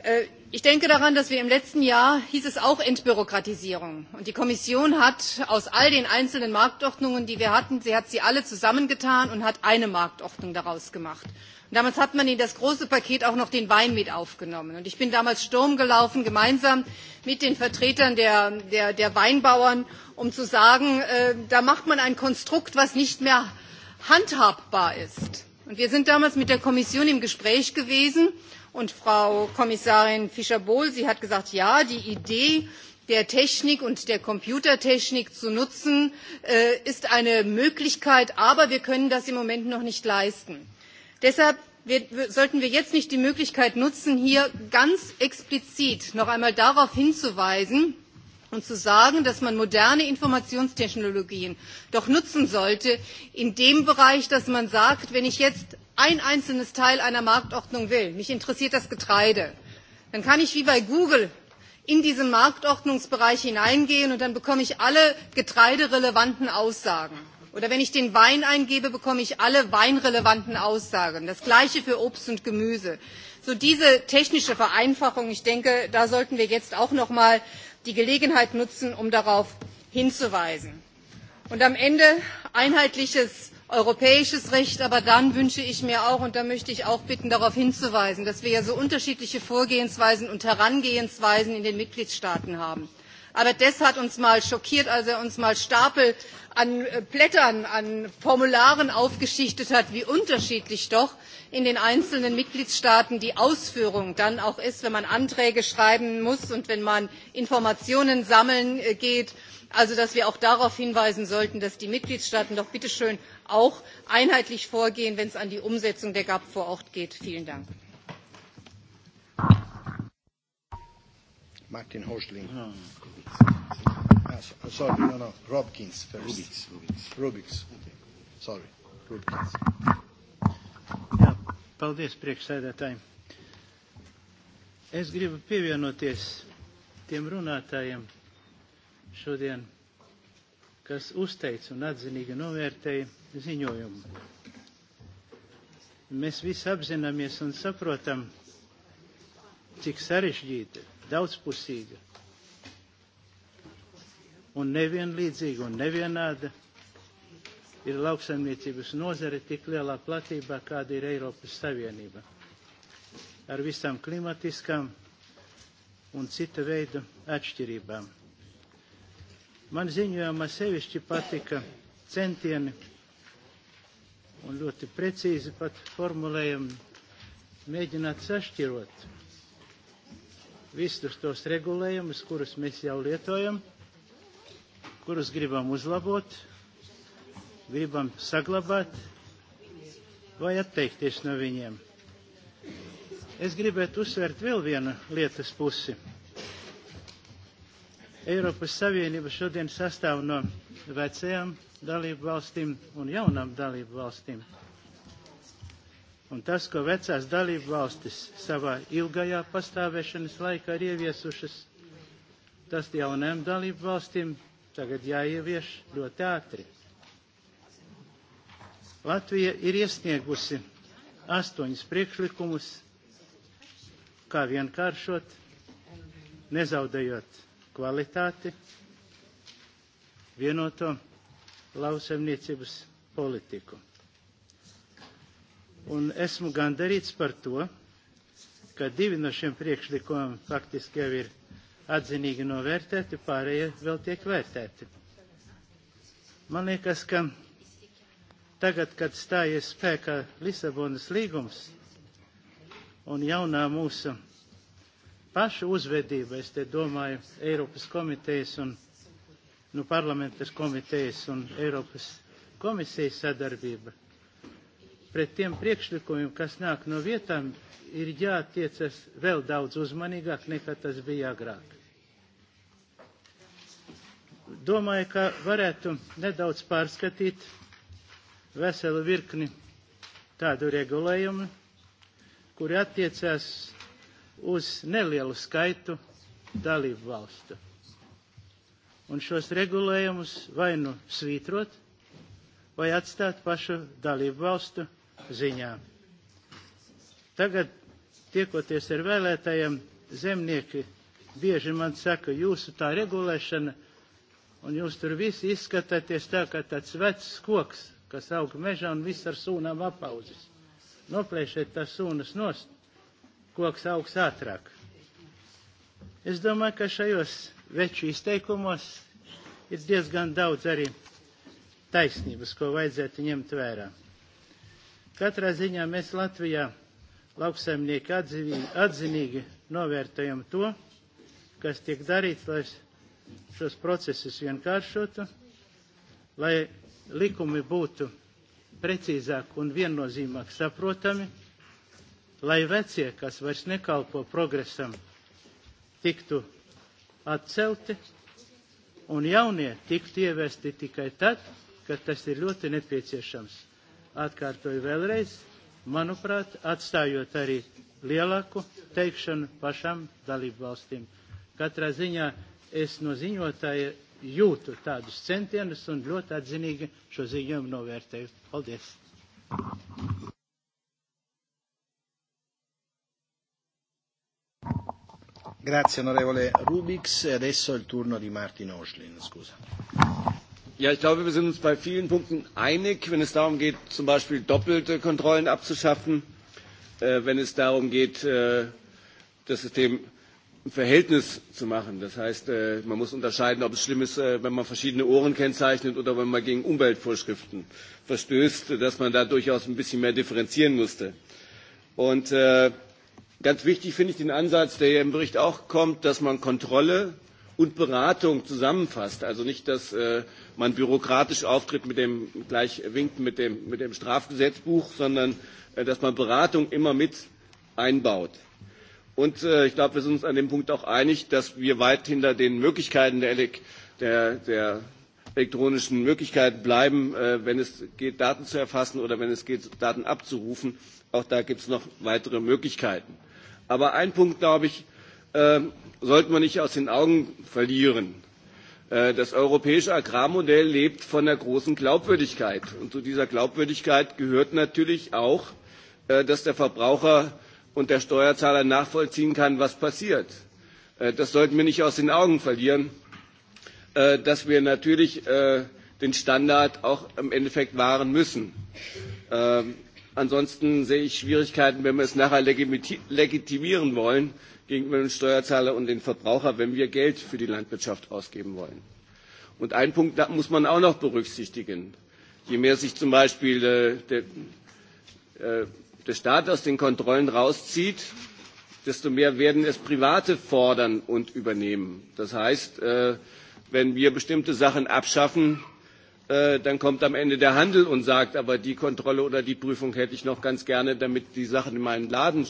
Äh, ich denke daran dass wir im letzten jahr hieß es auch entbürokratisierung und die kommission hat aus all den einzelnen marktordnungen die wir hatten sie hat sie alle zusammengetan und hat eine marktordnung daraus gemacht. Und damals hat man in das große paket auch noch den wein mit aufgenommen und ich bin damals sturm gelaufen gemeinsam mit den vertretern der, der, der weinbauern um zu sagen äh, da macht man ein konstrukt was nicht mehr handhabbar ist. Und wir sind damals mit der kommission im gespräch gewesen Und Frau Kommissarin Fischer-Bohl, sie hat gesagt, ja, die Idee der Technik und der Computertechnik zu nutzen, äh, ist eine Möglichkeit, aber wir können das im Moment noch nicht leisten. Deshalb wir, wir, sollten wir jetzt nicht die Möglichkeit nutzen, hier ganz explizit noch einmal darauf hinzuweisen, und zu sagen, dass man moderne Informationstechnologien doch nutzen sollte in dem Bereich, dass man sagt, wenn ich jetzt ein einzelnes Teil einer Marktordnung will, mich interessiert das Getreide, dann kann ich wie bei Google in diesen Marktordnungsbereich hineingehen und dann bekomme ich alle getreiderelevanten Aussagen. Oder wenn ich den Wein eingebe, bekomme ich alle weinrelevanten Aussagen. Das gleiche für Obst und Gemüse. So diese technische Vereinfachung, ich denke, da sollten wir jetzt auch noch mal die Gelegenheit nutzen, um darauf hinzuweisen. Und am Ende einheitliches europäisches Recht, aber dann wünsche ich mir auch, und da möchte ich auch bitten, darauf hinzuweisen, dass wir ja so unterschiedliche Vorgehensweisen und Herangehensweisen in den Mitgliedstaaten haben. Aber das hat uns mal schockiert, als er uns mal Stapel an äh, Blättern, an Formularen aufgeschichtet hat, wie unterschiedlich doch in den einzelnen Mitgliedstaaten die Ausführung dann auch ist, wenn man Anträge schreiben muss und wenn man Informationen sammeln äh, geht also dass wir auch darauf hinweisen sollten dass die mitgliedstaaten doch bitte schön auch einheitlich vorgehen wenn es an die umsetzung der gap vor ort geht. vielen dank. Martin Hoschling. No, no, ah, oh, sorry, no, no. Robkins first. Rubiks. Rubiks. Rubiks. Okay. Sorry. Rubiks. Jā, paldies priekšsēdētājiem. Es gribu pievienoties tiem runātājiem, šodien, kas uzteica un atzinīgi novērtēja ziņojumu. Mēs visi apzināmies un saprotam, cik sarežģīta, daudzpusīga un nevienlīdzīga un nevienāda ir lauksaimniecības nozare tik lielā platībā, kāda ir Eiropas Savienība. Ar visām klimatiskām un cita veida atšķirībām. Man ziņojumā sevišķi patika centieni un ļoti precīzi pat formulējumi mēģināt sašķirot visus tos regulējumus, kurus mēs jau lietojam, kurus gribam uzlabot, gribam saglabāt vai atteikties no viņiem. Es gribētu uzsvērt vēl vienu lietas pusi. Eiropas Savienība šodien sastāv no vecajām dalību valstīm un jaunām dalību valstīm. Un tas, ko vecās dalību valstis savā ilgajā pastāvēšanas laikā ir ieviesušas, tas jaunajām dalību valstīm tagad jāievieš ļoti ātri. Latvija ir iesniegusi astoņus priekšlikumus, kā vienkāršot, nezaudējot kvalitāti, vienoto lauksaimniecības politiku. Un esmu gandarīts par to, ka divi no šiem priekšlikumiem faktiski jau ir atzinīgi novērtēti, pārējie vēl tiek vērtēti. Man liekas, ka tagad, kad stājies spēkā Lisabonas līgums un jaunā mūsu paša uzvedība, es te domāju, Eiropas komitejas un nu, parlamentas komitejas un Eiropas komisijas sadarbība pret tiem priekšlikumiem, kas nāk no vietām, ir jātiecas vēl daudz uzmanīgāk nekā tas bija agrāk. Domāju, ka varētu nedaudz pārskatīt veselu virkni tādu regulējumu, kuri attiecās uz nelielu skaitu dalību valstu. Un šos regulējumus vai nu svītrot, vai atstāt pašu dalību valstu ziņā. Tagad, tiekoties ar vēlētājiem, zemnieki bieži man saka, jūsu tā regulēšana, un jūs tur visi izskatāties tā, kā tāds vecs koks, kas aug mežā un viss ar sūnām apauzis. Noplēšiet tās sūnas nost, koks augs ātrāk. Es domāju, ka šajos veču izteikumos ir diezgan daudz arī taisnības, ko vajadzētu ņemt vērā. Katrā ziņā mēs Latvijā lauksaimnieki atzinīgi, atzinīgi novērtējam to, kas tiek darīts, lai šos procesus vienkāršotu, lai likumi būtu precīzāk un viennozīmāk saprotami, lai vecie, kas vairs nekalpo progresam, tiktu atcelti un jaunie tiktu ievesti tikai tad, kad tas ir ļoti nepieciešams. Atkārtoju vēlreiz, manuprāt, atstājot arī lielāku teikšanu pašam dalību valstīm. Katrā ziņā es no ziņotāja jūtu tādus centienus un ļoti atzinīgi šo ziņojumu novērtēju. Paldies! Grazie onorevole Rubiks. E adesso è il turno di Martin Oschlin. Scusa. Ja, ich glaube, wir sind uns bei vielen Punkten einig, wenn es darum geht, zum Beispiel doppelte Kontrollen abzuschaffen, äh, wenn es darum geht, äh, das System im Verhältnis zu machen. Das heißt, äh, man muss unterscheiden, ob es schlimm ist, äh, wenn man verschiedene Ohren kennzeichnet oder wenn man gegen Umweltvorschriften verstößt, dass man da durchaus ein bisschen mehr differenzieren musste. Und äh, Ganz wichtig finde ich den Ansatz, der hier im Bericht auch kommt, dass man Kontrolle und Beratung zusammenfasst. Also nicht, dass äh, man bürokratisch auftritt mit dem gleich winkt mit dem, mit dem Strafgesetzbuch, sondern äh, dass man Beratung immer mit einbaut. Und äh, ich glaube, wir sind uns an dem Punkt auch einig, dass wir weit hinter den Möglichkeiten der, Elek der, der elektronischen Möglichkeiten bleiben, äh, wenn es geht, Daten zu erfassen oder wenn es geht, Daten abzurufen. Auch da gibt es noch weitere Möglichkeiten. Aber einen Punkt, glaube ich, äh, sollten wir nicht aus den Augen verlieren. Äh, das europäische Agrarmodell lebt von der großen Glaubwürdigkeit. Und zu dieser Glaubwürdigkeit gehört natürlich auch, äh, dass der Verbraucher und der Steuerzahler nachvollziehen kann, was passiert. Äh, das sollten wir nicht aus den Augen verlieren, äh, dass wir natürlich äh, den Standard auch im Endeffekt wahren müssen. Ähm, Ansonsten sehe ich Schwierigkeiten, wenn wir es nachher legitimieren wollen gegenüber dem Steuerzahler und dem Verbraucher, wenn wir Geld für die Landwirtschaft ausgeben wollen. Und einen Punkt muss man auch noch berücksichtigen. Je mehr sich zum Beispiel äh, der, äh, der Staat aus den Kontrollen rauszieht, desto mehr werden es Private fordern und übernehmen. Das heißt, äh, wenn wir bestimmte Sachen abschaffen, Äh, dann kommt am Ende der Handel und sagt, aber die Kontrolle oder die Prüfung hätte ich noch ganz gerne, damit die Sachen in meinem Laden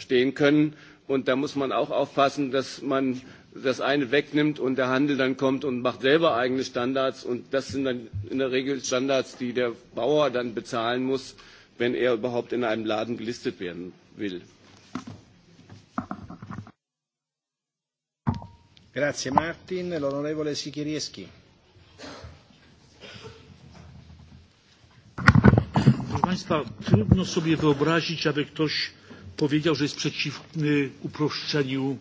stehen können. Und da muss man auch aufpassen, dass man das eine wegnimmt und der Handel dann kommt und macht selber eigene Standards. Und das sind dann in der Regel Standards, die der Bauer dann bezahlen muss, wenn er überhaupt in einem Laden gelistet werden will. Grazie Martin, l'onorevole Sicherieschi. Państwa, trudno sobie wyobrazić, aby ktoś powiedział, że jest przeciwny uproszczeniu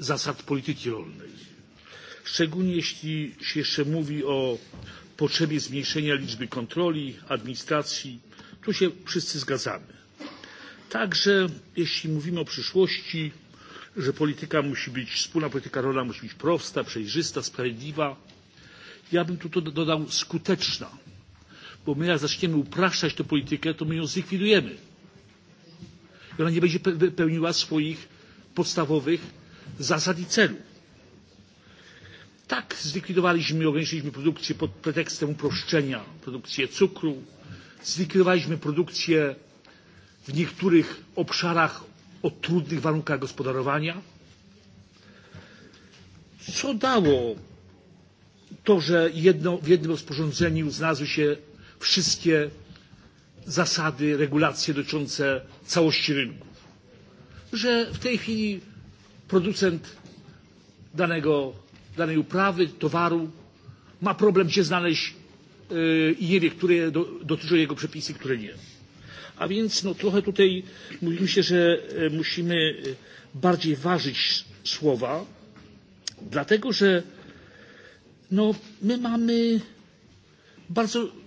zasad polityki rolnej. Szczególnie jeśli się jeszcze mówi o potrzebie zmniejszenia liczby kontroli, administracji, tu się wszyscy zgadzamy. Także jeśli mówimy o przyszłości, że polityka musi być, wspólna polityka rolna musi być prosta, przejrzysta, sprawiedliwa, ja bym tu dodał skuteczna Bo my jak zaczniemy upraszczać tę politykę, to my ją zlikwidujemy. I ona nie będzie pełniła swoich podstawowych zasad i celów. Tak zlikwidowaliśmy i ograniczyliśmy produkcję pod pretekstem uproszczenia produkcję cukru, zlikwidowaliśmy produkcję w niektórych obszarach o trudnych warunkach gospodarowania. Co dało to, że jedno, w jednym rozporządzeniu znalazły się wszystkie zasady, regulacje dotyczące całości rynku. Że w tej chwili producent danego, danej uprawy, towaru ma problem, gdzie znaleźć yy, i nie wie, które do, dotyczą jego przepisy, które nie. A więc no, trochę tutaj myślę, że e, musimy e, bardziej ważyć słowa, dlatego że no, my mamy bardzo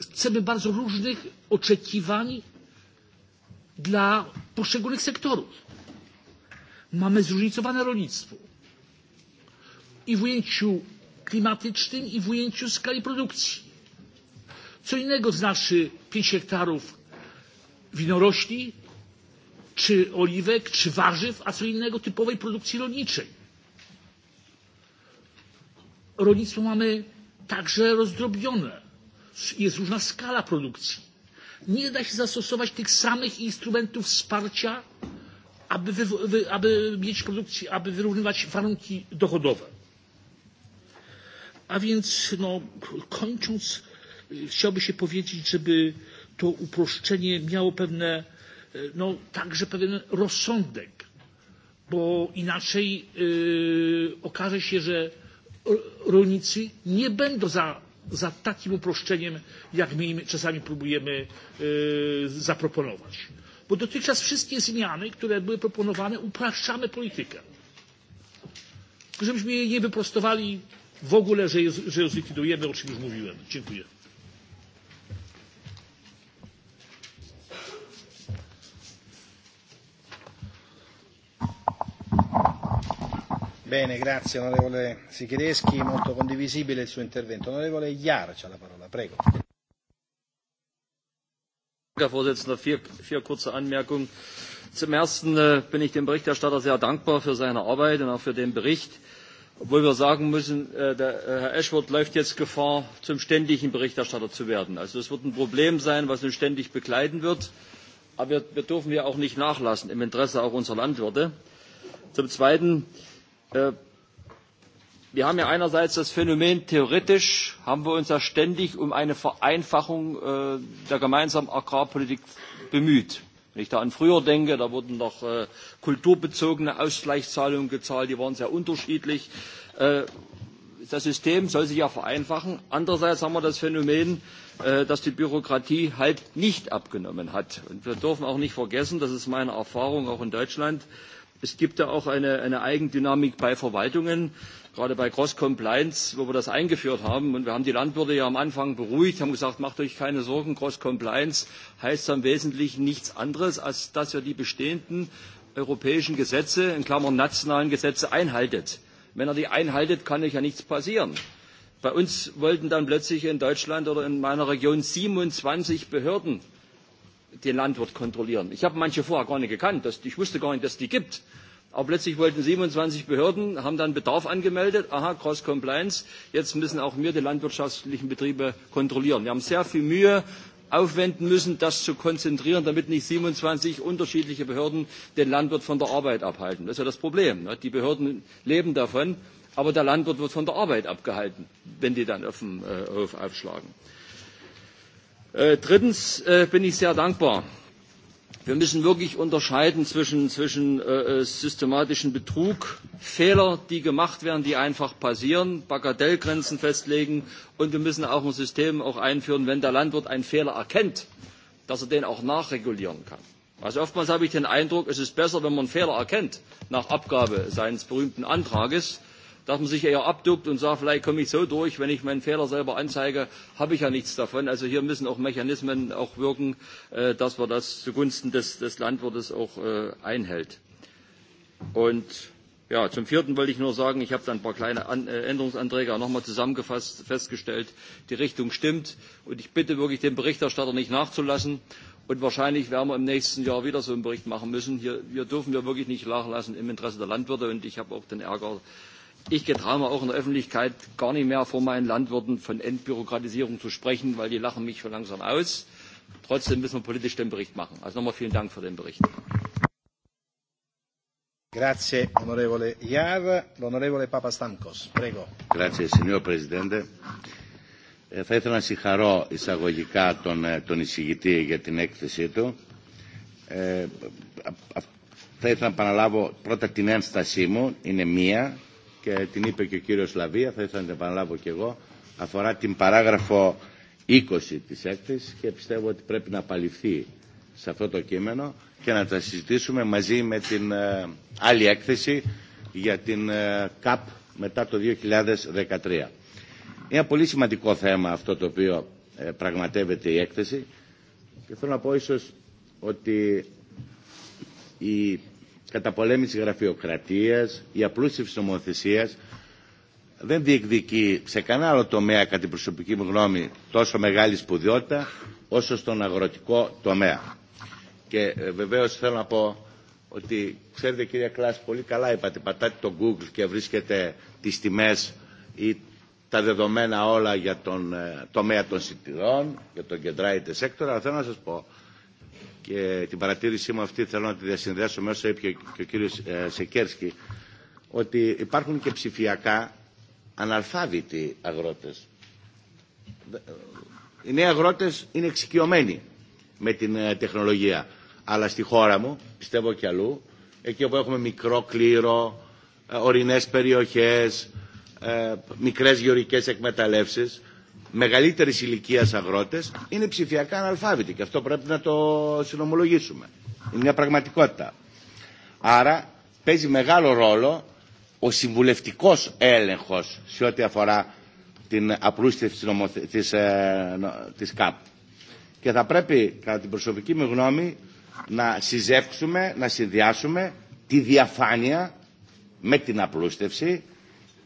chcemy bardzo różnych oczekiwań dla poszczególnych sektorów. Mamy zróżnicowane rolnictwo i w ujęciu klimatycznym, i w ujęciu skali produkcji. Co innego znaczy 5 hektarów winorośli, czy oliwek, czy warzyw, a co innego typowej produkcji rolniczej. Rolnictwo mamy także rozdrobnione jest różna skala produkcji. Nie da się zastosować tych samych instrumentów wsparcia, aby, wywo- wy- aby mieć produkcję, aby wyrównywać warunki dochodowe. A więc no, kończąc, chciałby się powiedzieć, żeby to uproszczenie miało pewne, no, także pewien rozsądek, bo inaczej yy, okaże się, że rolnicy nie będą za za takim uproszczeniem, jak my im czasami próbujemy yy, e, zaproponować. Bo dotychczas wszystkie zmiany, które były proponowane, upraszczamy politykę. Żebyśmy jej nie wyprostowali w ogóle, że, jest, że ją zlikwidujemy, o czym już mówiłem. Dziękuję. Bene, grazie onorevole Sichereschi, molto condivisibile il suo intervento. Onorevole Iar c'ha la parola, prego. Herr Vorsitzender, vier, vier kurze Anmerkungen. Zum Ersten äh, bin ich dem Berichterstatter sehr dankbar für seine Arbeit und auch für den Bericht, obwohl wir sagen müssen, äh, der, äh, Herr Ashworth läuft jetzt Gefahr, zum ständigen Berichterstatter zu werden. Also es wird ein Problem sein, was uns ständig begleiten wird. Aber wir, wir dürfen ja auch nicht nachlassen im Interesse auch unserer Landwirte. Zum Zweiten äh, Äh, wir haben ja einerseits das Phänomen, theoretisch haben wir uns ja ständig um eine Vereinfachung äh, der gemeinsamen Agrarpolitik bemüht. Wenn ich da an früher denke, da wurden noch äh, kulturbezogene Ausgleichszahlungen gezahlt, die waren sehr unterschiedlich. Äh, das System soll sich ja vereinfachen. Andererseits haben wir das Phänomen, äh, dass die Bürokratie halt nicht abgenommen hat. Und wir dürfen auch nicht vergessen, das ist meine Erfahrung auch in Deutschland, Es gibt ja auch eine, eine Eigendynamik bei Verwaltungen, gerade bei Cross-Compliance, wo wir das eingeführt haben. Und wir haben die Landwirte ja am Anfang beruhigt, haben gesagt, macht euch keine Sorgen, Cross-Compliance heißt ja im Wesentlichen nichts anderes, als dass ihr die bestehenden europäischen Gesetze, in Klammern nationalen Gesetze, einhaltet. Wenn er die einhaltet, kann euch ja nichts passieren. Bei uns wollten dann plötzlich in Deutschland oder in meiner Region 27 Behörden den Landwirt kontrollieren. Ich habe manche vorher gar nicht gekannt. Dass, ich wusste gar nicht, dass es die gibt. Aber plötzlich wollten 27 Behörden, haben dann Bedarf angemeldet. Aha, Cross Compliance. Jetzt müssen auch wir die landwirtschaftlichen Betriebe kontrollieren. Wir haben sehr viel Mühe aufwenden müssen, das zu konzentrieren, damit nicht 27 unterschiedliche Behörden den Landwirt von der Arbeit abhalten. Das ist ja das Problem. Die Behörden leben davon, aber der Landwirt wird von der Arbeit abgehalten, wenn die dann auf dem Hof äh, aufschlagen. Äh, drittens äh, bin ich sehr dankbar. Wir müssen wirklich unterscheiden zwischen, zwischen äh, äh, systematischen Betrug, Fehler, die gemacht werden, die einfach passieren, Bagatellgrenzen festlegen und wir müssen auch ein System auch einführen, wenn der Landwirt einen Fehler erkennt, dass er den auch nachregulieren kann. Also oftmals habe ich den Eindruck, es ist besser, wenn man einen Fehler erkennt, nach Abgabe seines berühmten Antrages, dass man sich eher abduckt und sagt, vielleicht komme ich so durch, wenn ich meinen Fehler selber anzeige, habe ich ja nichts davon. Also hier müssen auch Mechanismen auch wirken, äh, dass man das zugunsten des, des Landwirtes auch äh, einhält. Und ja, zum vierten wollte ich nur sagen, ich habe dann ein paar kleine An äh, Änderungsanträge nochmal zusammengefasst festgestellt, die Richtung stimmt. Und ich bitte wirklich den Berichterstatter nicht nachzulassen. Und wahrscheinlich werden wir im nächsten Jahr wieder so einen Bericht machen müssen. Hier, hier dürfen wir wirklich nicht nachlassen im Interesse der Landwirte. Und ich habe auch den Ärger Ich getraue mir auch in der Öffentlichkeit gar nicht mehr vor meinen Landwirten von Entbürokratisierung zu sprechen, weil die lachen mich schon langsam aus. Trotzdem müssen wir politisch den Bericht machen. Also nochmal vielen Dank für den Bericht. Grazie, onorevole Iar. L'onorevole Papastamkos, prego. Grazie, signor Presidente. Ε, θα ήθελα να συγχαρώ εισαγωγικά τον, τον εισηγητή για την έκθεσή του. Ε, θα ήθελα να παραλάβω πρώτα την ένστασή μου, είναι μία, και την είπε και ο κύριος Λαβία, θα ήθελα να την επαναλάβω και εγώ, αφορά την παράγραφο 20 της έκθεσης και πιστεύω ότι πρέπει να απαλληφθεί σε αυτό το κείμενο και να τα συζητήσουμε μαζί με την ε, άλλη έκθεση για την ε, ΚΑΠ μετά το 2013. Είναι πολύ σημαντικό θέμα αυτό το οποίο ε, πραγματεύεται η έκθεση και θέλω να πω ίσως ότι η καταπολέμηση γραφειοκρατίας, η απλούστευση νομοθεσίας, δεν διεκδικεί σε κανένα άλλο τομέα, κατά την προσωπική μου γνώμη, τόσο μεγάλη σπουδαιότητα όσο στον αγροτικό τομέα. Και ε, βεβαίως θέλω να πω ότι, ξέρετε κυρία Κλάς, πολύ καλά είπατε, πατάτε το Google και βρίσκετε τις τιμές ή τα δεδομένα όλα για τον ε, τομέα των σιτηρών, για τον κεντράιτε σέκτορα, αλλά θέλω να σας πω και την παρατήρησή μου αυτή θέλω να τη διασυνδέσω μέσω είπε και ο κύριος Σεκέρσκι ότι υπάρχουν και ψηφιακά αναλφάβητοι αγρότες. Οι νέοι αγρότες είναι εξοικειωμένοι με την τεχνολογία. Αλλά στη χώρα μου, πιστεύω και αλλού, εκεί όπου έχουμε μικρό κλήρο, ορεινές περιοχές, μικρές γεωρικές εκμεταλλεύσεις, μεγαλύτερης ηλικίας αγρότες είναι ψηφιακά αναλφάβητοι και αυτό πρέπει να το συνομολογήσουμε. Είναι μια πραγματικότητα. Άρα παίζει μεγάλο ρόλο ο συμβουλευτικός έλεγχος σε ό,τι αφορά την απλούστευση της, νομοθε... της, ε, της ΚΑΠ. Και θα πρέπει, κατά την προσωπική μου γνώμη, να συζεύξουμε, να συνδυάσουμε τη διαφάνεια με την απλούστευση,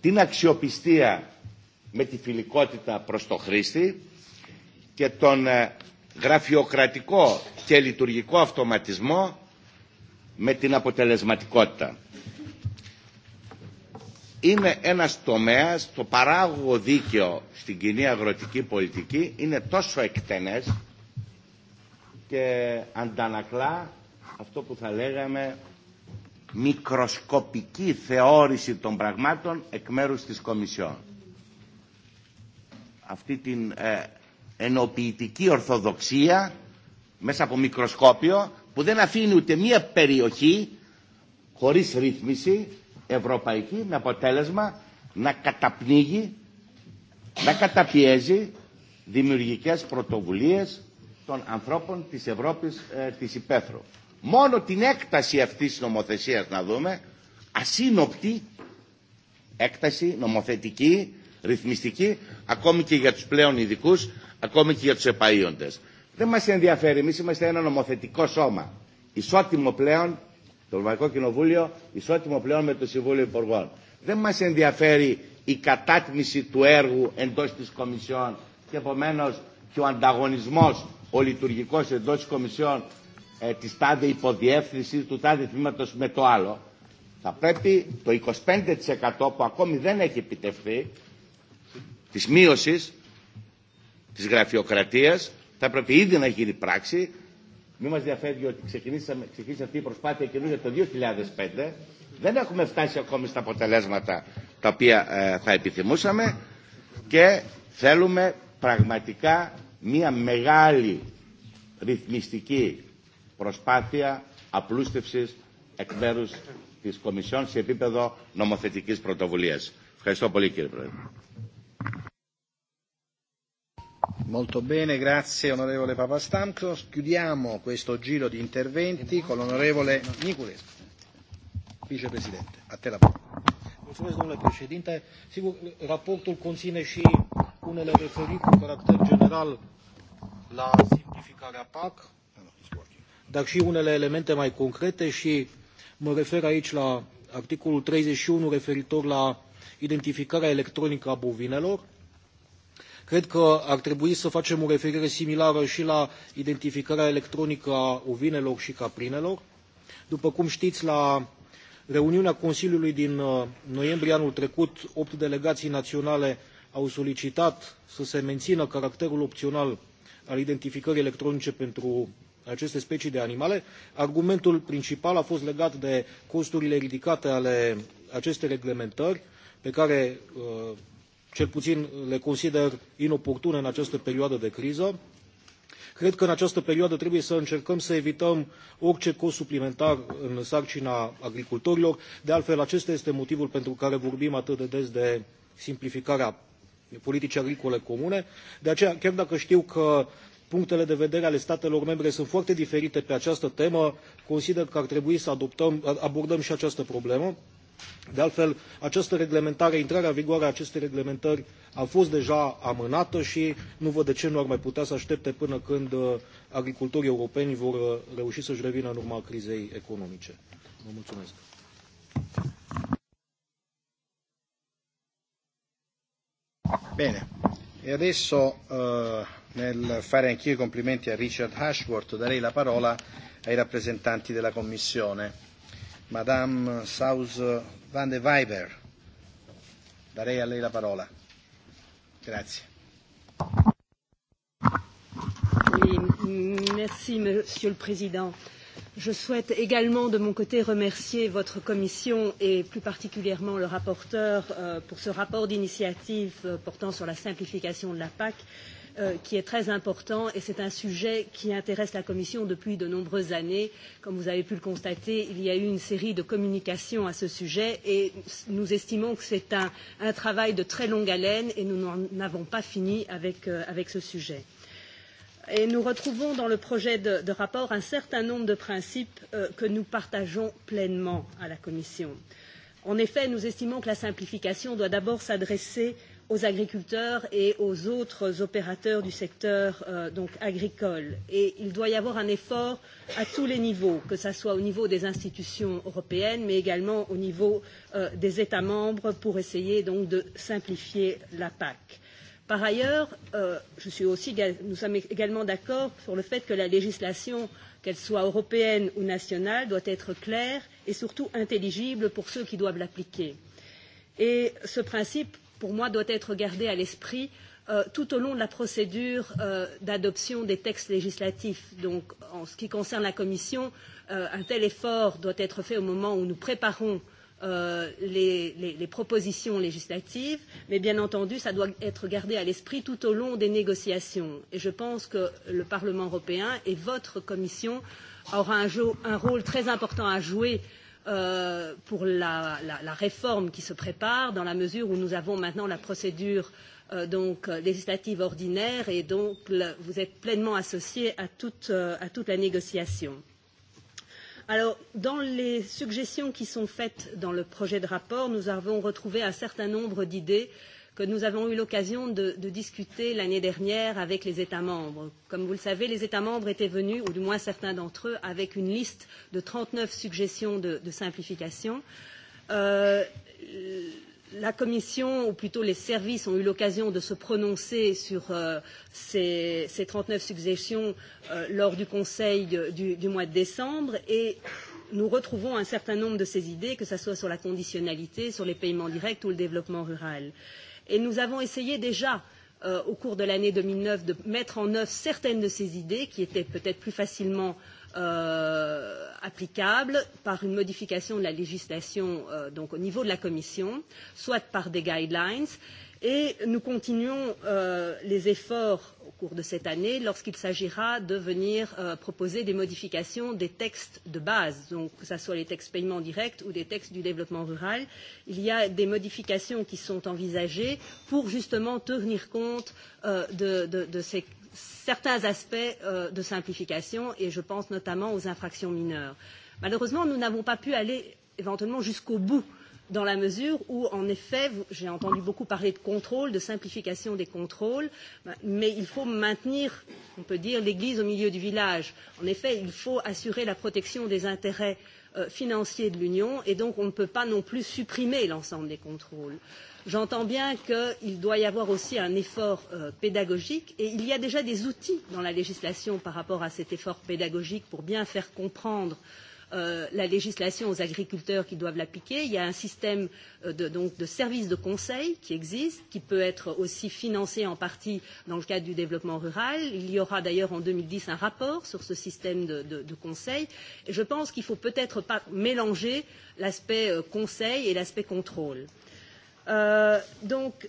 την αξιοπιστία με τη φιλικότητα προς το χρήστη και τον γραφειοκρατικό και λειτουργικό αυτοματισμό με την αποτελεσματικότητα. Είναι ένας τομέας, το παράγωγο δίκαιο στην κοινή αγροτική πολιτική είναι τόσο εκτενές και αντανακλά αυτό που θα λέγαμε μικροσκοπική θεώρηση των πραγμάτων εκ μέρους της Κομισιόν αυτή την ε, ενοποιητική ορθοδοξία μέσα από μικροσκόπιο που δεν αφήνει ούτε μία περιοχή χωρίς ρύθμιση ευρωπαϊκή με αποτέλεσμα να καταπνίγει, να καταπιέζει δημιουργικές πρωτοβουλίες των ανθρώπων της Ευρώπης ε, της Υπέθρου. Μόνο την έκταση αυτής της νομοθεσίας να δούμε, ασύνοπτη έκταση νομοθετική ρυθμιστική, ακόμη και για τους πλέον ειδικού, ακόμη και για τους επαΐοντες. Δεν μας ενδιαφέρει, εμείς είμαστε ένα νομοθετικό σώμα. Ισότιμο πλέον, το Ευρωπαϊκό Κοινοβούλιο, ισότιμο πλέον με το Συμβούλιο Υπουργών. Δεν μας ενδιαφέρει η κατάτμιση του έργου εντός της Κομισιόν και επομένως και ο ανταγωνισμός ο λειτουργικός εντός της Κομισιόν ε, της τάδε υποδιεύθυνσης του τάδε τμήματος με το άλλο. Θα πρέπει το 25% που ακόμη δεν έχει επιτευχθεί της μείωσης της γραφειοκρατίας θα πρέπει ήδη να γίνει πράξη. Μη μας διαφεύγει ότι ξεκίνησε αυτή η προσπάθεια καινούργια το 2005. Δεν έχουμε φτάσει ακόμη στα αποτελέσματα τα οποία ε, θα επιθυμούσαμε και θέλουμε πραγματικά μια μεγάλη ρυθμιστική προσπάθεια απλούστευσης εκ μέρους της Κομισιόν σε επίπεδο νομοθετικής πρωτοβουλίας. Ευχαριστώ πολύ κύριε Πρόεδρε. Molto bene, grazie onorevole Papastamkos. Chiudiamo questo giro di interventi con l'onorevole Niculescu. Vicepresidente, a te la parola. Mulțumesc, domnule președinte. Sigur, raportul conține și unele referiri cu caracter general la simplificarea PAC, dar și unele elemente mai concrete și mă refer aici la articolul 31 referitor la identificarea electronică a bovinelor, Cred că ar trebui să facem o referire similară și la identificarea electronică a ovinelor și caprinelor. După cum știți, la reuniunea Consiliului din uh, noiembrie anul trecut, opt delegații naționale au solicitat să se mențină caracterul opțional al identificării electronice pentru aceste specii de animale. Argumentul principal a fost legat de costurile ridicate ale acestei reglementări, pe care uh, cel puțin le consider inoportune în această perioadă de criză. Cred că în această perioadă trebuie să încercăm să evităm orice cost suplimentar în sarcina agricultorilor. De altfel, acesta este motivul pentru care vorbim atât de des de simplificarea politicii agricole comune. De aceea, chiar dacă știu că punctele de vedere ale statelor membre sunt foarte diferite pe această temă, consider că ar trebui să adoptăm, abordăm și această problemă. De altfel, această reglementare, intrarea în vigoare a acestei reglementări a fost deja amânată și nu văd de ce nu ar mai putea să aștepte până când uh, agricultorii europeni vor uh, reuși să-și revină în urma crizei economice. Vă mulțumesc. Bene, e adesso eh, nel fare anch'io i complimenti a Richard Ashworth darei la parola ai rappresentanti della Commissione. Madame Saus van de Weiber. Darei a lei la parola. Grazie. Oui, merci, Monsieur le Président. Je souhaite également, de mon côté, remercier votre commission et plus particulièrement le rapporteur euh, pour ce rapport d'initiative euh, portant sur la simplification de la PAC euh, qui est très important et c'est un sujet qui intéresse la Commission depuis de nombreuses années. Comme vous avez pu le constater, il y a eu une série de communications à ce sujet et nous estimons que c'est un, un travail de très longue haleine et nous n'avons pas fini avec, euh, avec ce sujet. Et nous retrouvons dans le projet de, de rapport un certain nombre de principes euh, que nous partageons pleinement à la Commission. En effet, nous estimons que la simplification doit d'abord s'adresser euh, aux agriculteurs et aux autres opérateurs du secteur euh, donc agricole. Et il doit y avoir un effort à tous les niveaux, que ce soit au niveau des institutions européennes, mais également au niveau euh, des États membres, pour essayer donc de simplifier la PAC. Par ailleurs, euh, je suis aussi, nous sommes également d'accord sur le fait que la législation, qu'elle soit européenne ou nationale, doit être claire et surtout intelligible pour ceux qui doivent l'appliquer. Et ce principe pour moi, doit être gardée à l'esprit euh, tout au long de la procédure euh, d'adoption des textes législatifs. Donc, en ce qui concerne la Commission, euh, un tel effort doit être fait au moment où nous préparons euh, les, les, les propositions législatives, mais bien entendu, ça doit être gardé à l'esprit tout au long des négociations. Et je pense que le Parlement européen et votre Commission aura un, jeu, un rôle très important à jouer euh, euh, pour la, la, la réforme qui se prépare, dans la mesure où nous avons maintenant la procédure euh, donc euh, législative ordinaire et donc le, vous êtes pleinement associé à toute, euh, à toute la négociation. Alors, dans les suggestions qui sont faites dans le projet de rapport, nous avons retrouvé un certain nombre d'idées euh, que nous avons eu l'occasion de, de discuter l'année dernière avec les États membres. Comme vous le savez, les États membres étaient venus, ou du moins certains d'entre eux, avec une liste de 39 suggestions de, de simplification. Euh, la Commission, ou plutôt les services, ont eu l'occasion de se prononcer sur euh, ces, ces 39 suggestions euh, lors du Conseil du, du mois de décembre et nous retrouvons un certain nombre de ces idées, que ce soit sur la conditionnalité, sur les paiements directs ou le développement rural. Euh, Et nous avons essayé déjà euh, au cours de l'année 2009 de mettre en œuvre certaines de ces idées qui étaient peut-être plus facilement euh, applicables par une modification de la législation euh, donc au niveau de la Commission, soit par des guidelines. Euh, Et nous continuons euh, les efforts au cours de cette année lorsqu'il s'agira de venir euh, proposer des modifications des textes de base, donc que ce soit les textes paiement direct ou des textes du développement rural. Il y a des modifications qui sont envisagées pour justement tenir compte euh, de, de, de ces certains aspects euh, de simplification et je pense notamment aux infractions mineures. Malheureusement, nous n'avons pas pu aller éventuellement jusqu'au bout euh, dans la mesure où, en effet, j'ai entendu beaucoup parler de contrôle, de simplification des contrôles, mais il faut maintenir, on peut dire, l'église au milieu du village. En effet, il faut assurer la protection des intérêts euh, financiers de l'Union et donc on ne peut pas non plus supprimer l'ensemble des contrôles. J'entends bien qu'il doit y avoir aussi un effort euh, pédagogique et il y a déjà des outils dans la législation par rapport à cet effort pédagogique pour bien faire comprendre euh, euh, la législation aux agriculteurs qui doivent l'appliquer. Il y a un système euh, de, donc, de services de conseil qui existe, qui peut être aussi financé en partie dans le cadre du développement rural. Il y aura d'ailleurs en 2010 un rapport sur ce système de, de, de conseil. Et je pense qu'il ne faut peut-être pas mélanger l'aspect euh, conseil et l'aspect contrôle. Euh, donc,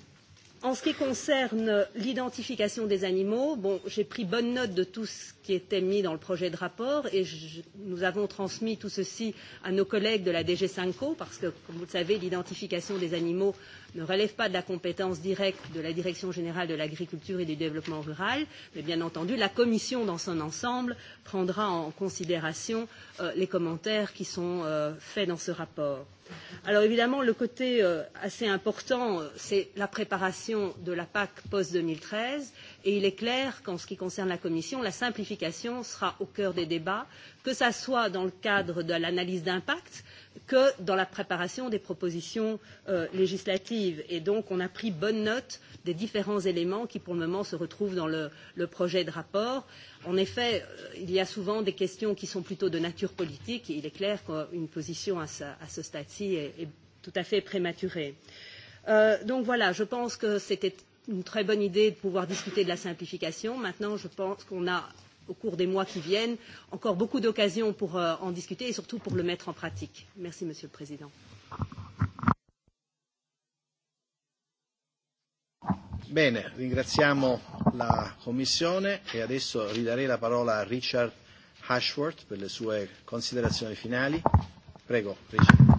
En ce qui concerne l'identification des animaux, bon, j'ai pris bonne note de tout ce qui était mis dans le projet de rapport et je, nous avons transmis tout ceci à nos collègues de la DG Sanco parce que, comme vous le savez, l'identification des animaux ne relève pas de la compétence directe de la Direction générale de l'agriculture et du développement rural, mais bien entendu, la Commission dans son ensemble prendra en considération euh, les commentaires qui sont euh, faits dans ce rapport. Euh, Alors évidemment, le côté euh, assez important, euh, c'est la préparation de la PAC post-2013 Et il est clair qu'en ce qui concerne la Commission, la simplification sera au cœur des débats, que ce soit dans le cadre de l'analyse d'impact que dans la préparation des propositions euh, législatives. Et donc, on a pris bonne note des différents éléments qui, pour le moment, se retrouvent dans le, le projet de rapport. En effet, euh, il y a souvent des questions qui sont plutôt de nature politique, et il est clair qu'une position à ce, à ce stade-ci est, est tout à fait prématurée. Euh, donc voilà, je pense que c'était une très bonne idée de pouvoir discuter de la simplification. Maintenant, je pense qu'on a, au cours des mois qui viennent, encore beaucoup d'occasions pour euh, en discuter et surtout pour le mettre en pratique. Merci, Monsieur le Président. Bene, ringraziamo la Commissione e adesso ridarei la parola a Richard Ashworth per le sue considerazioni finali. Prego, Richard.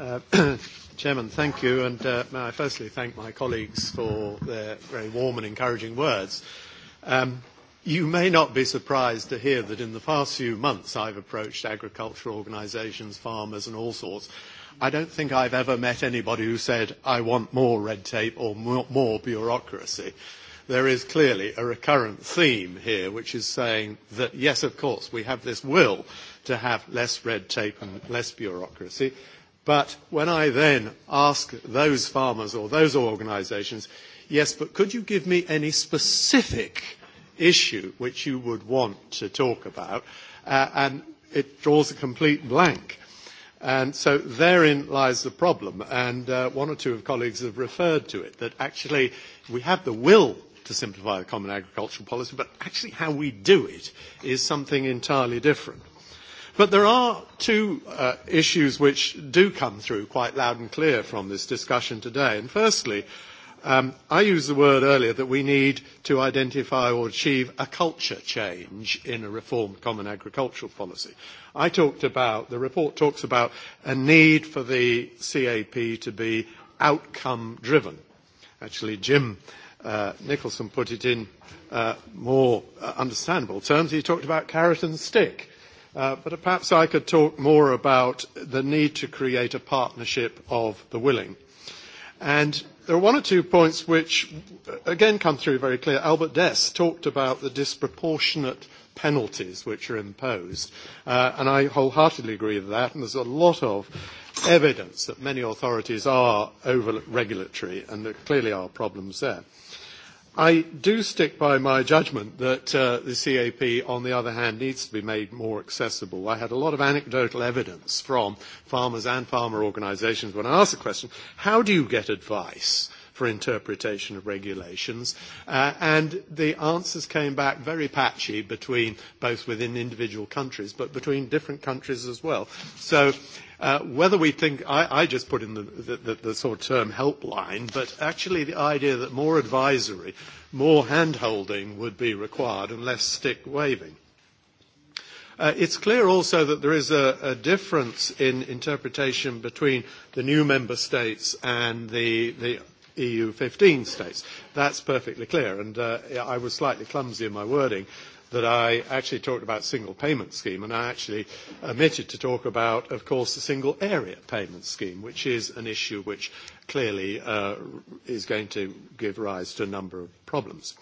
Uh, Chairman, thank you. And uh, may I firstly thank my colleagues for their very warm and encouraging words. Um, you may not be surprised to hear that in the past few months I've approached agricultural organisations, farmers and all sorts. I don't think I've ever met anybody who said, I want more red tape or more, more bureaucracy. There is clearly a recurrent theme here, which is saying that, yes, of course, we have this will to have less red tape and less bureaucracy, But when I then ask those farmers or those organisations, yes, but could you give me any specific issue which you would want to talk about? Uh, and it draws a complete blank. And so therein lies the problem. And uh, one or two of colleagues have referred to it, that actually we have the will to simplify the common agricultural policy, but actually how we do it is something entirely different. But there are two uh, issues which do come through quite loud and clear from this discussion today. And firstly, um, I used the word earlier that we need to identify or achieve a culture change in a reformed common agricultural policy. I talked about, the report talks about a need for the CAP to be outcome driven. Actually, Jim uh, Nicholson put it in uh, more uh, understandable terms. He talked about carrot and stick Uh, but perhaps I could talk more about the need to create a partnership of the willing. And there are one or two points which, again, come through very clear. Albert Dess talked about the disproportionate penalties which are imposed. Uh, and I wholeheartedly agree with that. And there's a lot of evidence that many authorities are over-regulatory, and there clearly are problems there. I do stick by my judgment that uh, the CAP, on the other hand, needs to be made more accessible. I had a lot of anecdotal evidence from farmers and farmer organizations when I asked the question, how do you get advice for interpretation of regulations? Uh, and the answers came back very patchy between both within individual countries, but between different countries as well. So Uh, whether we think, I, I just put in the, the, the, the sort of term helpline, but actually the idea that more advisory, more hand-holding would be required and less stick-waving. Uh, it's clear also that there is a, a difference in interpretation between the new member states and the, the EU 15 states. That's perfectly clear, and uh, I was slightly clumsy in my wording. Uh, that I actually talked about single payment scheme, and I actually omitted to talk about, of course, the single area payment scheme, which is an issue which clearly uh, is going to give rise to a number of problems.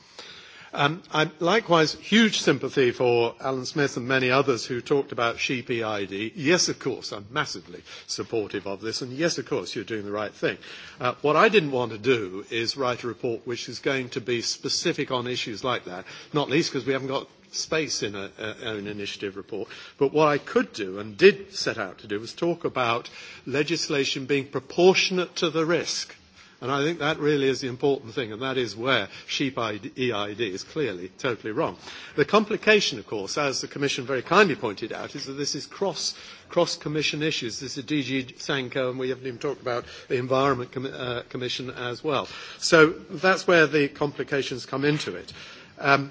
Um, I likewise huge sympathy for Alan Smith and many others who talked about sheep EID. Yes, of course, I'm massively supportive of this, and yes, of course, you're doing the right thing. Uh, what I didn't want to do is write a report which is going to be specific on issues like that, not least because we haven't got space in a, a, an initiative report. But what I could do and did set out to do was talk about legislation being proportionate to the risk. And I think that really is the important thing, and that is where sheep ID, EID is clearly totally wrong. The complication, of course, as the Commission very kindly pointed out, is that this is cross, cross-Commission issues. This is DG Sanko, and we haven't even talked about the Environment com- uh, Commission as well. So that's where the complications come into it. Um,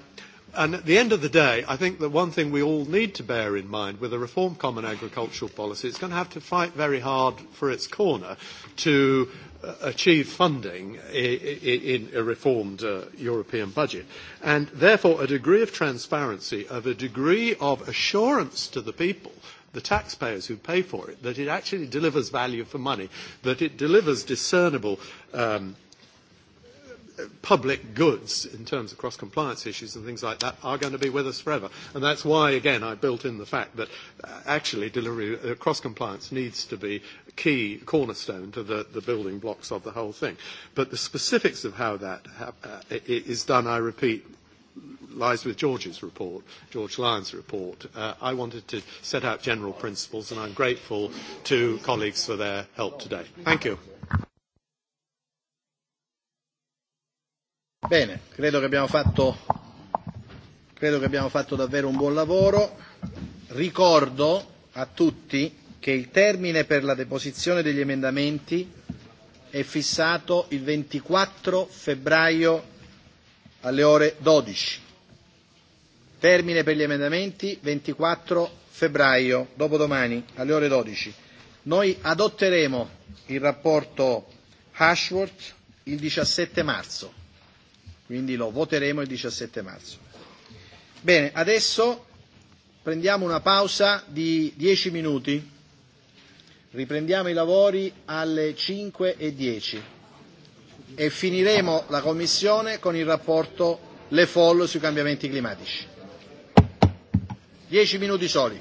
And at the end of the day, I think that one thing we all need to bear in mind with a reform common agricultural policy, it's going to have to fight very hard for its corner to uh, achieve funding in a reformed uh, European budget. And therefore, a degree of transparency, of a degree of assurance to the people, the taxpayers who pay for it, that it actually delivers value for money, that it delivers discernible um, public goods in terms of cross-compliance issues and things like that are going to be with us forever. And that's why, again, I built in the fact that uh, actually delivery, uh, cross-compliance needs to be key cornerstone to the, the building blocks of the whole thing. But the specifics of how that ha- uh, is done, I repeat, lies with George's report, George Lyon's report. Uh, I wanted to set out general principles, and I'm grateful to colleagues for their help today. Thank you. Bene, credo che abbiamo fatto, credo che abbiamo fatto davvero un buon lavoro. Ricordo a tutti che il termine per la deposizione degli emendamenti è fissato il 24 febbraio alle ore 12. Termine per gli emendamenti 24 febbraio, dopodomani alle ore 12. Noi adotteremo il rapporto Ashworth il 17 marzo quindi lo voteremo il 17 marzo. Bene, adesso prendiamo una pausa di 10 minuti, riprendiamo i lavori alle 5.10 e, e finiremo la Commissione con il rapporto Le Foll sui cambiamenti climatici. 10 minuti soli.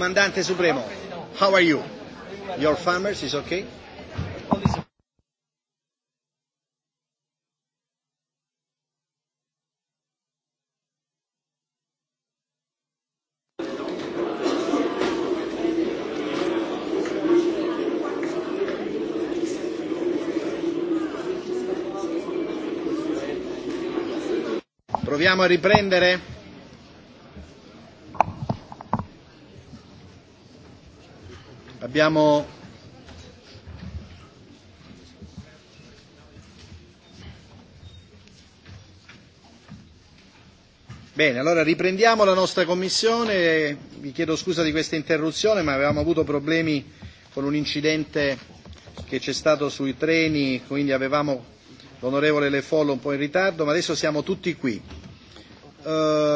Comandante Supremo, how are you? Your farmers is okay? Proviamo a riprendere. Abbiamo Bene, allora riprendiamo la nostra commissione. Vi chiedo scusa di questa interruzione, ma avevamo avuto problemi con un incidente che c'è stato sui treni, quindi avevamo l'onorevole Le Follo un po' in ritardo, ma adesso siamo tutti qui. Eh,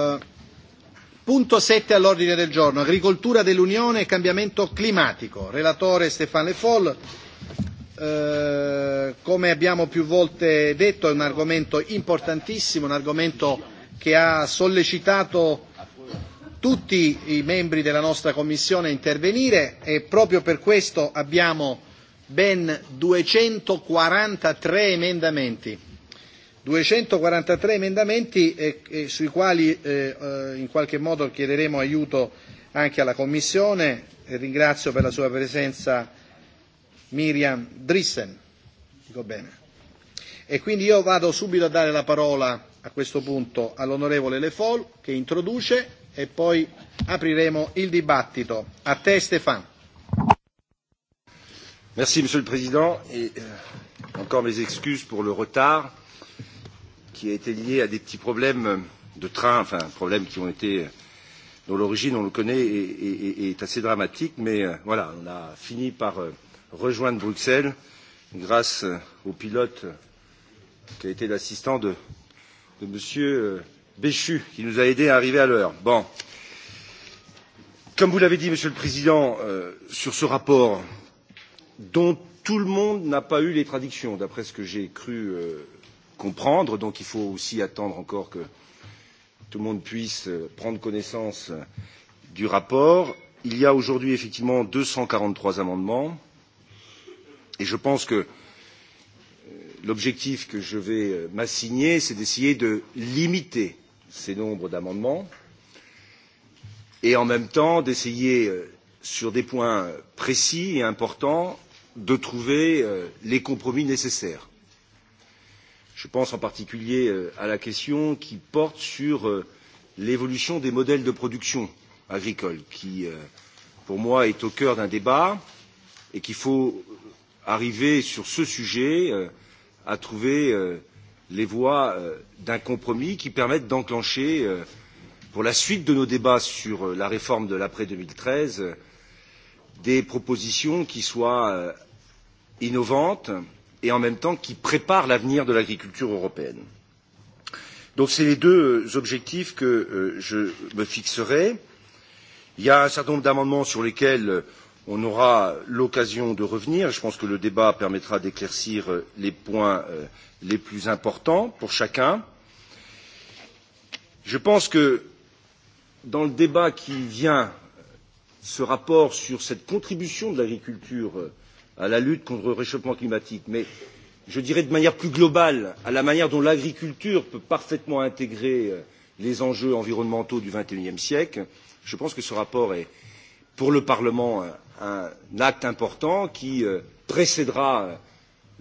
Punto 7 all'ordine del giorno, agricoltura dell'Unione e cambiamento climatico. Relatore Stefano Le Foll, eh, come abbiamo più volte detto è un argomento importantissimo, un argomento che ha sollecitato tutti i membri della nostra Commissione a intervenire e proprio per questo abbiamo ben 243 emendamenti 243 emendamenti eh, eh, sui quali eh, eh, in qualche modo chiederemo aiuto anche alla Commissione e ringrazio per la sua presenza Miriam Drissen, dico bene. E quindi io vado subito a dare la parola a questo punto all'onorevole Le Foll che introduce e poi apriremo il dibattito. A te Stéphane. Merci Monsieur le Président et euh, encore mes excuses pour le retard qui a été lié à des petits problèmes de train, enfin problèmes qui ont été dont l'origine on le connaît et, et, et est assez dramatique, mais euh, voilà, on a fini par euh, rejoindre Bruxelles grâce euh, au pilote euh, qui a été l'assistant de, de Monsieur euh, Béchu, qui nous a aidés à arriver à l'heure. Bon. Comme vous l'avez dit, Monsieur le Président, euh, sur ce rapport dont tout le monde n'a pas eu les traductions, d'après ce que j'ai cru euh, comprendre. Donc il faut aussi attendre encore que tout le monde puisse euh, prendre connaissance euh, du rapport. Il y a aujourd'hui effectivement 243 amendements et je pense que euh, l'objectif que je vais m'assigner, c'est d'essayer de limiter ces nombres d'amendements et en même temps d'essayer, sur des points précis et importants, de trouver les compromis nécessaires. Je pense en particulier euh, à la question qui porte sur euh, l'évolution des modèles de production agricole, qui, euh, pour moi, est au cœur d'un débat et qu'il faut arriver sur ce sujet à trouver les voies d'un compromis qui permette d'enclencher, pour la suite de nos débats sur la réforme de l'après 2013, des propositions qui soient innovantes, et en même temps qui prépare l'avenir de l'agriculture européenne. Donc c'est les deux euh, objectifs que euh, je me fixerai. Il y a un certain nombre d'amendements sur lesquels euh, on aura l'occasion de revenir. Je pense que le débat permettra d'éclaircir euh, les points euh, les plus importants pour chacun. Je pense que dans le débat qui vient, ce rapport sur cette contribution de l'agriculture à la lutte contre le réchauffement climatique, mais je dirais de manière plus globale à la manière dont l'agriculture peut parfaitement intégrer euh, les enjeux environnementaux du XXIe siècle. Je pense que ce rapport est, pour le Parlement, un, un acte important qui euh, précédera euh,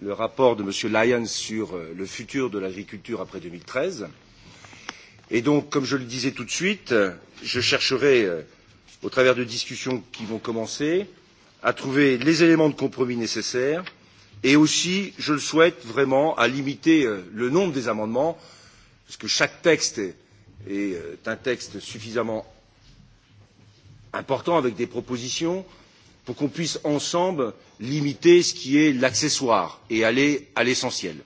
le rapport de M. Lyons sur euh, le futur de l'agriculture après 2013. Et donc, comme je le disais tout de suite, euh, je chercherai, euh, au travers de discussions qui vont commencer, euh, à trouver les éléments de compromis nécessaires et aussi, je le souhaite vraiment, à limiter euh, le nombre des amendements, parce que chaque texte est euh, un texte suffisamment important avec des propositions pour qu'on puisse ensemble limiter ce qui est l'accessoire et aller à l'essentiel.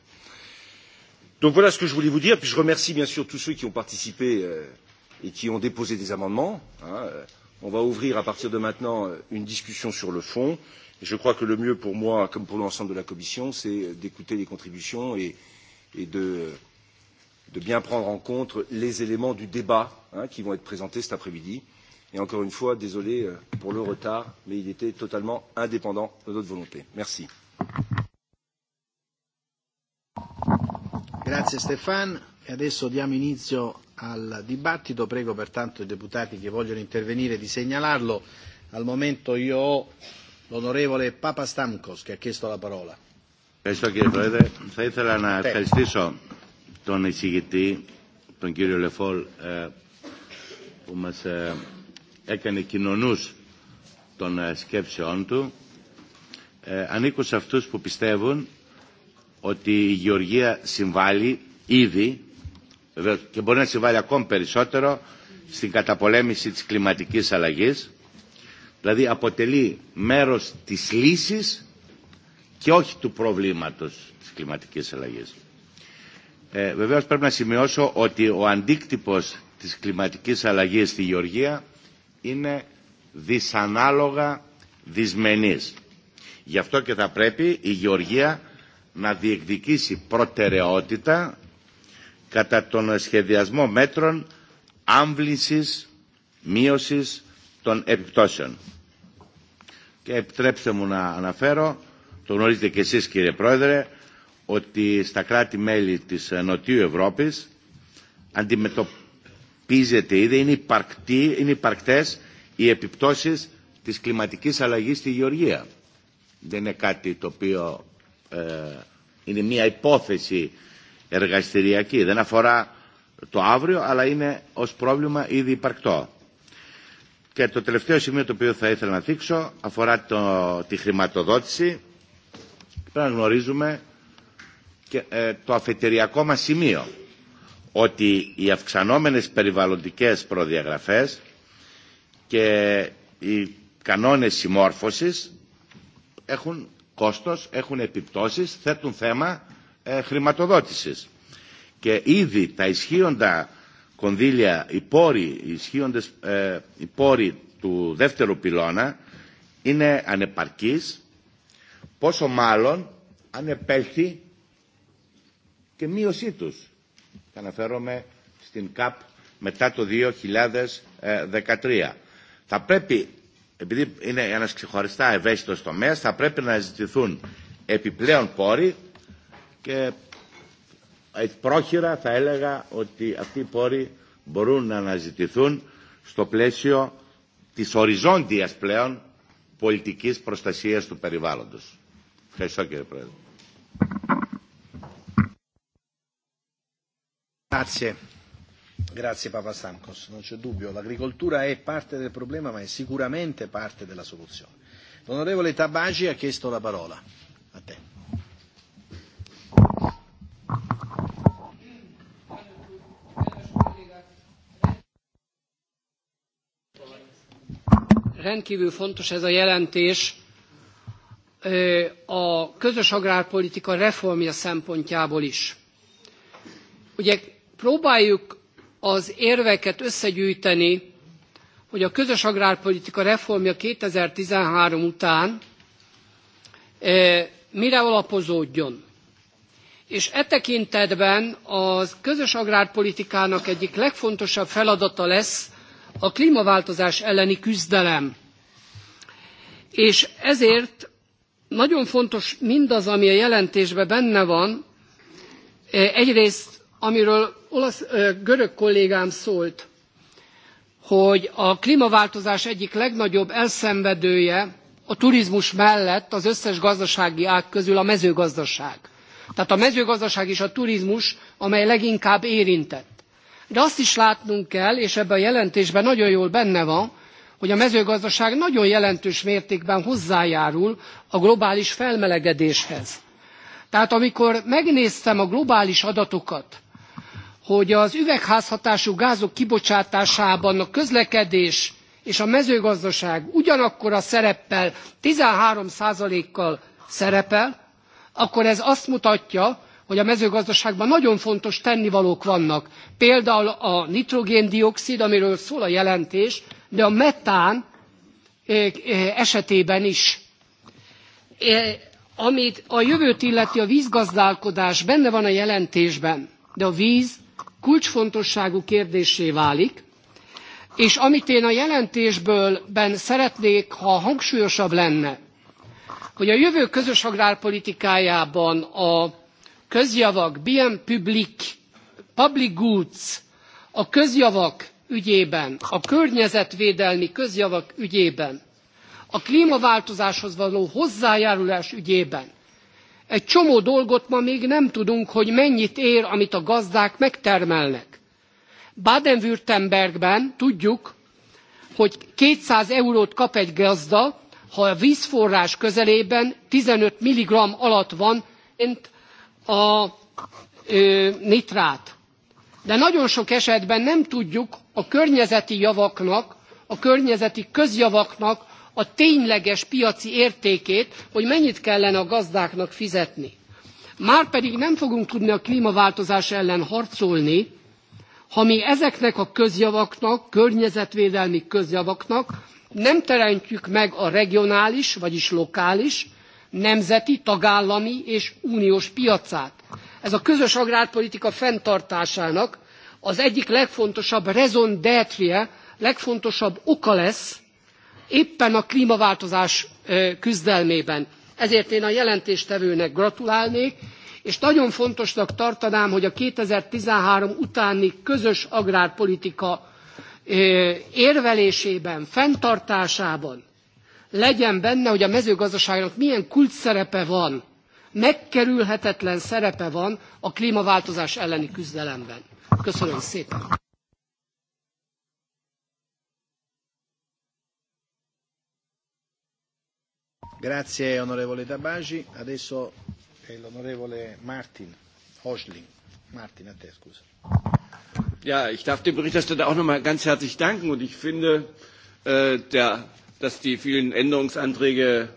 Donc voilà ce que je voulais vous dire, puis je remercie bien sûr tous ceux qui ont participé euh, et qui ont déposé des amendements. Hein, euh, On va ouvrir à partir de maintenant une discussion sur le fond. Et je crois que le mieux pour moi, comme pour l'ensemble de la Commission, c'est d'écouter les contributions et, et de, de bien prendre en compte les éléments du débat hein, qui vont être présentés cet après-midi. Et encore une fois, désolé euh, pour le retard, mais il était totalement indépendant de notre volonté. Merci. Grazie Stéphane. E adesso diamo inizio al dibattito. Prego pertanto i deputati che vogliono intervenire di segnalarlo. Al momento io ho l'onorevole Papa Stamkos che ha chiesto la parola. Ευχαριστώ κύριε Πρόεδρε. Θα ήθελα να ευχαριστήσω τον εισηγητή, τον κύριο Λεφόλ, που μας έκανε κοινωνούς των σκέψεών του. Ανήκω σε αυτούς που πιστεύουν ότι η Γεωργία συμβάλλει ήδη και μπορεί να συμβάλλει ακόμη περισσότερο στην καταπολέμηση της κλιματικής αλλαγής. Δηλαδή αποτελεί μέρος της λύσης και όχι του προβλήματος της κλιματικής αλλαγής. Ε, βεβαίως πρέπει να σημειώσω ότι ο αντίκτυπος της κλιματικής αλλαγής στη Γεωργία είναι δυσανάλογα δυσμενής. Γι' αυτό και θα πρέπει η Γεωργία να διεκδικήσει προτεραιότητα κατά τον σχεδιασμό μέτρων άμβλησης, μείωσης των επιπτώσεων. Και επιτρέψτε μου να αναφέρω, το γνωρίζετε και εσείς κύριε Πρόεδρε, ότι στα κράτη-μέλη της Νοτιού Ευρώπης αντιμετωπίζεται ήδη, είναι, υπαρκτή, είναι υπαρκτές οι επιπτώσεις της κλιματικής αλλαγής στη Γεωργία. Δεν είναι κάτι το οποίο ε, είναι μια υπόθεση εργαστηριακή. Δεν αφορά το αύριο, αλλά είναι ως πρόβλημα ήδη υπαρκτό. Και το τελευταίο σημείο το οποίο θα ήθελα να θίξω αφορά το, τη χρηματοδότηση. Πρέπει να γνωρίζουμε και, ε, το αφετηριακό μας σημείο ότι οι αυξανόμενες περιβαλλοντικές προδιαγραφές και οι κανόνες συμμόρφωσης έχουν κόστος, έχουν επιπτώσεις, θέτουν θέμα ε, χρηματοδότησης. Και ήδη τα ισχύοντα κονδύλια, οι πόροι, οι ισχύοντες ε, οι πόροι του δεύτερου πυλώνα είναι ανεπαρκείς, πόσο μάλλον αν επέλθει και μείωσή τους. Και αναφέρομαι στην ΚΑΠ μετά το 2013. Θα πρέπει, επειδή είναι ένας ξεχωριστά ευαίσθητος τομέας, θα πρέπει να ζητηθούν επιπλέον πόροι και πρόχειρα θα έλεγα ότι αυτοί οι πόροι μπορούν να αναζητηθούν στο πλαίσιο της οριζόντιας πλέον πολιτικής προστασίας του περιβάλλοντος. Ευχαριστώ κύριε Πρόεδρε. Grazie. Grazie Papa Stamkos, non c'è dubbio, l'agricoltura è parte del problema ma è sicuramente parte della soluzione. L'onorevole Tabagi ha chiesto la parola. A te. rendkívül fontos ez a jelentés a közös agrárpolitika reformja szempontjából is. Ugye próbáljuk az érveket összegyűjteni, hogy a közös agrárpolitika reformja 2013 után mire alapozódjon. És e tekintetben az közös agrárpolitikának egyik legfontosabb feladata lesz a klímaváltozás elleni küzdelem. És ezért nagyon fontos mindaz, ami a jelentésben benne van. E, egyrészt, amiről olasz, e, görög kollégám szólt, hogy a klímaváltozás egyik legnagyobb elszenvedője a turizmus mellett az összes gazdasági ág közül a mezőgazdaság. Tehát a mezőgazdaság és a turizmus, amely leginkább érintett. De azt is látnunk kell, és ebben a jelentésben nagyon jól benne van, hogy a mezőgazdaság nagyon jelentős mértékben hozzájárul a globális felmelegedéshez. Tehát amikor megnéztem a globális adatokat, hogy az üvegházhatású gázok kibocsátásában a közlekedés és a mezőgazdaság ugyanakkor a szereppel 13%-kal szerepel, akkor ez azt mutatja, hogy a mezőgazdaságban nagyon fontos tennivalók vannak. Például a nitrogéndioxid, amiről szól a jelentés, de a metán eh, eh, esetében is. Eh, amit a jövőt illeti a vízgazdálkodás benne van a jelentésben, de a víz kulcsfontosságú kérdésé válik, és amit én a jelentésből ben szeretnék, ha hangsúlyosabb lenne, hogy a jövő közös agrárpolitikájában a közjavak, bien public, public goods, a közjavak ügyében, a környezetvédelmi közjavak ügyében, a klímaváltozáshoz való hozzájárulás ügyében. Egy csomó dolgot ma még nem tudunk, hogy mennyit ér, amit a gazdák megtermelnek. Baden-Württembergben tudjuk, hogy 200 eurót kap egy gazda, ha a vízforrás közelében 15 mg alatt van, mint a ö, nitrát. De nagyon sok esetben nem tudjuk a környezeti javaknak, a környezeti közjavaknak a tényleges piaci értékét, hogy mennyit kellene a gazdáknak fizetni. Márpedig nem fogunk tudni a klímaváltozás ellen harcolni, ha mi ezeknek a közjavaknak, környezetvédelmi közjavaknak nem teremtjük meg a regionális, vagyis lokális, nemzeti, tagállami és uniós piacát. Ez a közös agrárpolitika fenntartásának az egyik legfontosabb raison d'être, legfontosabb oka lesz éppen a klímaváltozás küzdelmében. Ezért én a jelentéstevőnek gratulálnék, és nagyon fontosnak tartanám, hogy a 2013 utáni közös agrárpolitika érvelésében, fenntartásában legyen benne, hogy a mezőgazdaságnak milyen kulcs szerepe van, megkerülhetetlen szerepe van a klímaváltozás elleni küzdelemben. Köszönöm szépen! Grazie onorevole Tabagi. Adesso è l'onorevole Martin Hosling. Martin, a te scusa. Ja, ich darf dem Berichterstatter auch nochmal ganz herzlich danken und ich finde, äh, der dass die vielen Änderungsanträge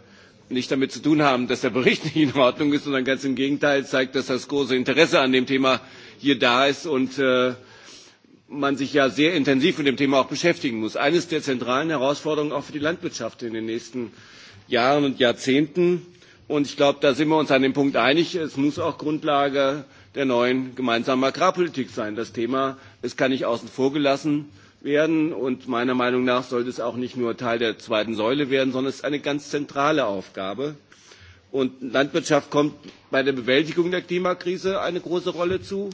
nicht damit zu tun haben, dass der Bericht nicht in Ordnung ist, sondern ganz im Gegenteil zeigt, dass das große Interesse an dem Thema hier da ist und äh, man sich ja sehr intensiv mit dem Thema auch beschäftigen muss. Eines der zentralen Herausforderungen auch für die Landwirtschaft in den nächsten Jahren und Jahrzehnten. Und ich glaube, da sind wir uns an dem Punkt einig. Es muss auch Grundlage der neuen gemeinsamen Agrarpolitik sein. Das Thema, es kann nicht außen vor gelassen werden. Und meiner Meinung nach sollte es auch nicht nur Teil der zweiten Säule werden, sondern es ist eine ganz zentrale Aufgabe. Und Landwirtschaft kommt bei der Bewältigung der Klimakrise eine große Rolle zu.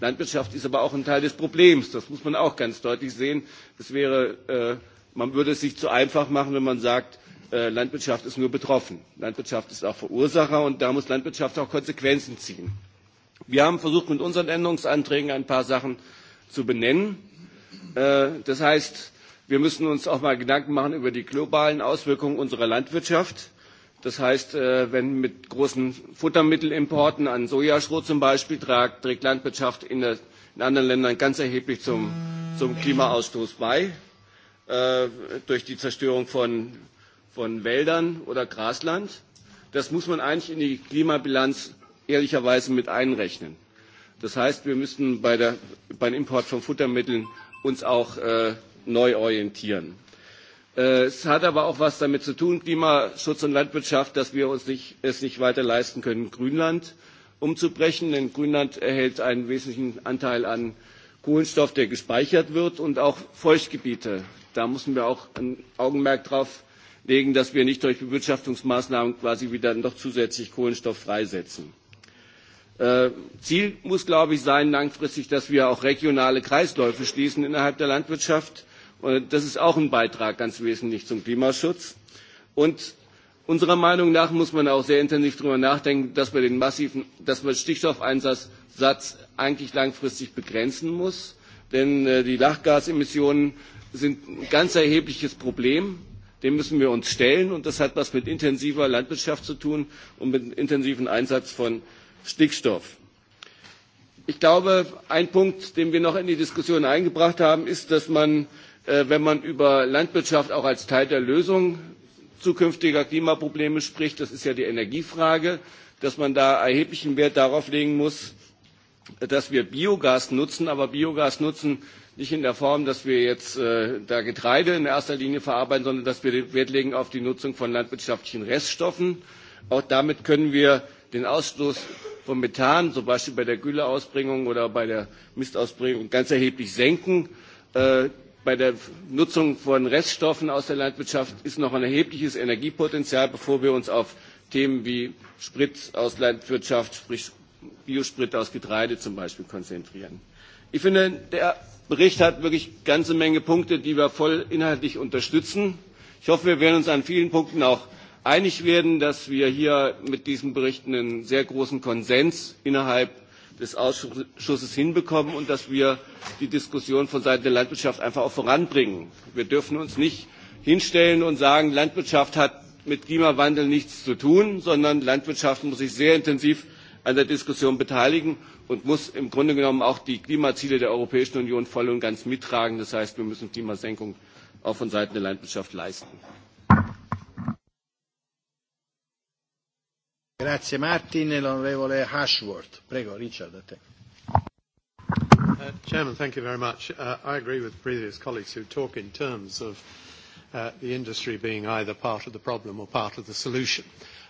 Landwirtschaft ist aber auch ein Teil des Problems. Das muss man auch ganz deutlich sehen. Es wäre, äh, man würde es sich zu einfach machen, wenn man sagt, äh, Landwirtschaft ist nur betroffen. Landwirtschaft ist auch Verursacher und da muss Landwirtschaft auch Konsequenzen ziehen. Wir haben versucht, mit unseren Änderungsanträgen ein paar Sachen zu benennen. Äh, das heißt, wir müssen uns auch mal Gedanken machen über die globalen Auswirkungen unserer Landwirtschaft. Das heißt, äh, wenn mit großen Futtermittelimporten an Sojaschrot zum Beispiel tragt, trägt Landwirtschaft in, der, in anderen Ländern ganz erheblich zum, zum Klimaausstoß bei, äh, durch die Zerstörung von, von Wäldern oder Grasland. Das muss man eigentlich in die Klimabilanz ehrlicherweise mit einrechnen. Das heißt, wir müssten bei der, beim Import von Futtermitteln uns auch äh, neu orientieren. Äh, es hat aber auch was damit zu tun, Klimaschutz und Landwirtschaft, dass wir uns nicht, es nicht weiter leisten können, Grünland umzubrechen, denn Grünland erhält einen wesentlichen Anteil an Kohlenstoff, der gespeichert wird, und auch Feuchtgebiete. Da müssen wir auch ein Augenmerk drauf legen, dass wir nicht durch Bewirtschaftungsmaßnahmen quasi wieder noch zusätzlich Kohlenstoff freisetzen. Äh, Ziel muss, glaube ich, sein langfristig, dass wir auch regionale Kreisläufe schließen innerhalb der Landwirtschaft. Und äh, das ist auch ein Beitrag ganz wesentlich zum Klimaschutz. Und unserer Meinung nach muss man auch sehr intensiv darüber nachdenken, dass man den massiven, dass man Stickstoffeinsatz Satz eigentlich langfristig begrenzen muss. Denn äh, die Lachgasemissionen sind ein ganz erhebliches Problem. Dem müssen wir uns stellen. Und das hat was mit intensiver Landwirtschaft zu tun und mit intensivem Einsatz von Stickstoff. Ich glaube, ein Punkt, den wir noch in die Diskussion eingebracht haben, ist, dass man, äh, wenn man über Landwirtschaft auch als Teil der Lösung zukünftiger Klimaprobleme spricht, das ist ja die Energiefrage, dass man da erheblichen Wert darauf legen muss, dass wir Biogas nutzen, aber Biogas nutzen nicht in der Form, dass wir jetzt äh, da Getreide in erster Linie verarbeiten, sondern dass wir Wert legen auf die Nutzung von landwirtschaftlichen Reststoffen. Auch damit können wir den Ausstoß von Methan, zum Beispiel bei der Gülleausbringung oder bei der Mistausbringung, ganz erheblich senken. Äh, bei der Nutzung von Reststoffen aus der Landwirtschaft ist noch ein erhebliches Energiepotenzial, bevor wir uns auf Themen wie Sprit aus Landwirtschaft, sprich Biosprit aus Getreide zum Beispiel konzentrieren. Ich finde, der Bericht hat wirklich eine ganze Menge Punkte, die wir voll inhaltlich unterstützen. Ich hoffe, wir werden uns an vielen Punkten auch einig werden, dass wir hier mit diesem Bericht einen sehr großen Konsens innerhalb des Ausschusses hinbekommen und dass wir die Diskussion von Seiten der Landwirtschaft einfach auch voranbringen. Wir dürfen uns nicht hinstellen und sagen, Landwirtschaft hat mit Klimawandel nichts zu tun, sondern Landwirtschaft muss sich sehr intensiv an der Diskussion beteiligen und muss im Grunde genommen auch die Klimaziele der Europäischen Union voll und ganz mittragen. Das heißt, wir müssen Klimasenkung auch von Seiten der Landwirtschaft leisten. Grazie Martin e l'onorevole Ashworth. Prego Richard, a te. Uh, Chairman, thank you very much. Uh, I agree with previous colleagues who talk in terms of uh, the industry being either part of the problem or part of the solution.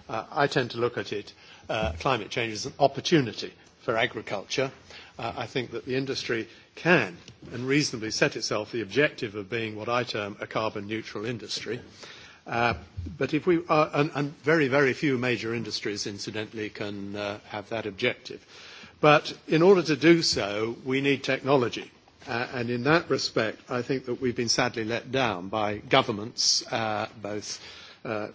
Uh, I tend to look at it, uh, climate change as an opportunity for agriculture. Uh, I think that the industry can and reasonably set itself the objective of being what I term a carbon neutral industry. Uh, Uh, but if we are, uh, and, and very, very few major industries, incidentally, can uh, have that objective. But in order to do so, we need technology. Uh, and in that respect, I think that we've been sadly let down by governments, uh, both uh,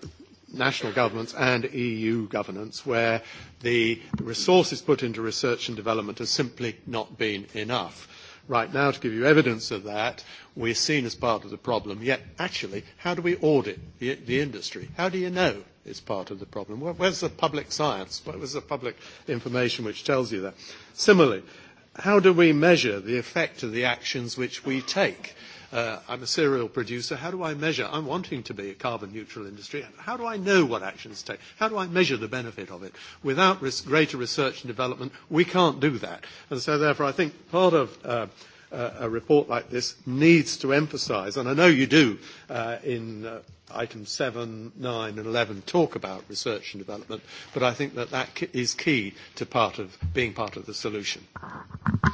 national governments and EU governments, where the resources put into research and development have simply not been enough right now to give you evidence of that. We're seen as part of the problem. Yet, actually, how do we audit the, the industry? How do you know it's part of the problem? Where, where's the public science? Where's the public information which tells you that? Similarly, how do we measure the effect of the actions which we take? Uh, Uh, I'm a cereal producer. How do I measure? I'm wanting to be a carbon neutral industry. How do I know what actions to take? How do I measure the benefit of it? Without res- greater research and development, we can't do that. And so, therefore, I think part of uh, uh, a report like this needs to emphasize, and I know you do uh, in uh, item 7, 9 and 11 talk about research and development, but I think that that is key to part of being part of the solution. Thank you.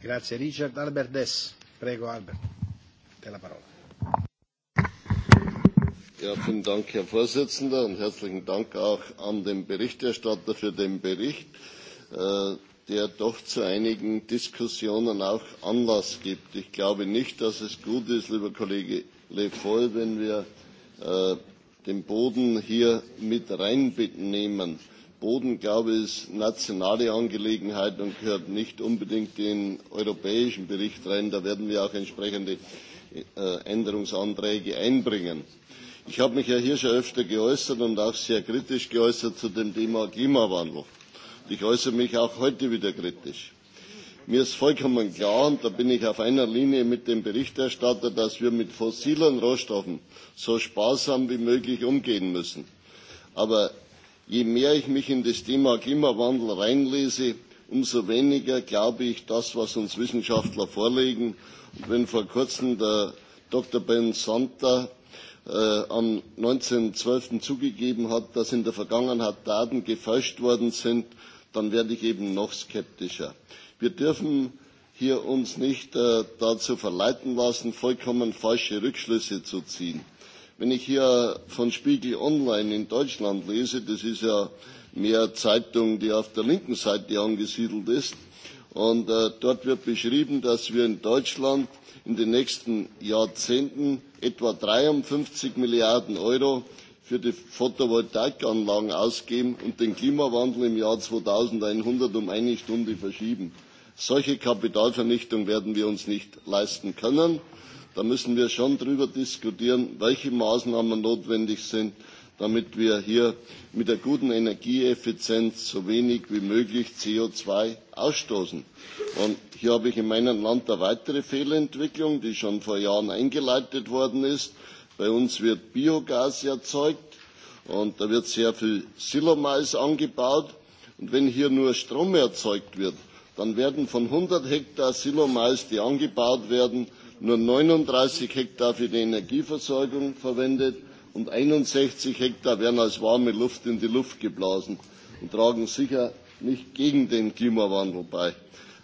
Grazie Richard. Albert Dess. Prego Albert, te la parola. Ja, vielen Dank, Herr Vorsitzender, und herzlichen Dank auch an den Berichterstatter für den Bericht, äh, der doch zu einigen Diskussionen auch Anlass gibt. Ich glaube nicht, dass es gut ist, lieber Kollege Le Foll, wenn wir äh, den Boden hier mit reinnehmen. Äh, Boden, glaube ich, ist nationale Angelegenheit und gehört nicht unbedingt in den europäischen Bericht rein. Da werden wir auch entsprechende äh, Änderungsanträge einbringen. Ich habe mich ja hier schon öfter geäußert und auch sehr kritisch geäußert zu dem Thema Klimawandel. Und ich äußere mich auch heute wieder kritisch. Mir ist vollkommen klar, und da bin ich auf einer Linie mit dem Berichterstatter, dass wir mit fossilen Rohstoffen so sparsam wie möglich umgehen müssen. Aber je mehr ich mich in das Thema Klimawandel reinlese, umso weniger glaube ich das, was uns Wissenschaftler vorlegen. Und wenn vor kurzem der Dr. Ben Santer äh, am 19.12. zugegeben hat, dass in der Vergangenheit Daten gefälscht worden sind, dann werde ich eben noch skeptischer. Wir dürfen hier uns nicht äh, dazu verleiten lassen, vollkommen falsche Rückschlüsse zu ziehen. Wenn ich hier von Spiegel Online in Deutschland lese, das ist ja mehr Zeitung, die auf der linken Seite angesiedelt ist, und äh, dort wird beschrieben, dass wir in Deutschland in den nächsten Jahrzehnten etwa 53 Milliarden Euro für die Photovoltaikanlagen ausgeben und den Klimawandel im Jahr 2100 um eine Stunde verschieben. Solche Kapitalvernichtung werden wir uns nicht leisten können da müssen wir schon darüber diskutieren, welche Maßnahmen notwendig sind, damit wir hier mit der guten Energieeffizienz so wenig wie möglich CO2 ausstoßen. Und hier habe ich in meinem Land eine weitere Fehlentwicklung, die schon vor Jahren eingeleitet worden ist. Bei uns wird Biogas erzeugt und da wird sehr viel Silomais angebaut. Und wenn hier nur Strom erzeugt wird, dann werden von 100 Hektar Silomais, die angebaut werden, nur neununddreißig hektar für die energieversorgung verwendet und einundsechzig hektar werden als warme luft in die luft geblasen und tragen sicher nicht gegen den klimawandel bei.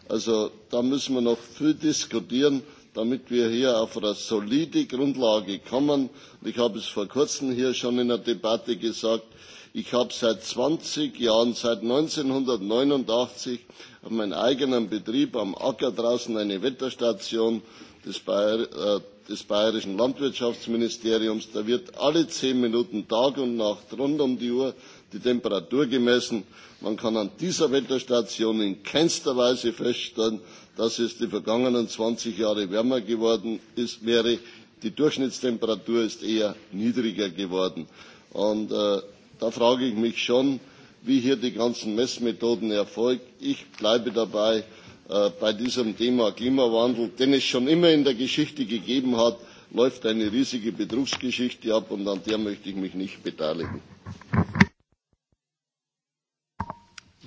also da müssen wir noch viel diskutieren damit wir hier auf eine solide grundlage kommen. ich habe es vor kurzem hier schon in der debatte gesagt ich habe seit zwanzig jahren seit eintausendneunhundertneunundachtzig auf meinem eigenen betrieb am acker draußen eine wetterstation des, Bayer, äh, des bayerischen Landwirtschaftsministeriums. Da wird alle zehn Minuten Tag und Nacht rund um die Uhr die Temperatur gemessen. Man kann an dieser Wetterstation in keinster Weise feststellen, dass es die vergangenen 20 Jahre wärmer geworden ist, wäre. Die Durchschnittstemperatur ist eher niedriger geworden. Und äh, da frage ich mich schon, wie hier die ganzen Messmethoden erfolgen. Ich bleibe dabei, Äh, bei diesem Thema Klimawandel, den es schon immer in der Geschichte gegeben hat, läuft eine riesige Betrugsgeschichte ab und an der möchte ich mich nicht beteiligen.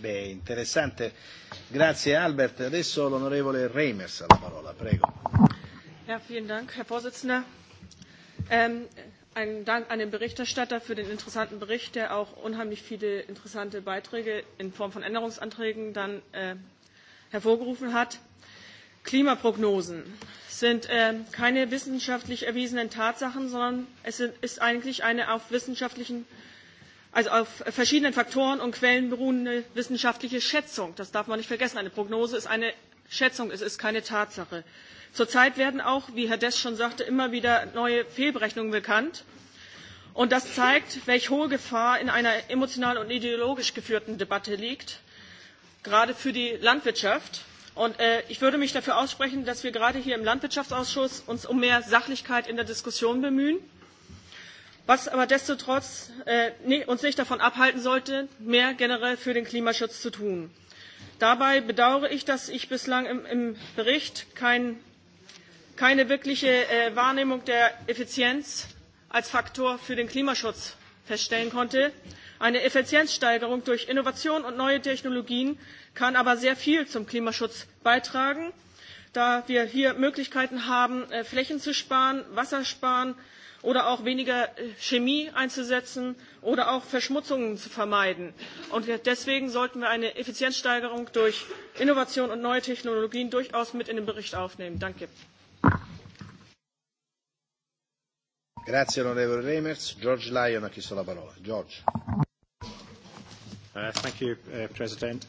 Beh, interessante. Grazie Albert. Adesso l'onorevole Reimers ha la parola. Prego. Ja, vielen Dank, Herr Vorsitzender. Ähm, einen Dank an den Berichterstatter für den interessanten Bericht, der auch unheimlich viele interessante Beiträge in Form von Änderungsanträgen dann äh, hervorgerufen hat. Klimaprognosen sind äh, keine wissenschaftlich erwiesenen Tatsachen, sondern es ist eigentlich eine auf wissenschaftlichen, also auf verschiedenen Faktoren und Quellen beruhende wissenschaftliche Schätzung. Das darf man nicht vergessen. Eine Prognose ist eine Schätzung, es ist keine Tatsache. Zurzeit werden auch, wie Herr Dess schon sagte, immer wieder neue Fehlberechnungen bekannt. Und das zeigt, welch hohe Gefahr in einer emotional und ideologisch geführten Debatte liegt gerade für die Landwirtschaft. Und äh, ich würde mich dafür aussprechen, dass wir gerade hier im Landwirtschaftsausschuss uns um mehr Sachlichkeit in der Diskussion bemühen, was aber destotrotz äh, nee, uns nicht davon abhalten sollte, mehr generell für den Klimaschutz zu tun. Dabei bedauere ich, dass ich bislang im, im Bericht kein, keine wirkliche äh, Wahrnehmung der Effizienz als Faktor für den Klimaschutz feststellen konnte. Äh, Eine Effizienzsteigerung durch Innovation und neue Technologien kann aber sehr viel zum Klimaschutz beitragen, da wir hier Möglichkeiten haben, äh, Flächen zu sparen, Wasser sparen oder auch weniger äh, Chemie einzusetzen oder auch Verschmutzungen zu vermeiden. Und deswegen sollten wir eine Effizienzsteigerung durch Innovation und neue Technologien durchaus mit in den Bericht aufnehmen. Danke. Grazie onorevole Remers. George Lyon ha chiesto la parola. George. Uh, thank you, uh, President.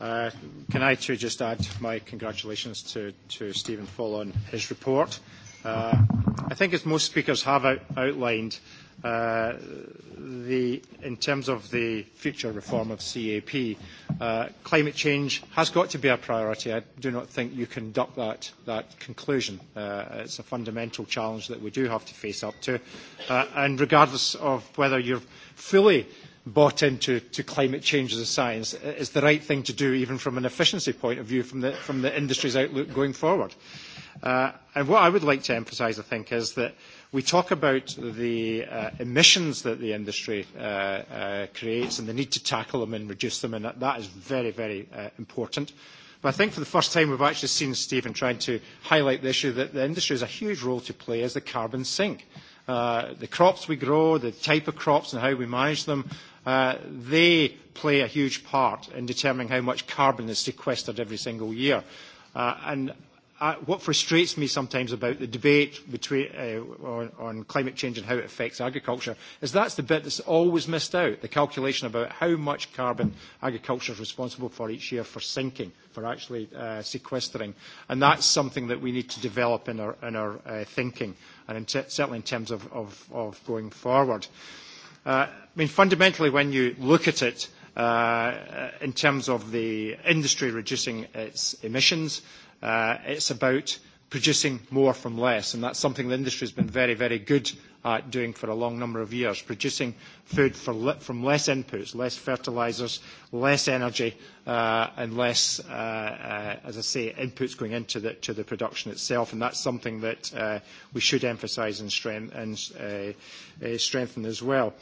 Uh, can I too just add my congratulations to, to Stephen Fall on his report? Uh, I think as most speakers have out, outlined, uh, Uh, the, in terms of the future reform of CAP, uh, climate change has got to be a priority. I do not think you can duck that, that conclusion. Uh, it's a fundamental challenge that we do have to face up to. Uh, and regardless of whether you're fully bought into to climate change as a science, it's the right thing to do, even from an efficiency point of view, from the, from the industry's outlook going forward. Uh, and what I would like to emphasise, I think, is that uh, We talk about the uh, emissions that the industry uh, uh, creates and the need to tackle them and reduce them, and that, that is very, very uh, important. But I think for the first time we've actually seen Stephen trying to highlight the issue that the industry has a huge role to play as the carbon sink. Uh, the crops we grow, the type of crops and how we manage them, uh, they play a huge part in determining how much carbon is sequestered every single year. Uh, and uh, what frustrates me sometimes about the debate between, uh, on, on climate change and how it affects agriculture is that's the bit that's always missed out, the calculation about how much carbon agriculture is responsible for each year for sinking, for actually uh, sequestering. And that's something that we need to develop in our, in our uh, thinking, and in t- certainly in terms of, of, of going forward. Uh, I mean, fundamentally, when you look at it, uh, in terms of the industry reducing its emissions, Uh, it's about producing more from less, and that's something the industry has been very, very good at doing for a long number of years, producing food for le- from less inputs, less fertilizers, less energy, uh, and less, uh, uh, as I say, inputs going into the, to the production itself. And that's something that uh, we should emphasize and, strength, and uh, uh, strengthen as well.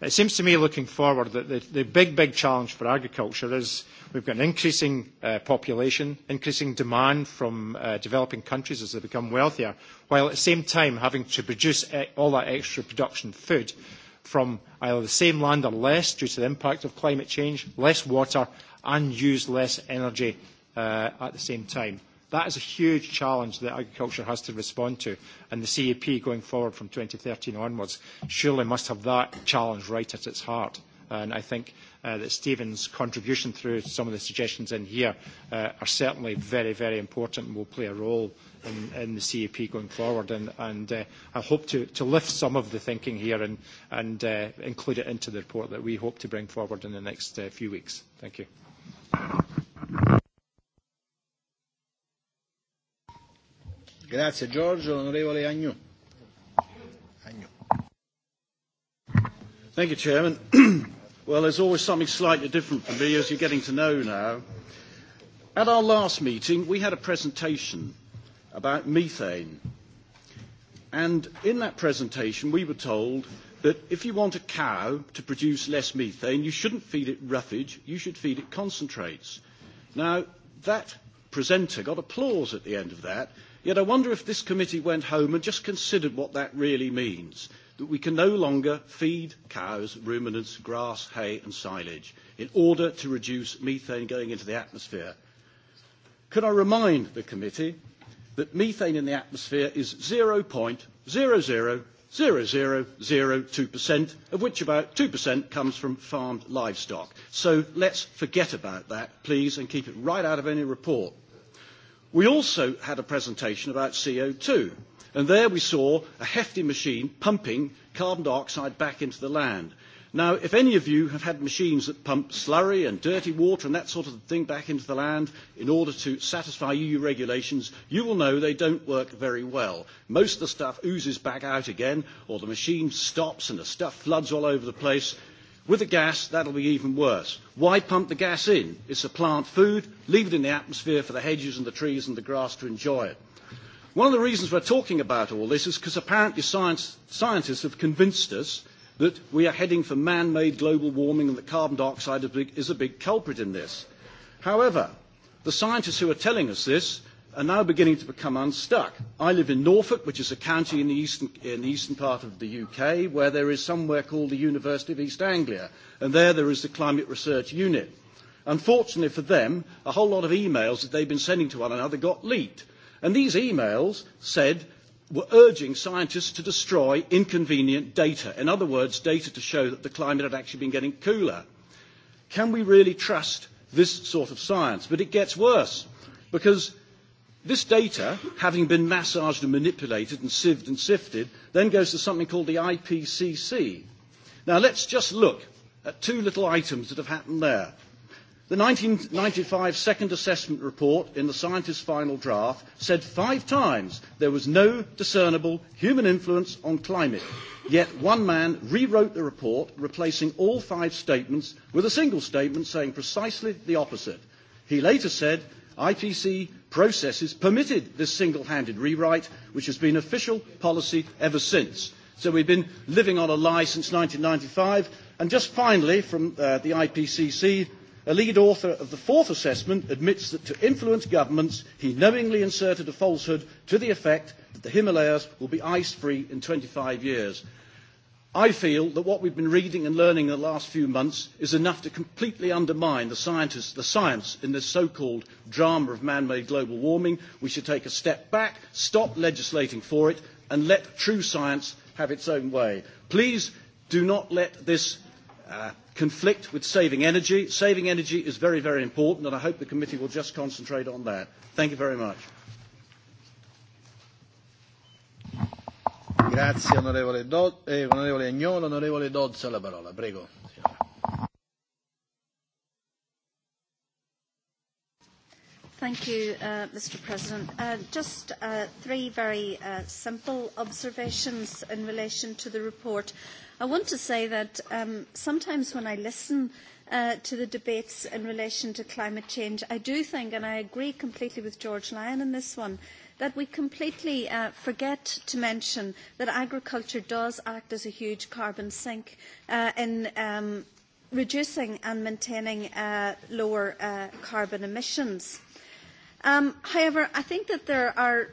It seems to me, looking forward, that the, the big, big challenge for agriculture is We've got an increasing uh, population, increasing demand from uh, developing countries as they become wealthier, while at the same time having to produce e- all that extra production food from either the same land or less due to the impact of climate change, less water, and use less energy uh, at the same time. That is a huge challenge that agriculture has to respond to, and the CAP going forward from 2013 onwards surely must have that challenge right at its heart. And I think uh, that Stephen's contribution through some of the suggestions in here uh, are certainly very, very important and will play a role in, in the CEP going forward. And, and uh, I hope to, to lift some of the thinking here and, and uh, include it into the report that we hope to bring forward in the next uh, few weeks. Thank you. Grazie Giorgio, onorevole Agnew. Agnew. Thank you, Chairman. Well, there's always something slightly different for me as you're getting to know now. At our last meeting, we had a presentation about methane. And in that presentation, we were told that if you want a cow to produce less methane, you shouldn't feed it roughage, you should feed it concentrates. Now, that presenter got applause at the end of that, yet I wonder if this committee went home and just considered what that really means that we can no longer feed cows, ruminants, grass, hay and silage in order to reduce methane going into the atmosphere. Could I remind the committee that methane in the atmosphere is 0.000002%, of which about 2% comes from farmed livestock. So let's forget about that, please, and keep it right out of any report. We also had a presentation about CO2 And there we saw a hefty machine pumping carbon dioxide back into the land. Now, if any of you have had machines that pump slurry and dirty water and that sort of thing back into the land in order to satisfy EU regulations, you will know they don't work very well. Most of the stuff oozes back out again, or the machine stops and the stuff floods all over the place. With the gas, that'll be even worse. Why pump the gas in? It's a plant food. Leave it in the atmosphere for the hedges and the trees and the grass to enjoy it. One of the reasons we're talking about all this is because apparently science, scientists have convinced us that we are heading for man-made global warming and that carbon dioxide is a, big, is a big culprit in this. However, the scientists who are telling us this are now beginning to become unstuck. I live in Norfolk, which is a county in the eastern, in the eastern part of the UK, where there is somewhere called the University of East Anglia, and there there is the Climate Research Unit. Unfortunately for them, a whole lot of emails that they've been sending to one another got leaked. And these emails said, were urging scientists to destroy inconvenient data. In other words, data to show that the climate had actually been getting cooler. Can we really trust this sort of science? But it gets worse because this data, having been massaged and manipulated and sieved and sifted, then goes to something called the IPCC. Now let's just look at two little items that have happened there. The 1995 second assessment report in the scientist's final draft said five times there was no discernible human influence on climate. Yet one man rewrote the report, replacing all five statements with a single statement saying precisely the opposite. He later said IPC processes permitted this single handed rewrite, which has been official policy ever since. So we've been living on a lie since 1995. And just finally, from uh, the IPCC, A lead author of the fourth assessment admits that to influence governments, he knowingly inserted a falsehood to the effect that the Himalayas will be ice free in 25 years. I feel that what we've been reading and learning in the last few months is enough to completely undermine the, scientists, the science in this so-called drama of man-made global warming. We should take a step back, stop legislating for it, and let true science have its own way. Please do not let this uh, conflict with saving energy. Saving energy is very, very important, and I hope the committee will just concentrate on that. Thank you very much. Grazie onorevole, Do- eh, onorevole Agnolo. Onorevole Dodds ha la parola, prego. Thank you, uh, Mr. President. Uh, just uh, three very uh, simple observations in relation to the report. Uh, I want to say that um, sometimes when I listen uh, to the debates in relation to climate change, I do think, and I agree completely with George Lyon in this one, that we completely uh, forget to mention that agriculture does act as a huge carbon sink uh, in um, reducing and maintaining uh, lower uh, carbon emissions. Um, however, I think that there are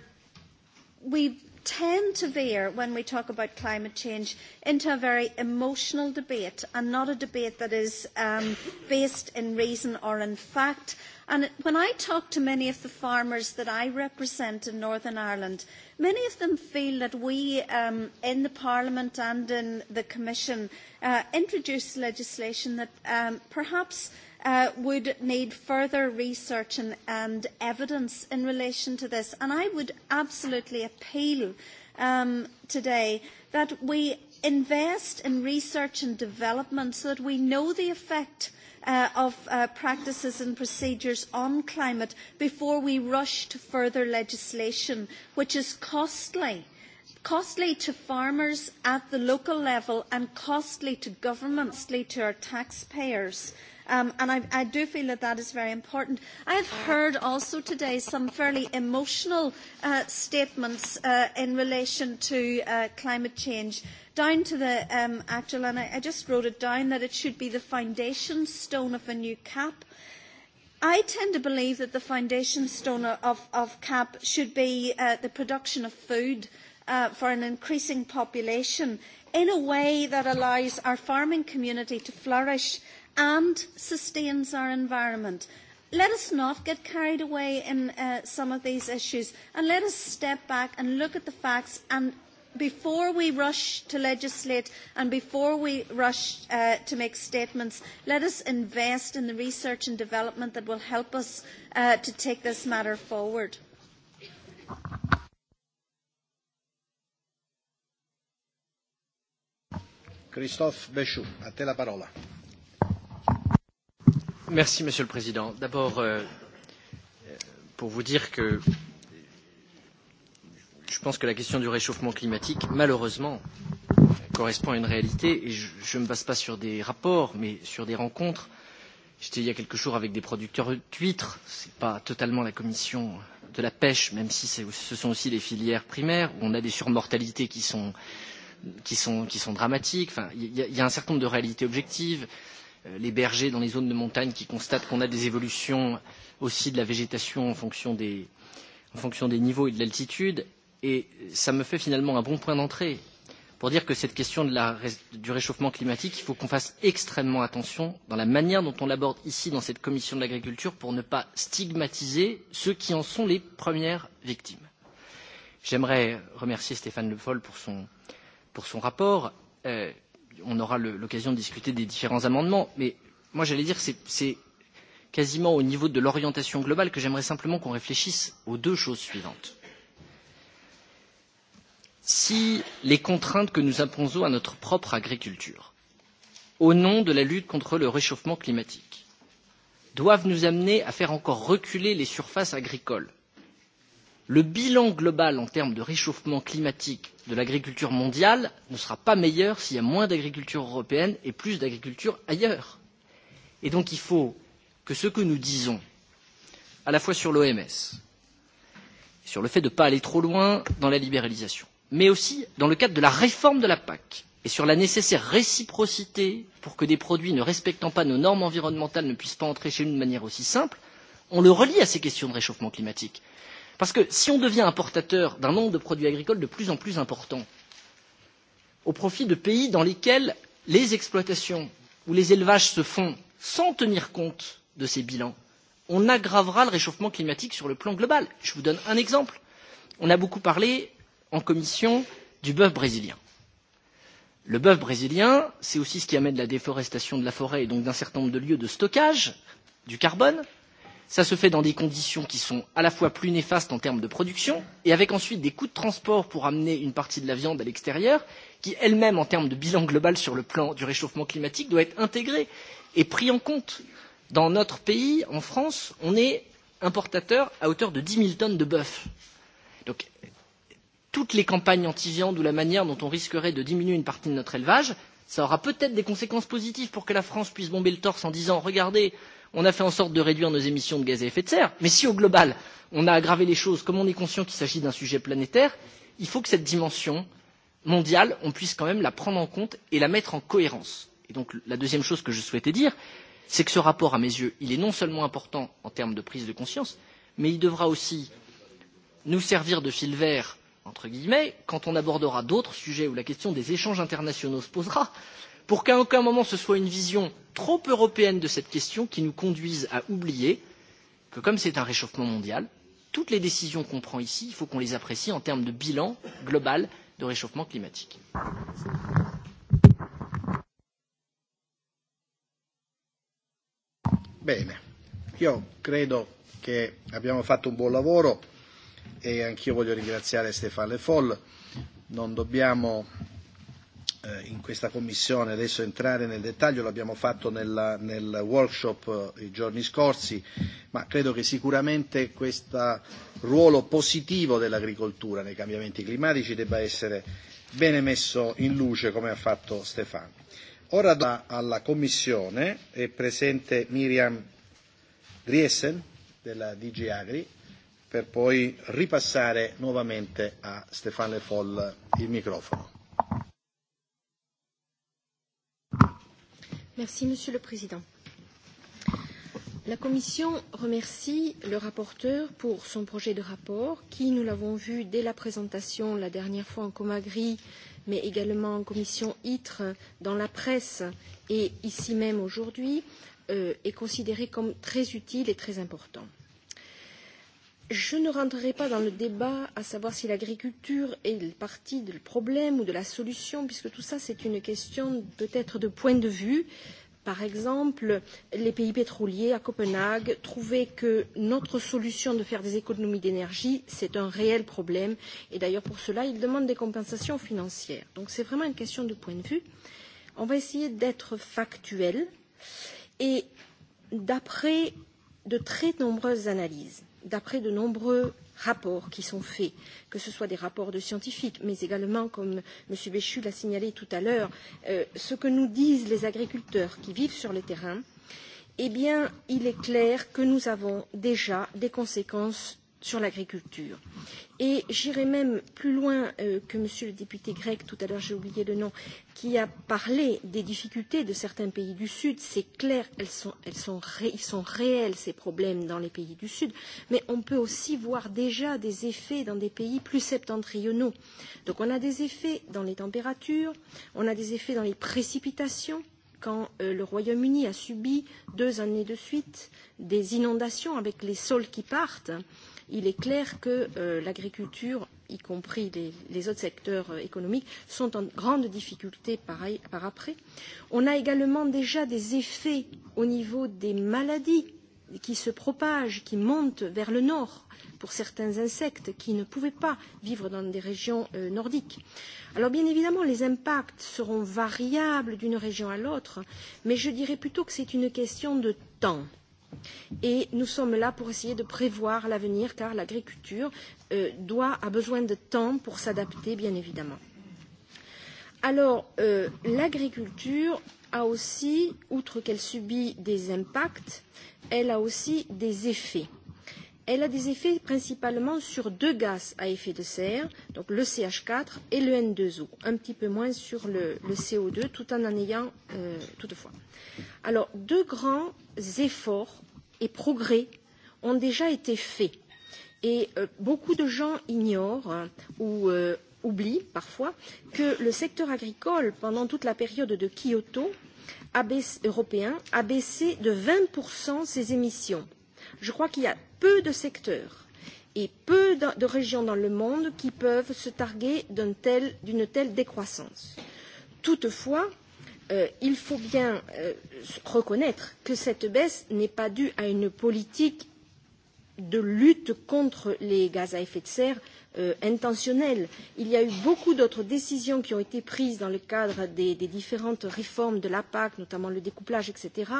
we tend to veer, when we talk about climate change, into a very emotional debate and not a debate that is um, based in reason or in fact. And when I talk to many of the farmers that I represent in Northern Ireland, many of them feel that we um, in the Parliament and in the Commission uh, introduce legislation that um, perhaps – uh, would need further research and, and evidence in relation to this. And I would absolutely appeal um, today that we invest in research and development so that we know the effect uh, of uh, practices and procedures on climate before we rush to further legislation, which is costly. Costly to farmers at the local level and costly to governments, costly to our taxpayers um, and I, I do feel that that is very important. I have heard also today some fairly emotional uh, statements uh, in relation to uh, climate change down to the um, actual, and I, I just wrote it down, that it should be the foundation stone of a new CAP. I tend to believe that the foundation stone of, of CAP should be uh, the production of food uh, for an increasing population in a way that allows our farming community to flourish and sustains our environment. Let us not get carried away in uh, some of these issues and let us step back and look at the facts and before we rush to legislate and before we rush uh, to make statements, let us invest in the research and development that will help us uh, to take this matter forward. Christophe Béchoux, à te la parole. Merci, Monsieur le Président. D'abord, euh, euh, pour vous dire que je pense que la question du réchauffement climatique, malheureusement, correspond à une réalité. Et je ne me base pas sur des rapports, mais sur des rencontres. J'étais il y a quelques jours avec des producteurs d'huîtres. Ce n'est pas totalement la commission de la pêche, même si ce sont aussi les filières primaires, où on a des surmortalités qui sont, qui sont, qui sont dramatiques. Enfin, il y, y a un certain nombre de réalités objectives. Euh, Euh, les bergers dans les zones de montagne qui constatent qu'on a des évolutions aussi de la végétation en fonction des, en fonction des niveaux et de l'altitude. Et ça me fait finalement un bon point d'entrée pour dire que cette question de la, du réchauffement climatique, il faut qu'on fasse extrêmement attention dans la manière dont on l'aborde ici dans cette commission de l'agriculture pour ne pas stigmatiser ceux qui en sont les premières victimes. J'aimerais remercier Stéphane Le Foll pour son, pour son rapport. Euh, on aura l'occasion de discuter des différents amendements, mais moi j'allais dire que c'est quasiment au niveau de l'orientation globale que j'aimerais simplement qu'on réfléchisse aux deux choses suivantes. Si les contraintes que nous imposons à notre propre agriculture, au nom de la lutte contre le réchauffement climatique, doivent nous amener à faire encore reculer les surfaces agricoles le bilan global en termes de réchauffement climatique de l'agriculture mondiale ne sera pas meilleur s'il y a moins d'agriculture européenne et plus d'agriculture ailleurs. Et donc il faut que ce que nous disons, à la fois sur l'OMS, sur le fait de ne pas aller trop loin dans la libéralisation, mais aussi dans le cadre de la réforme de la PAC et sur la nécessaire réciprocité pour que des produits ne respectant pas nos normes environnementales ne puissent pas entrer chez nous de manière aussi simple, on le relie à ces questions de réchauffement climatique Parce que si on devient importateur d'un nombre de produits agricoles de plus en plus important, au profit de pays dans lesquels les exploitations ou les élevages se font sans tenir compte de ces bilans, on aggravera le réchauffement climatique sur le plan global. Je vous donne un exemple. On a beaucoup parlé en commission du bœuf brésilien. Le bœuf brésilien, c'est aussi ce qui amène la déforestation de la forêt et donc d'un certain nombre de lieux de stockage du carbone. Ça se fait dans des conditions qui sont à la fois plus néfastes en termes de production et avec ensuite des coûts de transport pour amener une partie de la viande à l'extérieur qui elle-même en termes de bilan global sur le plan du réchauffement climatique doit être intégrée et prise en compte. Dans notre pays, en France, on est importateur à hauteur de 10 000 tonnes de bœuf. Donc toutes les campagnes anti-viande ou la manière dont on risquerait de diminuer une partie de notre élevage, ça aura peut-être des conséquences positives pour que la France puisse bomber le torse en disant regardez, euh, on a fait en sorte de réduire nos émissions de gaz à effet de serre mais si au global on a aggravé les choses comme on est conscient qu'il s'agit d'un sujet planétaire il faut que cette dimension mondiale on puisse quand même la prendre en compte et la mettre en cohérence. Et donc la deuxième chose que je souhaitais dire c'est que ce rapport à mes yeux il est non seulement important en termes de prise de conscience mais il devra aussi nous servir de fil vert entre guillemets quand on abordera d'autres sujets où la question des échanges internationaux se posera pour qu'à aucun moment ce soit une vision trop européenne de cette question qui nous conduise à oublier que comme c'est un réchauffement mondial, toutes les décisions qu'on prend ici, il faut qu'on les apprécie en termes de bilan global de réchauffement climatique. Bene, io credo che abbiamo fatto un buon lavoro e anch'io voglio ringraziare Stefano Le Foll. Non dobbiamo eh, in questa commissione adesso entrare nel dettaglio, l'abbiamo fatto nella, nel workshop eh, i giorni scorsi, ma credo che sicuramente questo ruolo positivo dell'agricoltura nei cambiamenti climatici debba essere bene messo in luce come ha fatto Stefano. Ora da, alla Commissione è presente Miriam Riesen della DG Agri per poi ripassare nuovamente a Stefano Le Foll il microfono. Merci, Monsieur le Président. La Commission remercie le rapporteur pour son projet de rapport qui, nous l'avons vu dès la présentation la dernière fois en Comagri, mais également en Commission ITRE, dans la presse et ici même aujourd'hui, euh, est considéré comme très utile et très important. Je ne rentrerai pas dans le débat à savoir si l'agriculture est partie du problème ou de la solution, puisque tout ça, c'est une question peut-être de point de vue. Par exemple, les pays pétroliers à Copenhague trouvaient que notre solution de faire des économies d'énergie, c'est un réel problème. Et d'ailleurs, pour cela, ils demandent des compensations financières. Donc, c'est vraiment une question de point de vue. On va essayer d'être factuel. Et d'après de très nombreuses analyses, d'après de nombreux rapports qui sont faits, que ce soit des rapports de scientifiques, mais également, comme M. Béchu l'a signalé tout à l'heure, euh, ce que nous disent les agriculteurs qui vivent sur le terrain, eh bien, il est clair que nous avons déjà des conséquences sur l'agriculture. Et j'irai même plus loin euh, que Monsieur le député grec, tout à l'heure j'ai oublié le nom, qui a parlé des difficultés de certains pays du Sud. C'est clair, elles sont, elles sont ré, ils sont réels ces problèmes dans les pays du Sud, mais on peut aussi voir déjà des effets dans des pays plus septentrionaux. Donc on a des effets dans les températures, on a des effets dans les précipitations, quand euh, le Royaume-Uni a subi deux années de suite des inondations avec les sols qui partent. Euh, il est clair que euh, l'agriculture, y compris les, les autres secteurs euh, économiques, sont en grande difficulté par, par après. On a également déjà des effets au niveau des maladies qui se propagent, qui montent vers le nord pour certains insectes qui ne pouvaient pas vivre dans des régions euh, nordiques. Alors bien évidemment, les impacts seront variables d'une région à l'autre, mais je dirais plutôt que c'est une question de temps. Euh, Et nous sommes là pour essayer de prévoir l'avenir, car l'agriculture euh, doit, a besoin de temps pour s'adapter, bien évidemment. Alors, euh, l'agriculture a aussi, outre qu'elle subit des impacts, elle a aussi des effets. Euh, elle a des effets principalement sur deux gaz à effet de serre, donc le CH4 et le N2O, un petit peu moins sur le, le CO2 tout en en ayant euh, toutefois. Alors, deux grands efforts et progrès ont déjà été faits et euh, beaucoup de gens ignorent hein, ou euh, oublient parfois que le secteur agricole, pendant toute la période de Kyoto a baissé, européen, a baissé de 20% ses émissions. Je crois qu'il y a peu de secteurs et peu de régions dans le monde qui peuvent se targuer d'une telle, telle décroissance. Toutefois, euh, il faut bien euh, reconnaître que cette baisse n'est pas due à une politique de lutte contre les gaz à effet de serre euh, intentionnelle. Il y a eu beaucoup d'autres décisions qui ont été prises dans le cadre des, des différentes réformes de la PAC, notamment le découplage, etc.,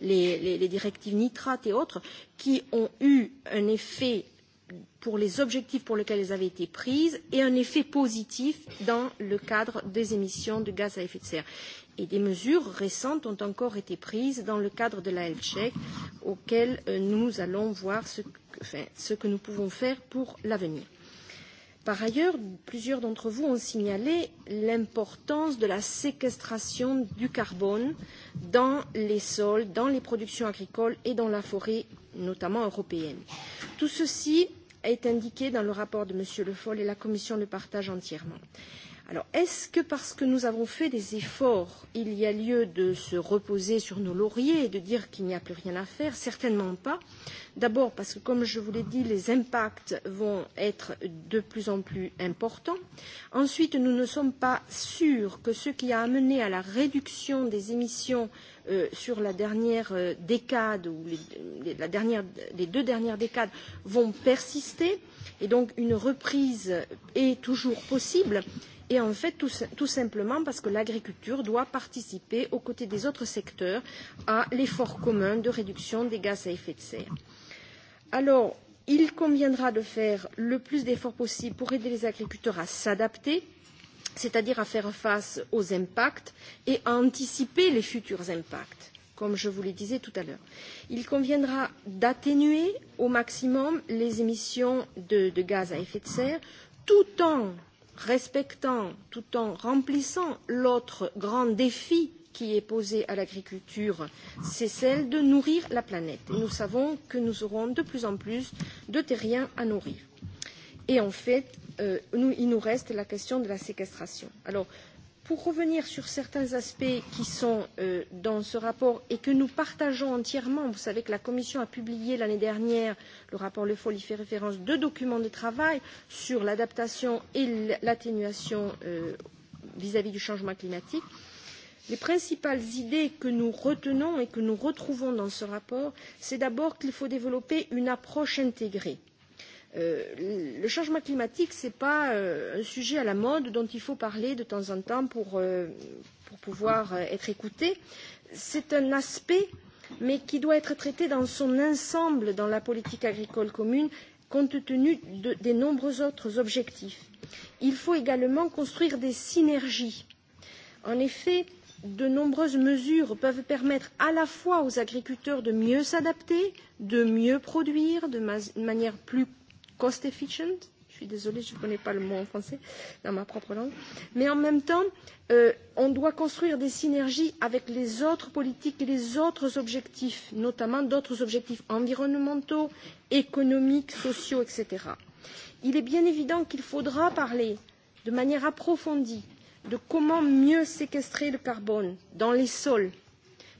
les, les, les directives nitrates et autres, qui ont eu un effet pour les objectifs pour lesquels elles avaient été prises et un effet positif dans le cadre des émissions de gaz à effet de serre. Et des mesures récentes ont encore été prises dans le cadre de la health e check, auxquelles euh, nous allons voir ce que, enfin, ce que nous pouvons faire pour l'avenir. Par ailleurs, plusieurs d'entre vous ont signalé l'importance de la séquestration du carbone dans les sols, dans les productions agricoles et dans la forêt, notamment européenne. Tout ceci est indiqué dans le rapport de M. Le Foll et la Commission le partage entièrement. Alors, est-ce que parce que nous avons fait des efforts, il y a lieu de se reposer sur nos lauriers et de dire qu'il n'y a plus rien à faire Certainement pas. D'abord parce que, comme je vous l'ai dit, les impacts vont être de plus en plus importants. Ensuite, nous ne sommes pas sûrs que ce qui a amené à la réduction des émissions euh, sur la dernière euh, décade ou les, la dernière, les deux dernières décades vont persister. Et donc, une reprise est toujours possible et en fait tout, tout simplement parce que l'agriculture doit participer aux côtés des autres secteurs à l'effort commun de réduction des gaz à effet de serre. Alors, il conviendra de faire le plus d'efforts possible pour aider les agriculteurs à s'adapter, c'est-à-dire à faire face aux impacts et à anticiper les futurs impacts, comme je vous le disais tout à l'heure. Il conviendra d'atténuer au maximum les émissions de, de gaz à effet de serre tout en respectant tout en remplissant l'autre grand défi qui est posée à l'agriculture, c'est celle de nourrir la planète. Et nous savons que nous aurons de plus en plus de terriens à nourrir. Et en fait, euh, nous, il nous reste la question de la séquestration. Alors, pour revenir sur certains aspects qui sont euh, dans ce rapport et que nous partageons entièrement, vous savez que la Commission a publié l'année dernière, le rapport Le Foll y fait référence, deux documents de travail sur l'adaptation et l'atténuation euh, vis-à-vis du changement climatique. Les principales idées que nous retenons et que nous retrouvons dans ce rapport, c'est d'abord qu'il faut développer une approche intégrée Euh, le changement climatique, ce n'est pas euh, un sujet à la mode dont il faut parler de temps en temps pour, euh, pour pouvoir euh, être écouté. C'est un aspect, mais qui doit être traité dans son ensemble dans la politique agricole commune, compte tenu de, des nombreux autres objectifs. Il faut également construire des synergies. En effet, de nombreuses mesures peuvent permettre à la fois aux agriculteurs de mieux s'adapter, de mieux produire de ma manière plus cost efficient. Je suis désolée, je ne connais pas le mot en français dans ma propre langue. Mais en même temps, euh, on doit construire des synergies avec les autres politiques et les autres objectifs, notamment d'autres objectifs environnementaux, économiques, sociaux, etc. Il est bien évident qu'il faudra parler de manière approfondie de comment mieux séquestrer le carbone dans les sols.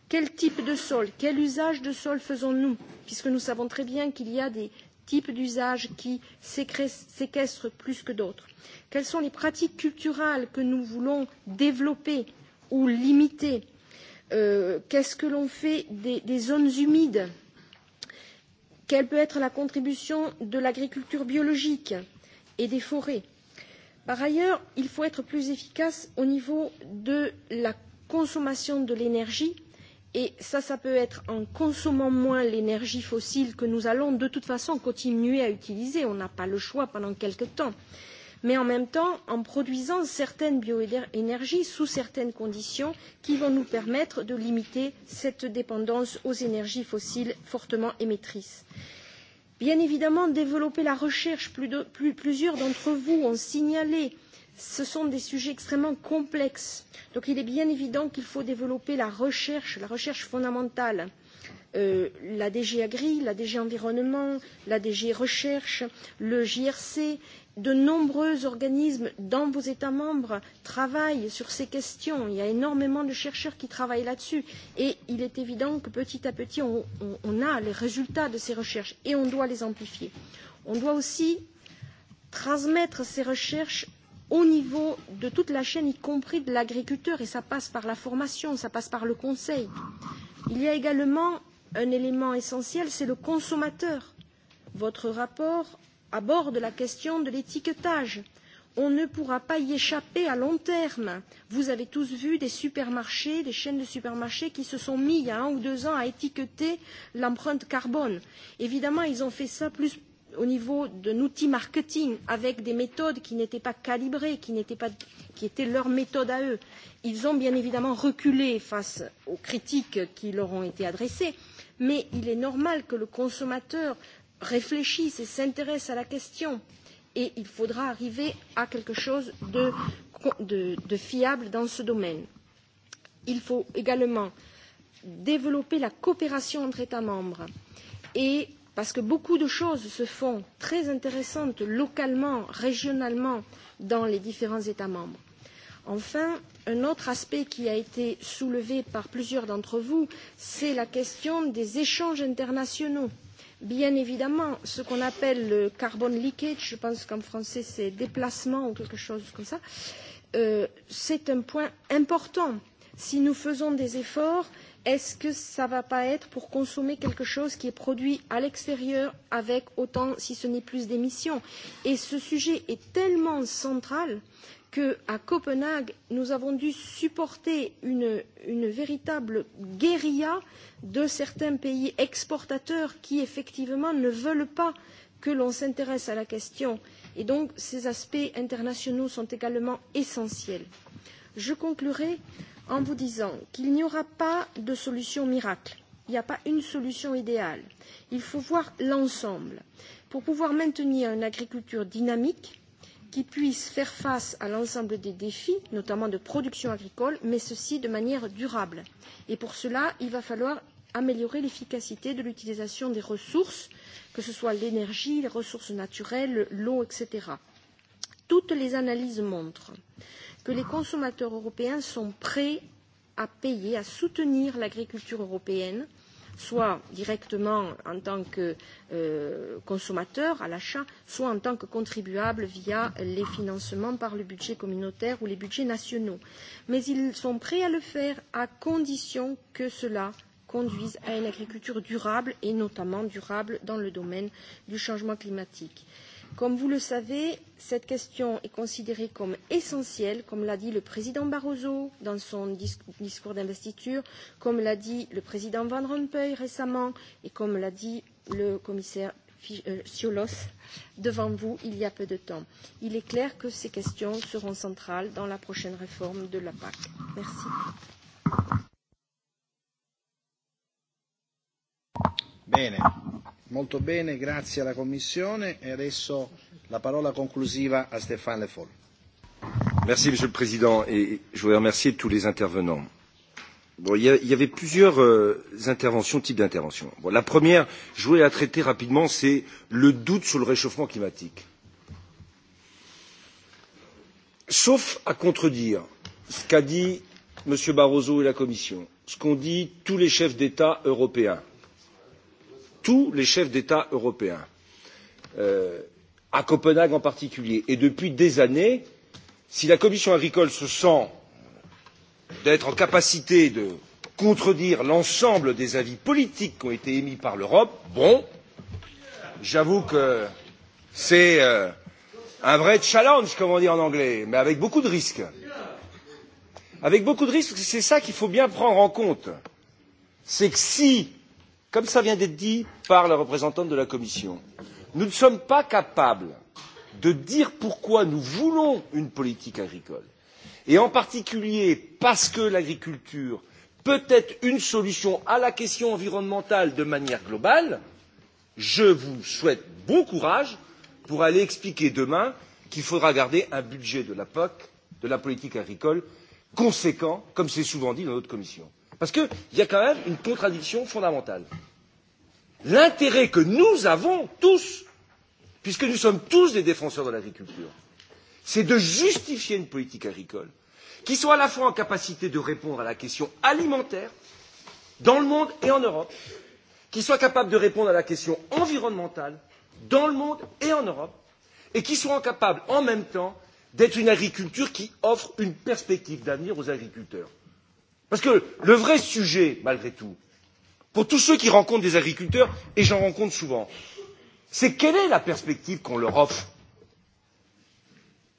Quel type de sol Quel usage de sol faisons-nous Puisque nous savons très bien qu'il y a des types d'usages qui séquestrent plus que d'autres Quelles sont les pratiques culturelles que nous voulons développer ou limiter euh, Qu'est-ce que l'on fait des, des zones humides Quelle peut être la contribution de l'agriculture biologique et des forêts Par ailleurs, il faut être plus efficace au niveau de la consommation de l'énergie Et ça, ça peut être en consommant moins l'énergie fossile que nous allons de toute façon continuer à utiliser. On n'a pas le choix pendant quelque temps. Mais en même temps, en produisant certaines bioénergies sous certaines conditions qui vont nous permettre de limiter cette dépendance aux énergies fossiles fortement émettrices. Bien évidemment, développer la recherche, plus de, plus, plusieurs d'entre vous ont signalé euh, ce sont des sujets extrêmement complexes. Donc il est bien évident qu'il faut développer la recherche, la recherche fondamentale. Euh, la DG Agri, la DG Environnement, la DG Recherche, le JRC, de nombreux organismes dans vos États membres travaillent sur ces questions. Il y a énormément de chercheurs qui travaillent là-dessus. Et il est évident que petit à petit, on, on, on a les résultats de ces recherches et on doit les amplifier. On doit aussi transmettre ces recherches au niveau de toute la chaîne, y compris de l'agriculteur, et ça passe par la formation, ça passe par le conseil. Il y a également un élément essentiel, c'est le consommateur. Votre rapport aborde la question de l'étiquetage. On ne pourra pas y échapper à long terme. Vous avez tous vu des supermarchés, des chaînes de supermarchés qui se sont mis il y a un ou deux ans à étiqueter l'empreinte carbone. Évidemment, ils ont fait ça plus au niveau d'un outil marketing avec des méthodes qui n'étaient pas calibrées, qui, n'étaient pas, qui étaient leur méthode à eux. Ils ont bien évidemment reculé face aux critiques qui leur ont été adressées, mais il est normal que le consommateur réfléchisse et s'intéresse à la question. Et il faudra arriver à quelque chose de, de, de fiable dans ce domaine. Il faut également développer la coopération entre États membres et parce que beaucoup de choses se font très intéressantes localement, régionalement, dans les différents États membres. Enfin, un autre aspect qui a été soulevé par plusieurs d'entre vous, c'est la question des échanges internationaux. Bien évidemment, ce qu'on appelle le carbon leakage, je pense qu'en français c'est déplacement ou quelque chose comme ça, euh, c'est un point important. Si nous faisons des efforts, euh, Est-ce que ça ne va pas être pour consommer quelque chose qui est produit à l'extérieur avec autant, si ce n'est plus, d'émissions Et ce sujet est tellement central qu'à Copenhague, nous avons dû supporter une, une véritable guérilla de certains pays exportateurs qui, effectivement, ne veulent pas que l'on s'intéresse à la question. Et donc, ces aspects internationaux sont également essentiels. Je conclurai euh, en vous disant qu'il n'y aura pas de solution miracle. Il n'y a pas une solution idéale. Il faut voir l'ensemble pour pouvoir maintenir une agriculture dynamique qui puisse faire face à l'ensemble des défis, notamment de production agricole, mais ceci de manière durable. Et pour cela, il va falloir améliorer l'efficacité de l'utilisation des ressources, que ce soit l'énergie, les ressources naturelles, l'eau, etc. Toutes les analyses montrent euh, que les consommateurs européens sont prêts à payer, à soutenir l'agriculture européenne, soit directement en tant que euh, consommateur à l'achat, soit en tant que contribuable via les financements par le budget communautaire ou les budgets nationaux. Mais ils sont prêts à le faire à condition que cela conduisent à une agriculture durable et notamment durable dans le domaine du changement climatique. Comme vous le savez, cette question est considérée comme essentielle, comme l'a dit le président Barroso dans son dis discours d'investiture, comme l'a dit le président Van Rompuy récemment et comme l'a dit le commissaire euh, Ciolos devant vous il y a peu de temps. Il est clair que ces questions seront centrales dans la prochaine réforme de la PAC. Merci. Bene, Molto bene, grazie alla Commissione e adesso la parola conclusiva a Stéphane Le Foll. Merci Monsieur le Président et je voudrais remercier tous les intervenants. Bon, il, y a, il y avait plusieurs euh, interventions, types d'interventions. Bon, la première, je voulais la traiter rapidement, c'est le doute sur le réchauffement climatique. Sauf à contredire ce qu'a dit M. Barroso et la Commission, ce qu'ont dit tous les chefs d'État européens tous les chefs d'état européens euh, à copenhague en particulier et depuis des années si la commission agricole se sent d'être en capacité de contredire l'ensemble des avis politiques qui ont été émis par l'europe bon j'avoue que c'est euh, un vrai challenge comme on dit en anglais mais avec beaucoup de risques avec beaucoup de risques c'est ça qu'il faut bien prendre en compte c'est que si comme cela vient d'être dit par la représentante de la commission nous ne sommes pas capables de dire pourquoi nous voulons une politique agricole et en particulier parce que l'agriculture peut être une solution à la question environnementale de manière globale je vous souhaite bon courage pour aller expliquer demain qu'il faudra garder un budget de la PAC, de la politique agricole, conséquent, comme c'est souvent dit dans notre commission. Parce qu'il y a quand même une contradiction fondamentale. L'intérêt que nous avons tous, puisque nous sommes tous des défenseurs de l'agriculture, c'est de justifier une politique agricole qui soit à la fois en capacité de répondre à la question alimentaire dans le monde et en Europe, qui soit capable de répondre à la question environnementale dans le monde et en Europe, et qui soit capable en même temps d'être une agriculture qui offre une perspective d'avenir aux agriculteurs. Parce que le vrai sujet, malgré tout, pour tous ceux qui rencontrent des agriculteurs, et j'en rencontre souvent, c'est quelle est la perspective qu'on leur offre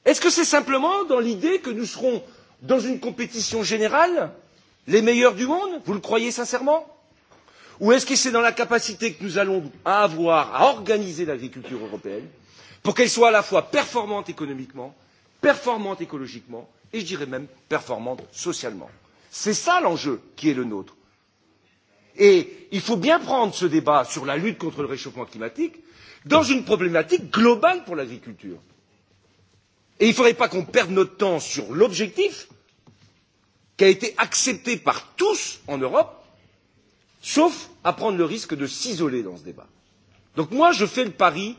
Est-ce que c'est simplement dans l'idée que nous serons, dans une compétition générale, les meilleurs du monde Vous le croyez sincèrement Ou est-ce que c'est dans la capacité que nous allons avoir à organiser l'agriculture européenne pour qu'elle soit à la fois performante économiquement, performante écologiquement et, je dirais même, performante socialement C'est ça l'enjeu qui est le nôtre. Et il faut bien prendre ce débat sur la lutte contre le réchauffement climatique dans une problématique globale pour l'agriculture. Et il ne faudrait pas qu'on perde notre temps sur l'objectif qui a été accepté par tous en Europe, sauf à prendre le risque de s'isoler dans ce débat. Donc moi, je fais le pari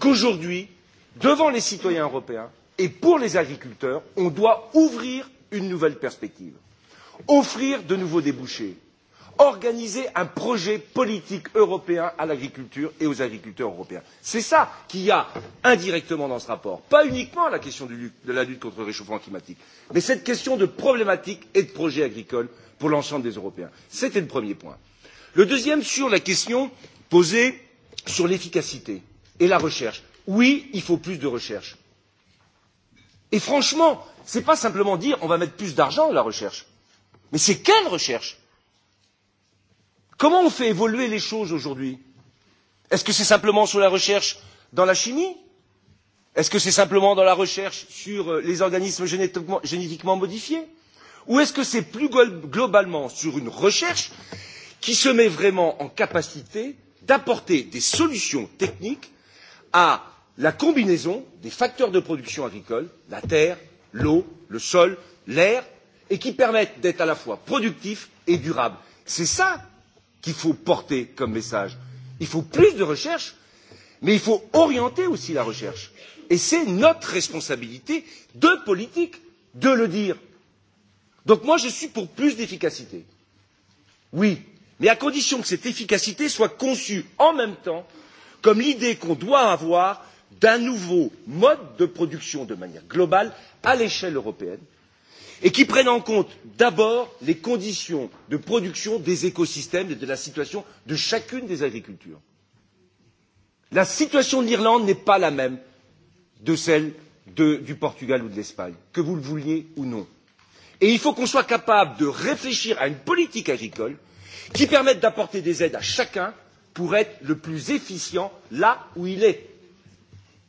qu'aujourd'hui, devant les citoyens européens et pour les agriculteurs, on doit ouvrir une nouvelle perspective offrir de nouveaux débouchés organiser un projet politique européen à l'agriculture et aux agriculteurs européens. C'est ça qu'il y a indirectement dans ce rapport, pas uniquement la question du, de la lutte contre le réchauffement climatique, mais cette question de problématique et de projet agricole pour l'ensemble des Européens. C'était le premier point. Le deuxième sur la question posée sur l'efficacité et la recherche. Oui, il faut plus de recherche. Et franchement, ce n'est pas simplement dire on va mettre plus d'argent à la recherche Mais c'est quelle recherche Comment on fait évoluer les choses aujourd'hui Est-ce que c'est simplement sur la recherche dans la chimie Est-ce que c'est simplement dans la recherche sur euh, les organismes génétiquement, génétiquement modifiés Ou est-ce que c'est plus globalement sur une recherche qui se met vraiment en capacité d'apporter des solutions techniques à la combinaison des facteurs de production agricole la terre l'eau le sol l'air et qui permettent d'être à la fois productifs et durables. C'est ça qu'il faut porter comme message. Il faut plus de recherche, mais il faut orienter aussi la recherche. Et c'est notre responsabilité de politique de le dire. Donc moi, je suis pour plus d'efficacité. Oui, mais à condition que cette efficacité soit conçue en même temps comme l'idée qu'on doit avoir d'un nouveau mode de production de manière globale à l'échelle européenne et qui prenne en compte d'abord les conditions de production des écosystèmes et de la situation de chacune des agricultures. La situation de l'Irlande n'est pas la même de celle de, du Portugal ou de l'Espagne, que vous le vouliez ou non. Et il faut qu'on soit capable de réfléchir à une politique agricole qui permette d'apporter des aides à chacun pour être le plus efficient là où il est.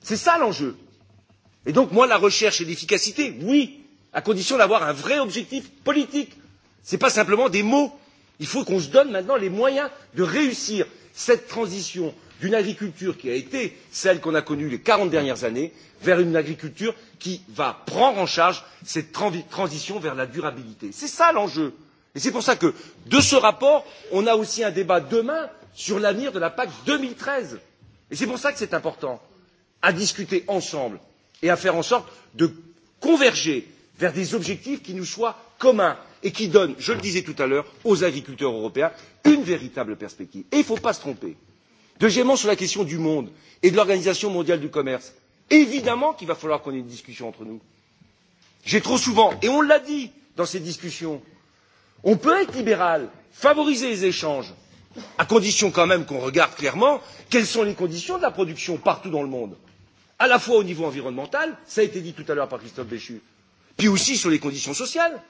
C'est ça l'enjeu. Et donc, moi, la recherche et l'efficacité, oui, à condition d'avoir un vrai objectif politique. ce ne sont pas simplement des mots il faut qu'on se donne maintenant les moyens de réussir cette transition d'une agriculture qui a été celle qu'on a connue les quarante dernières années vers une agriculture qui va prendre en charge cette transition vers la durabilité. c'est ça l'enjeu et c'est pour ça que de ce rapport on a aussi un débat demain sur l'avenir de la pac deux mille treize et c'est pour ça que c'est important à discuter ensemble et à faire en sorte de converger vers des objectifs qui nous soient communs et qui donnent je le disais tout à l'heure aux agriculteurs européens une véritable perspective. et il ne faut pas se tromper. deuxièmement sur la question du monde et de l'organisation mondiale du commerce évidemment qu'il va falloir qu'on ait une discussion entre nous. j'ai trop souvent et on l'a dit dans ces discussions on peut être libéral favoriser les échanges à condition quand même qu'on regarde clairement quelles sont les conditions de la production partout dans le monde à la fois au niveau environnemental cela a été dit tout à l'heure par christophe béchu puis aussi sur les conditions sociales.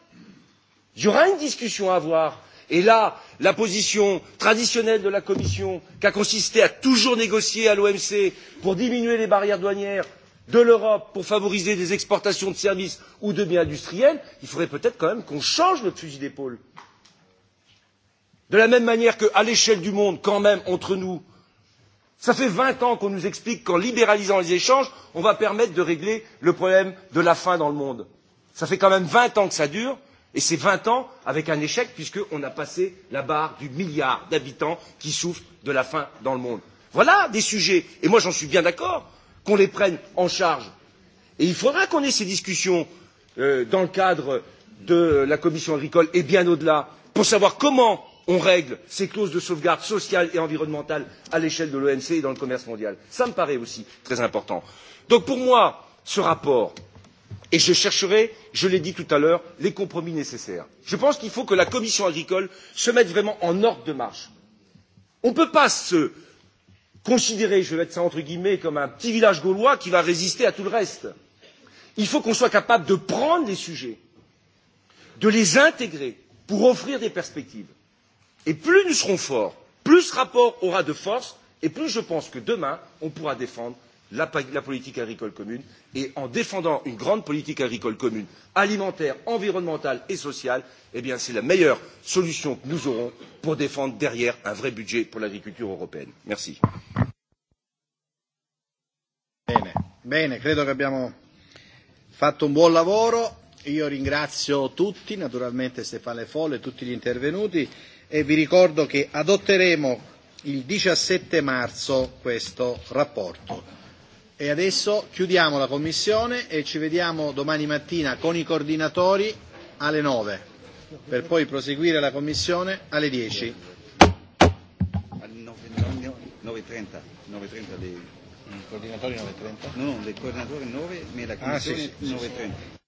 Il y aura une discussion à avoir. Et là, la position traditionnelle de la Commission, qui a consisté à toujours négocier à l'OMC pour diminuer les barrières douanières de l'Europe pour favoriser des exportations de services ou de biens industriels, il faudrait peut-être quand même qu'on change notre fusil d'épaule. De la même manière qu'à l'échelle du monde, quand même, entre nous, ça fait vingt ans qu'on nous explique qu'en libéralisant les échanges, on va permettre de régler le problème de la faim dans le monde. Ça fait quand même 20 ans que ça dure, et c'est 20 ans avec un échec, puisqu'on a passé la barre du milliard d'habitants qui souffrent de la faim dans le monde. Voilà des sujets, et moi j'en suis bien d'accord, qu'on les prenne en charge. Et il faudra qu'on ait ces discussions euh, dans le cadre de la commission agricole et bien au-delà, pour savoir comment on règle ces clauses de sauvegarde sociale et environnementale à l'échelle de l'OMC et dans le commerce mondial. Ça me paraît aussi très important. Donc pour moi, ce rapport, euh, et je chercherai je l'ai dit tout à l'heure les compromis nécessaires. je pense qu'il faut que la commission agricole se mette vraiment en ordre de marche. on ne peut pas se considérer je vais mettre ça entre guillemets comme un petit village gaulois qui va résister à tout le reste. il faut qu'on soit capable de prendre les sujets de les intégrer pour offrir des perspectives. et plus nous serons forts plus ce rapport aura de force et plus je pense que demain on pourra défendre la, la politique agricole commune et en défendant une grande politique agricole commune alimentaire, environnementale et sociale, eh bien c'est la meilleure solution que nous aurons pour défendre derrière un vrai budget pour l'agriculture européenne. Merci. Bene, bene, credo che abbiamo fatto un buon lavoro. Io ringrazio tutti, naturalmente Stefano Le Folle e tutti gli intervenuti e vi ricordo che adotteremo il 17 marzo questo rapporto. E adesso chiudiamo la commissione e ci vediamo domani mattina con i coordinatori alle 9 per poi proseguire la commissione alle 10. 9.30, 9.30 dei coordinatori 9.30? No, no, dei coordinatori 9, ma la commissione ah, sì, sì, 9.30. Sì, sì.